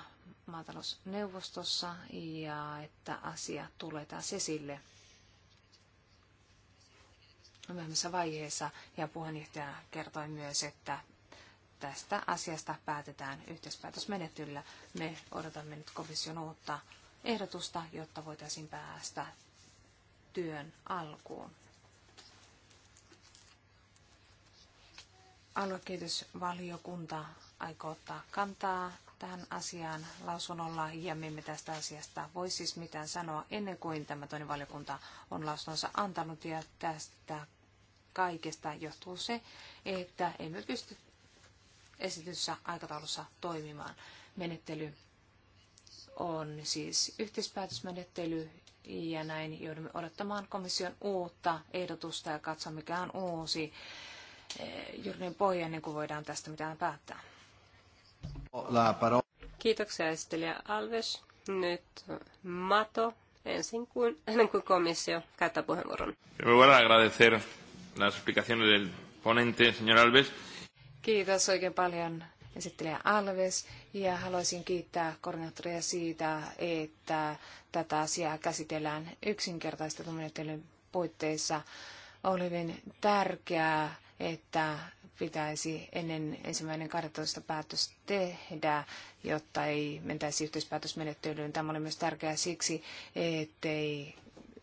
maatalousneuvostossa ja että asia tulee taas esille myöhemmässä vaiheessa. Ja puheenjohtaja kertoi myös, että tästä asiasta päätetään yhteispäätösmenettelyllä. Me odotamme nyt komission uutta ehdotusta, jotta voitaisiin päästä työn alkuun. Aluekehitysvaliokunta aikoo ottaa kantaa tähän asiaan lausunnolla ja me emme tästä asiasta voi siis mitään sanoa ennen kuin tämä toinen valiokunta on lausunnonsa antanut ja tästä kaikesta johtuu se, että emme pysty esityssä aikataulussa toimimaan. Menettely on siis yhteispäätösmenettely ja näin joudumme odottamaan komission uutta ehdotusta ja katsoa mikä on uusi eh, juridinen pohja ennen kuin voidaan tästä mitään päättää. Kiitoksia esittelijä Alves. Nyt Mato ensin kuin, ennen kuin komissio käyttää puheenvuoron. Me voidaan agradecer las explicaciones del ponente, señor Alves. Kiitos oikein paljon esittelijä Alves ja haluaisin kiittää koordinaattoria siitä, että tätä asiaa käsitellään yksinkertaistetun menettelyn puitteissa. On hyvin tärkeää, että pitäisi ennen ensimmäinen 12 päätös tehdä, jotta ei mentäisi yhteispäätösmenettelyyn. Tämä oli myös tärkeää siksi, ettei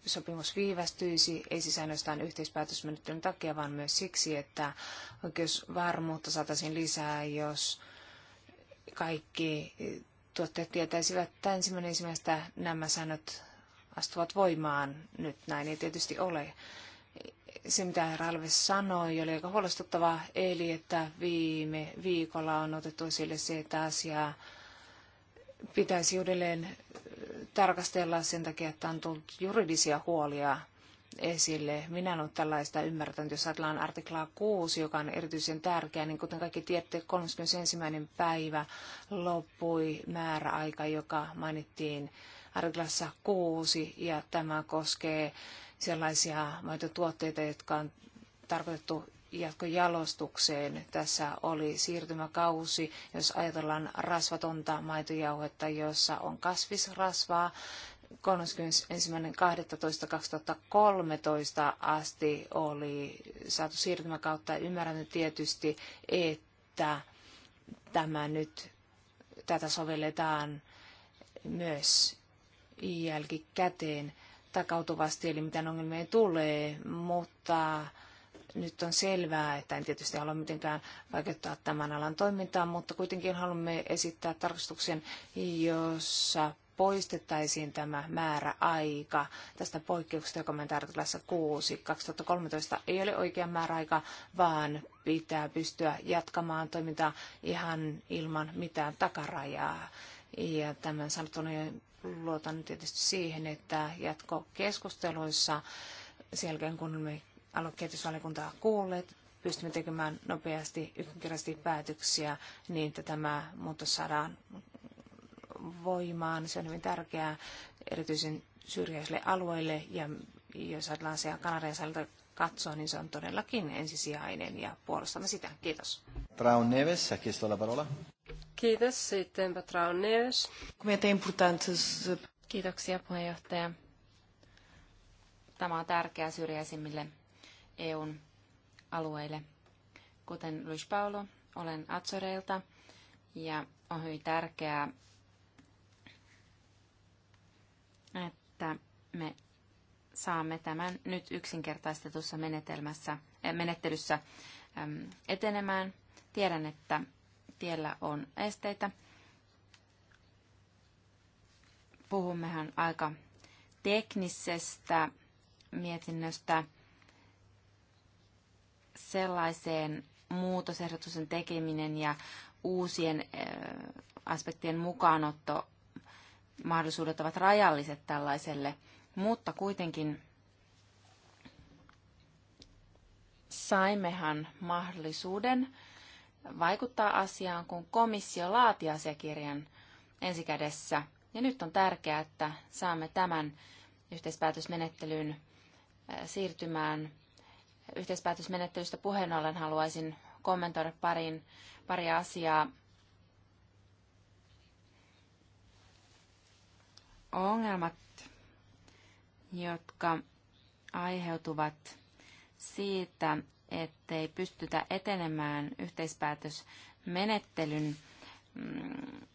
sopimus viivästyisi, ei siis ainoastaan yhteispäätösmenettelyn takia, vaan myös siksi, että oikeusvarmuutta saataisiin lisää, jos kaikki tuottajat tietäisivät, että ensimmäinen ensimmäistä nämä säännöt astuvat voimaan. Nyt näin ei tietysti ole. Se, mitä Ralves sanoi, oli aika huolestuttavaa, eli että viime viikolla on otettu esille se, että asiaa pitäisi uudelleen tarkastella sen takia, että on tullut juridisia huolia esille. Minä en ole tällaista ymmärtänyt. Jos ajatellaan artiklaa 6, joka on erityisen tärkeä, niin kuten kaikki tiedätte, 31. päivä loppui määräaika, joka mainittiin artiklassa 6, ja tämä koskee sellaisia maitotuotteita, jotka on tarkoitettu jatkojalostukseen. Tässä oli siirtymäkausi, jos ajatellaan rasvatonta maitojauhetta, jossa on kasvisrasvaa. 31.12.2013 asti oli saatu siirtymäkautta. Ymmärrän tietysti, että tämä nyt, tätä sovelletaan myös jälkikäteen takautuvasti, eli mitään ongelmia ei tule, mutta nyt on selvää, että en tietysti halua mitenkään vaikuttaa tämän alan toimintaan, mutta kuitenkin haluamme esittää tarkastuksen, jossa poistettaisiin tämä määräaika tästä poikkeuksesta, joka meidän artiklassa 6. 2013 ei ole oikea määräaika, vaan pitää pystyä jatkamaan toimintaa ihan ilman mitään takarajaa. Ja tämän sanottuna luotan tietysti siihen, että jatkokeskusteluissa sen jälkeen kun me aluekehitysvaliokuntaa kuulleet, pystymme tekemään nopeasti, yksinkertaisesti päätöksiä niin, että tämä muutos saadaan voimaan. Se on hyvin tärkeää erityisen syrjäisille alueille ja jos ajatellaan siellä Kanarian saarelta katsoa, niin se on todellakin ensisijainen ja puolustamme sitä. Kiitos. Traun Neves, ha chiesto la parola. Kiitos. Sitten Traun Neves. Kiitoksia puheenjohtaja. Tämä on tärkeää syrjäisimmille EUn alueille. Kuten Luis Paulo, olen Atsoreilta ja on hyvin tärkeää, että me saamme tämän nyt yksinkertaistetussa menetelmässä, eh, menettelyssä etenemään. Tiedän, että tiellä on esteitä. Puhummehan aika teknisestä mietinnöstä sellaiseen muutosehdotusten tekeminen ja uusien eh, aspektien mukaanotto mahdollisuudet ovat rajalliset tällaiselle, mutta kuitenkin saimmehan mahdollisuuden vaikuttaa asiaan, kun komissio laati asiakirjan ensikädessä. Ja nyt on tärkeää, että saamme tämän yhteispäätösmenettelyn eh, siirtymään yhteispäätösmenettelystä puheen ollen haluaisin kommentoida parin, pari asiaa. Ongelmat, jotka aiheutuvat siitä, ettei pystytä etenemään yhteispäätösmenettelyn mm,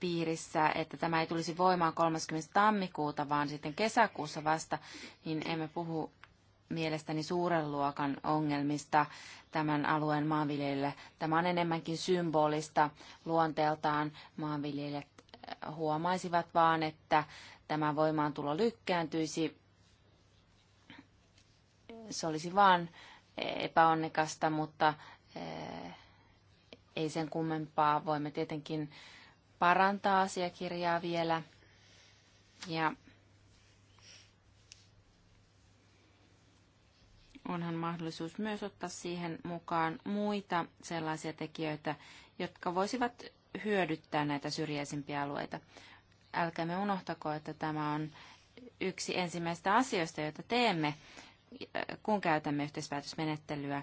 piirissä, että tämä ei tulisi voimaan 30. tammikuuta, vaan sitten kesäkuussa vasta, niin emme puhu mielestäni suuren luokan ongelmista tämän alueen maanviljelijöille. Tämä on enemmänkin symbolista luonteeltaan. Maanviljelijät eh, huomaisivat vaan, että tämä voimaantulo lykkääntyisi. Se olisi vaan epäonnekasta, mutta eh, ei sen kummempaa. Voimme tietenkin parantaa asiakirjaa vielä. Ja onhan mahdollisuus myös ottaa siihen mukaan muita sellaisia tekijöitä, jotka voisivat hyödyttää näitä syrjäisimpiä alueita. Älkäämme unohtako, että tämä on yksi ensimmäistä asioista, joita teemme, kun käytämme yhteispäätösmenettelyä.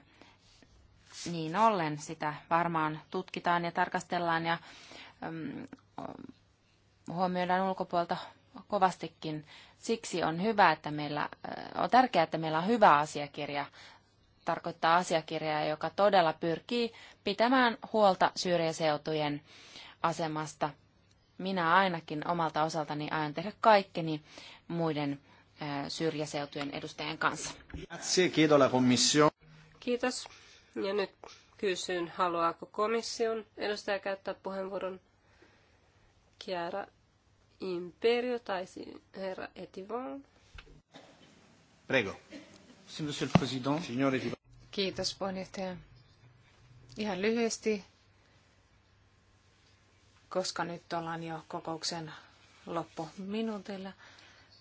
Niin ollen sitä varmaan tutkitaan ja tarkastellaan ja mm, huomioidaan ulkopuolta kovastikin. Siksi on hyvä, että meillä, on tärkeää, että meillä on hyvä asiakirja. Tarkoittaa asiakirjaa, joka todella pyrkii pitämään huolta syrjäseutujen asemasta. Minä ainakin omalta osaltani aion tehdä kaikkeni muiden syrjäseutujen edustajien kanssa. Kiitos. Ja nyt kysyn, haluaako komission edustaja käyttää puheenvuoron? Kiara Imperio tai herra Etivon. Prego. Monsieur le Président. Signore Kiitos puheenjohtaja. Ihan lyhyesti, koska nyt ollaan jo kokouksen loppuminuutilla.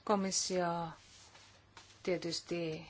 Komissio tietysti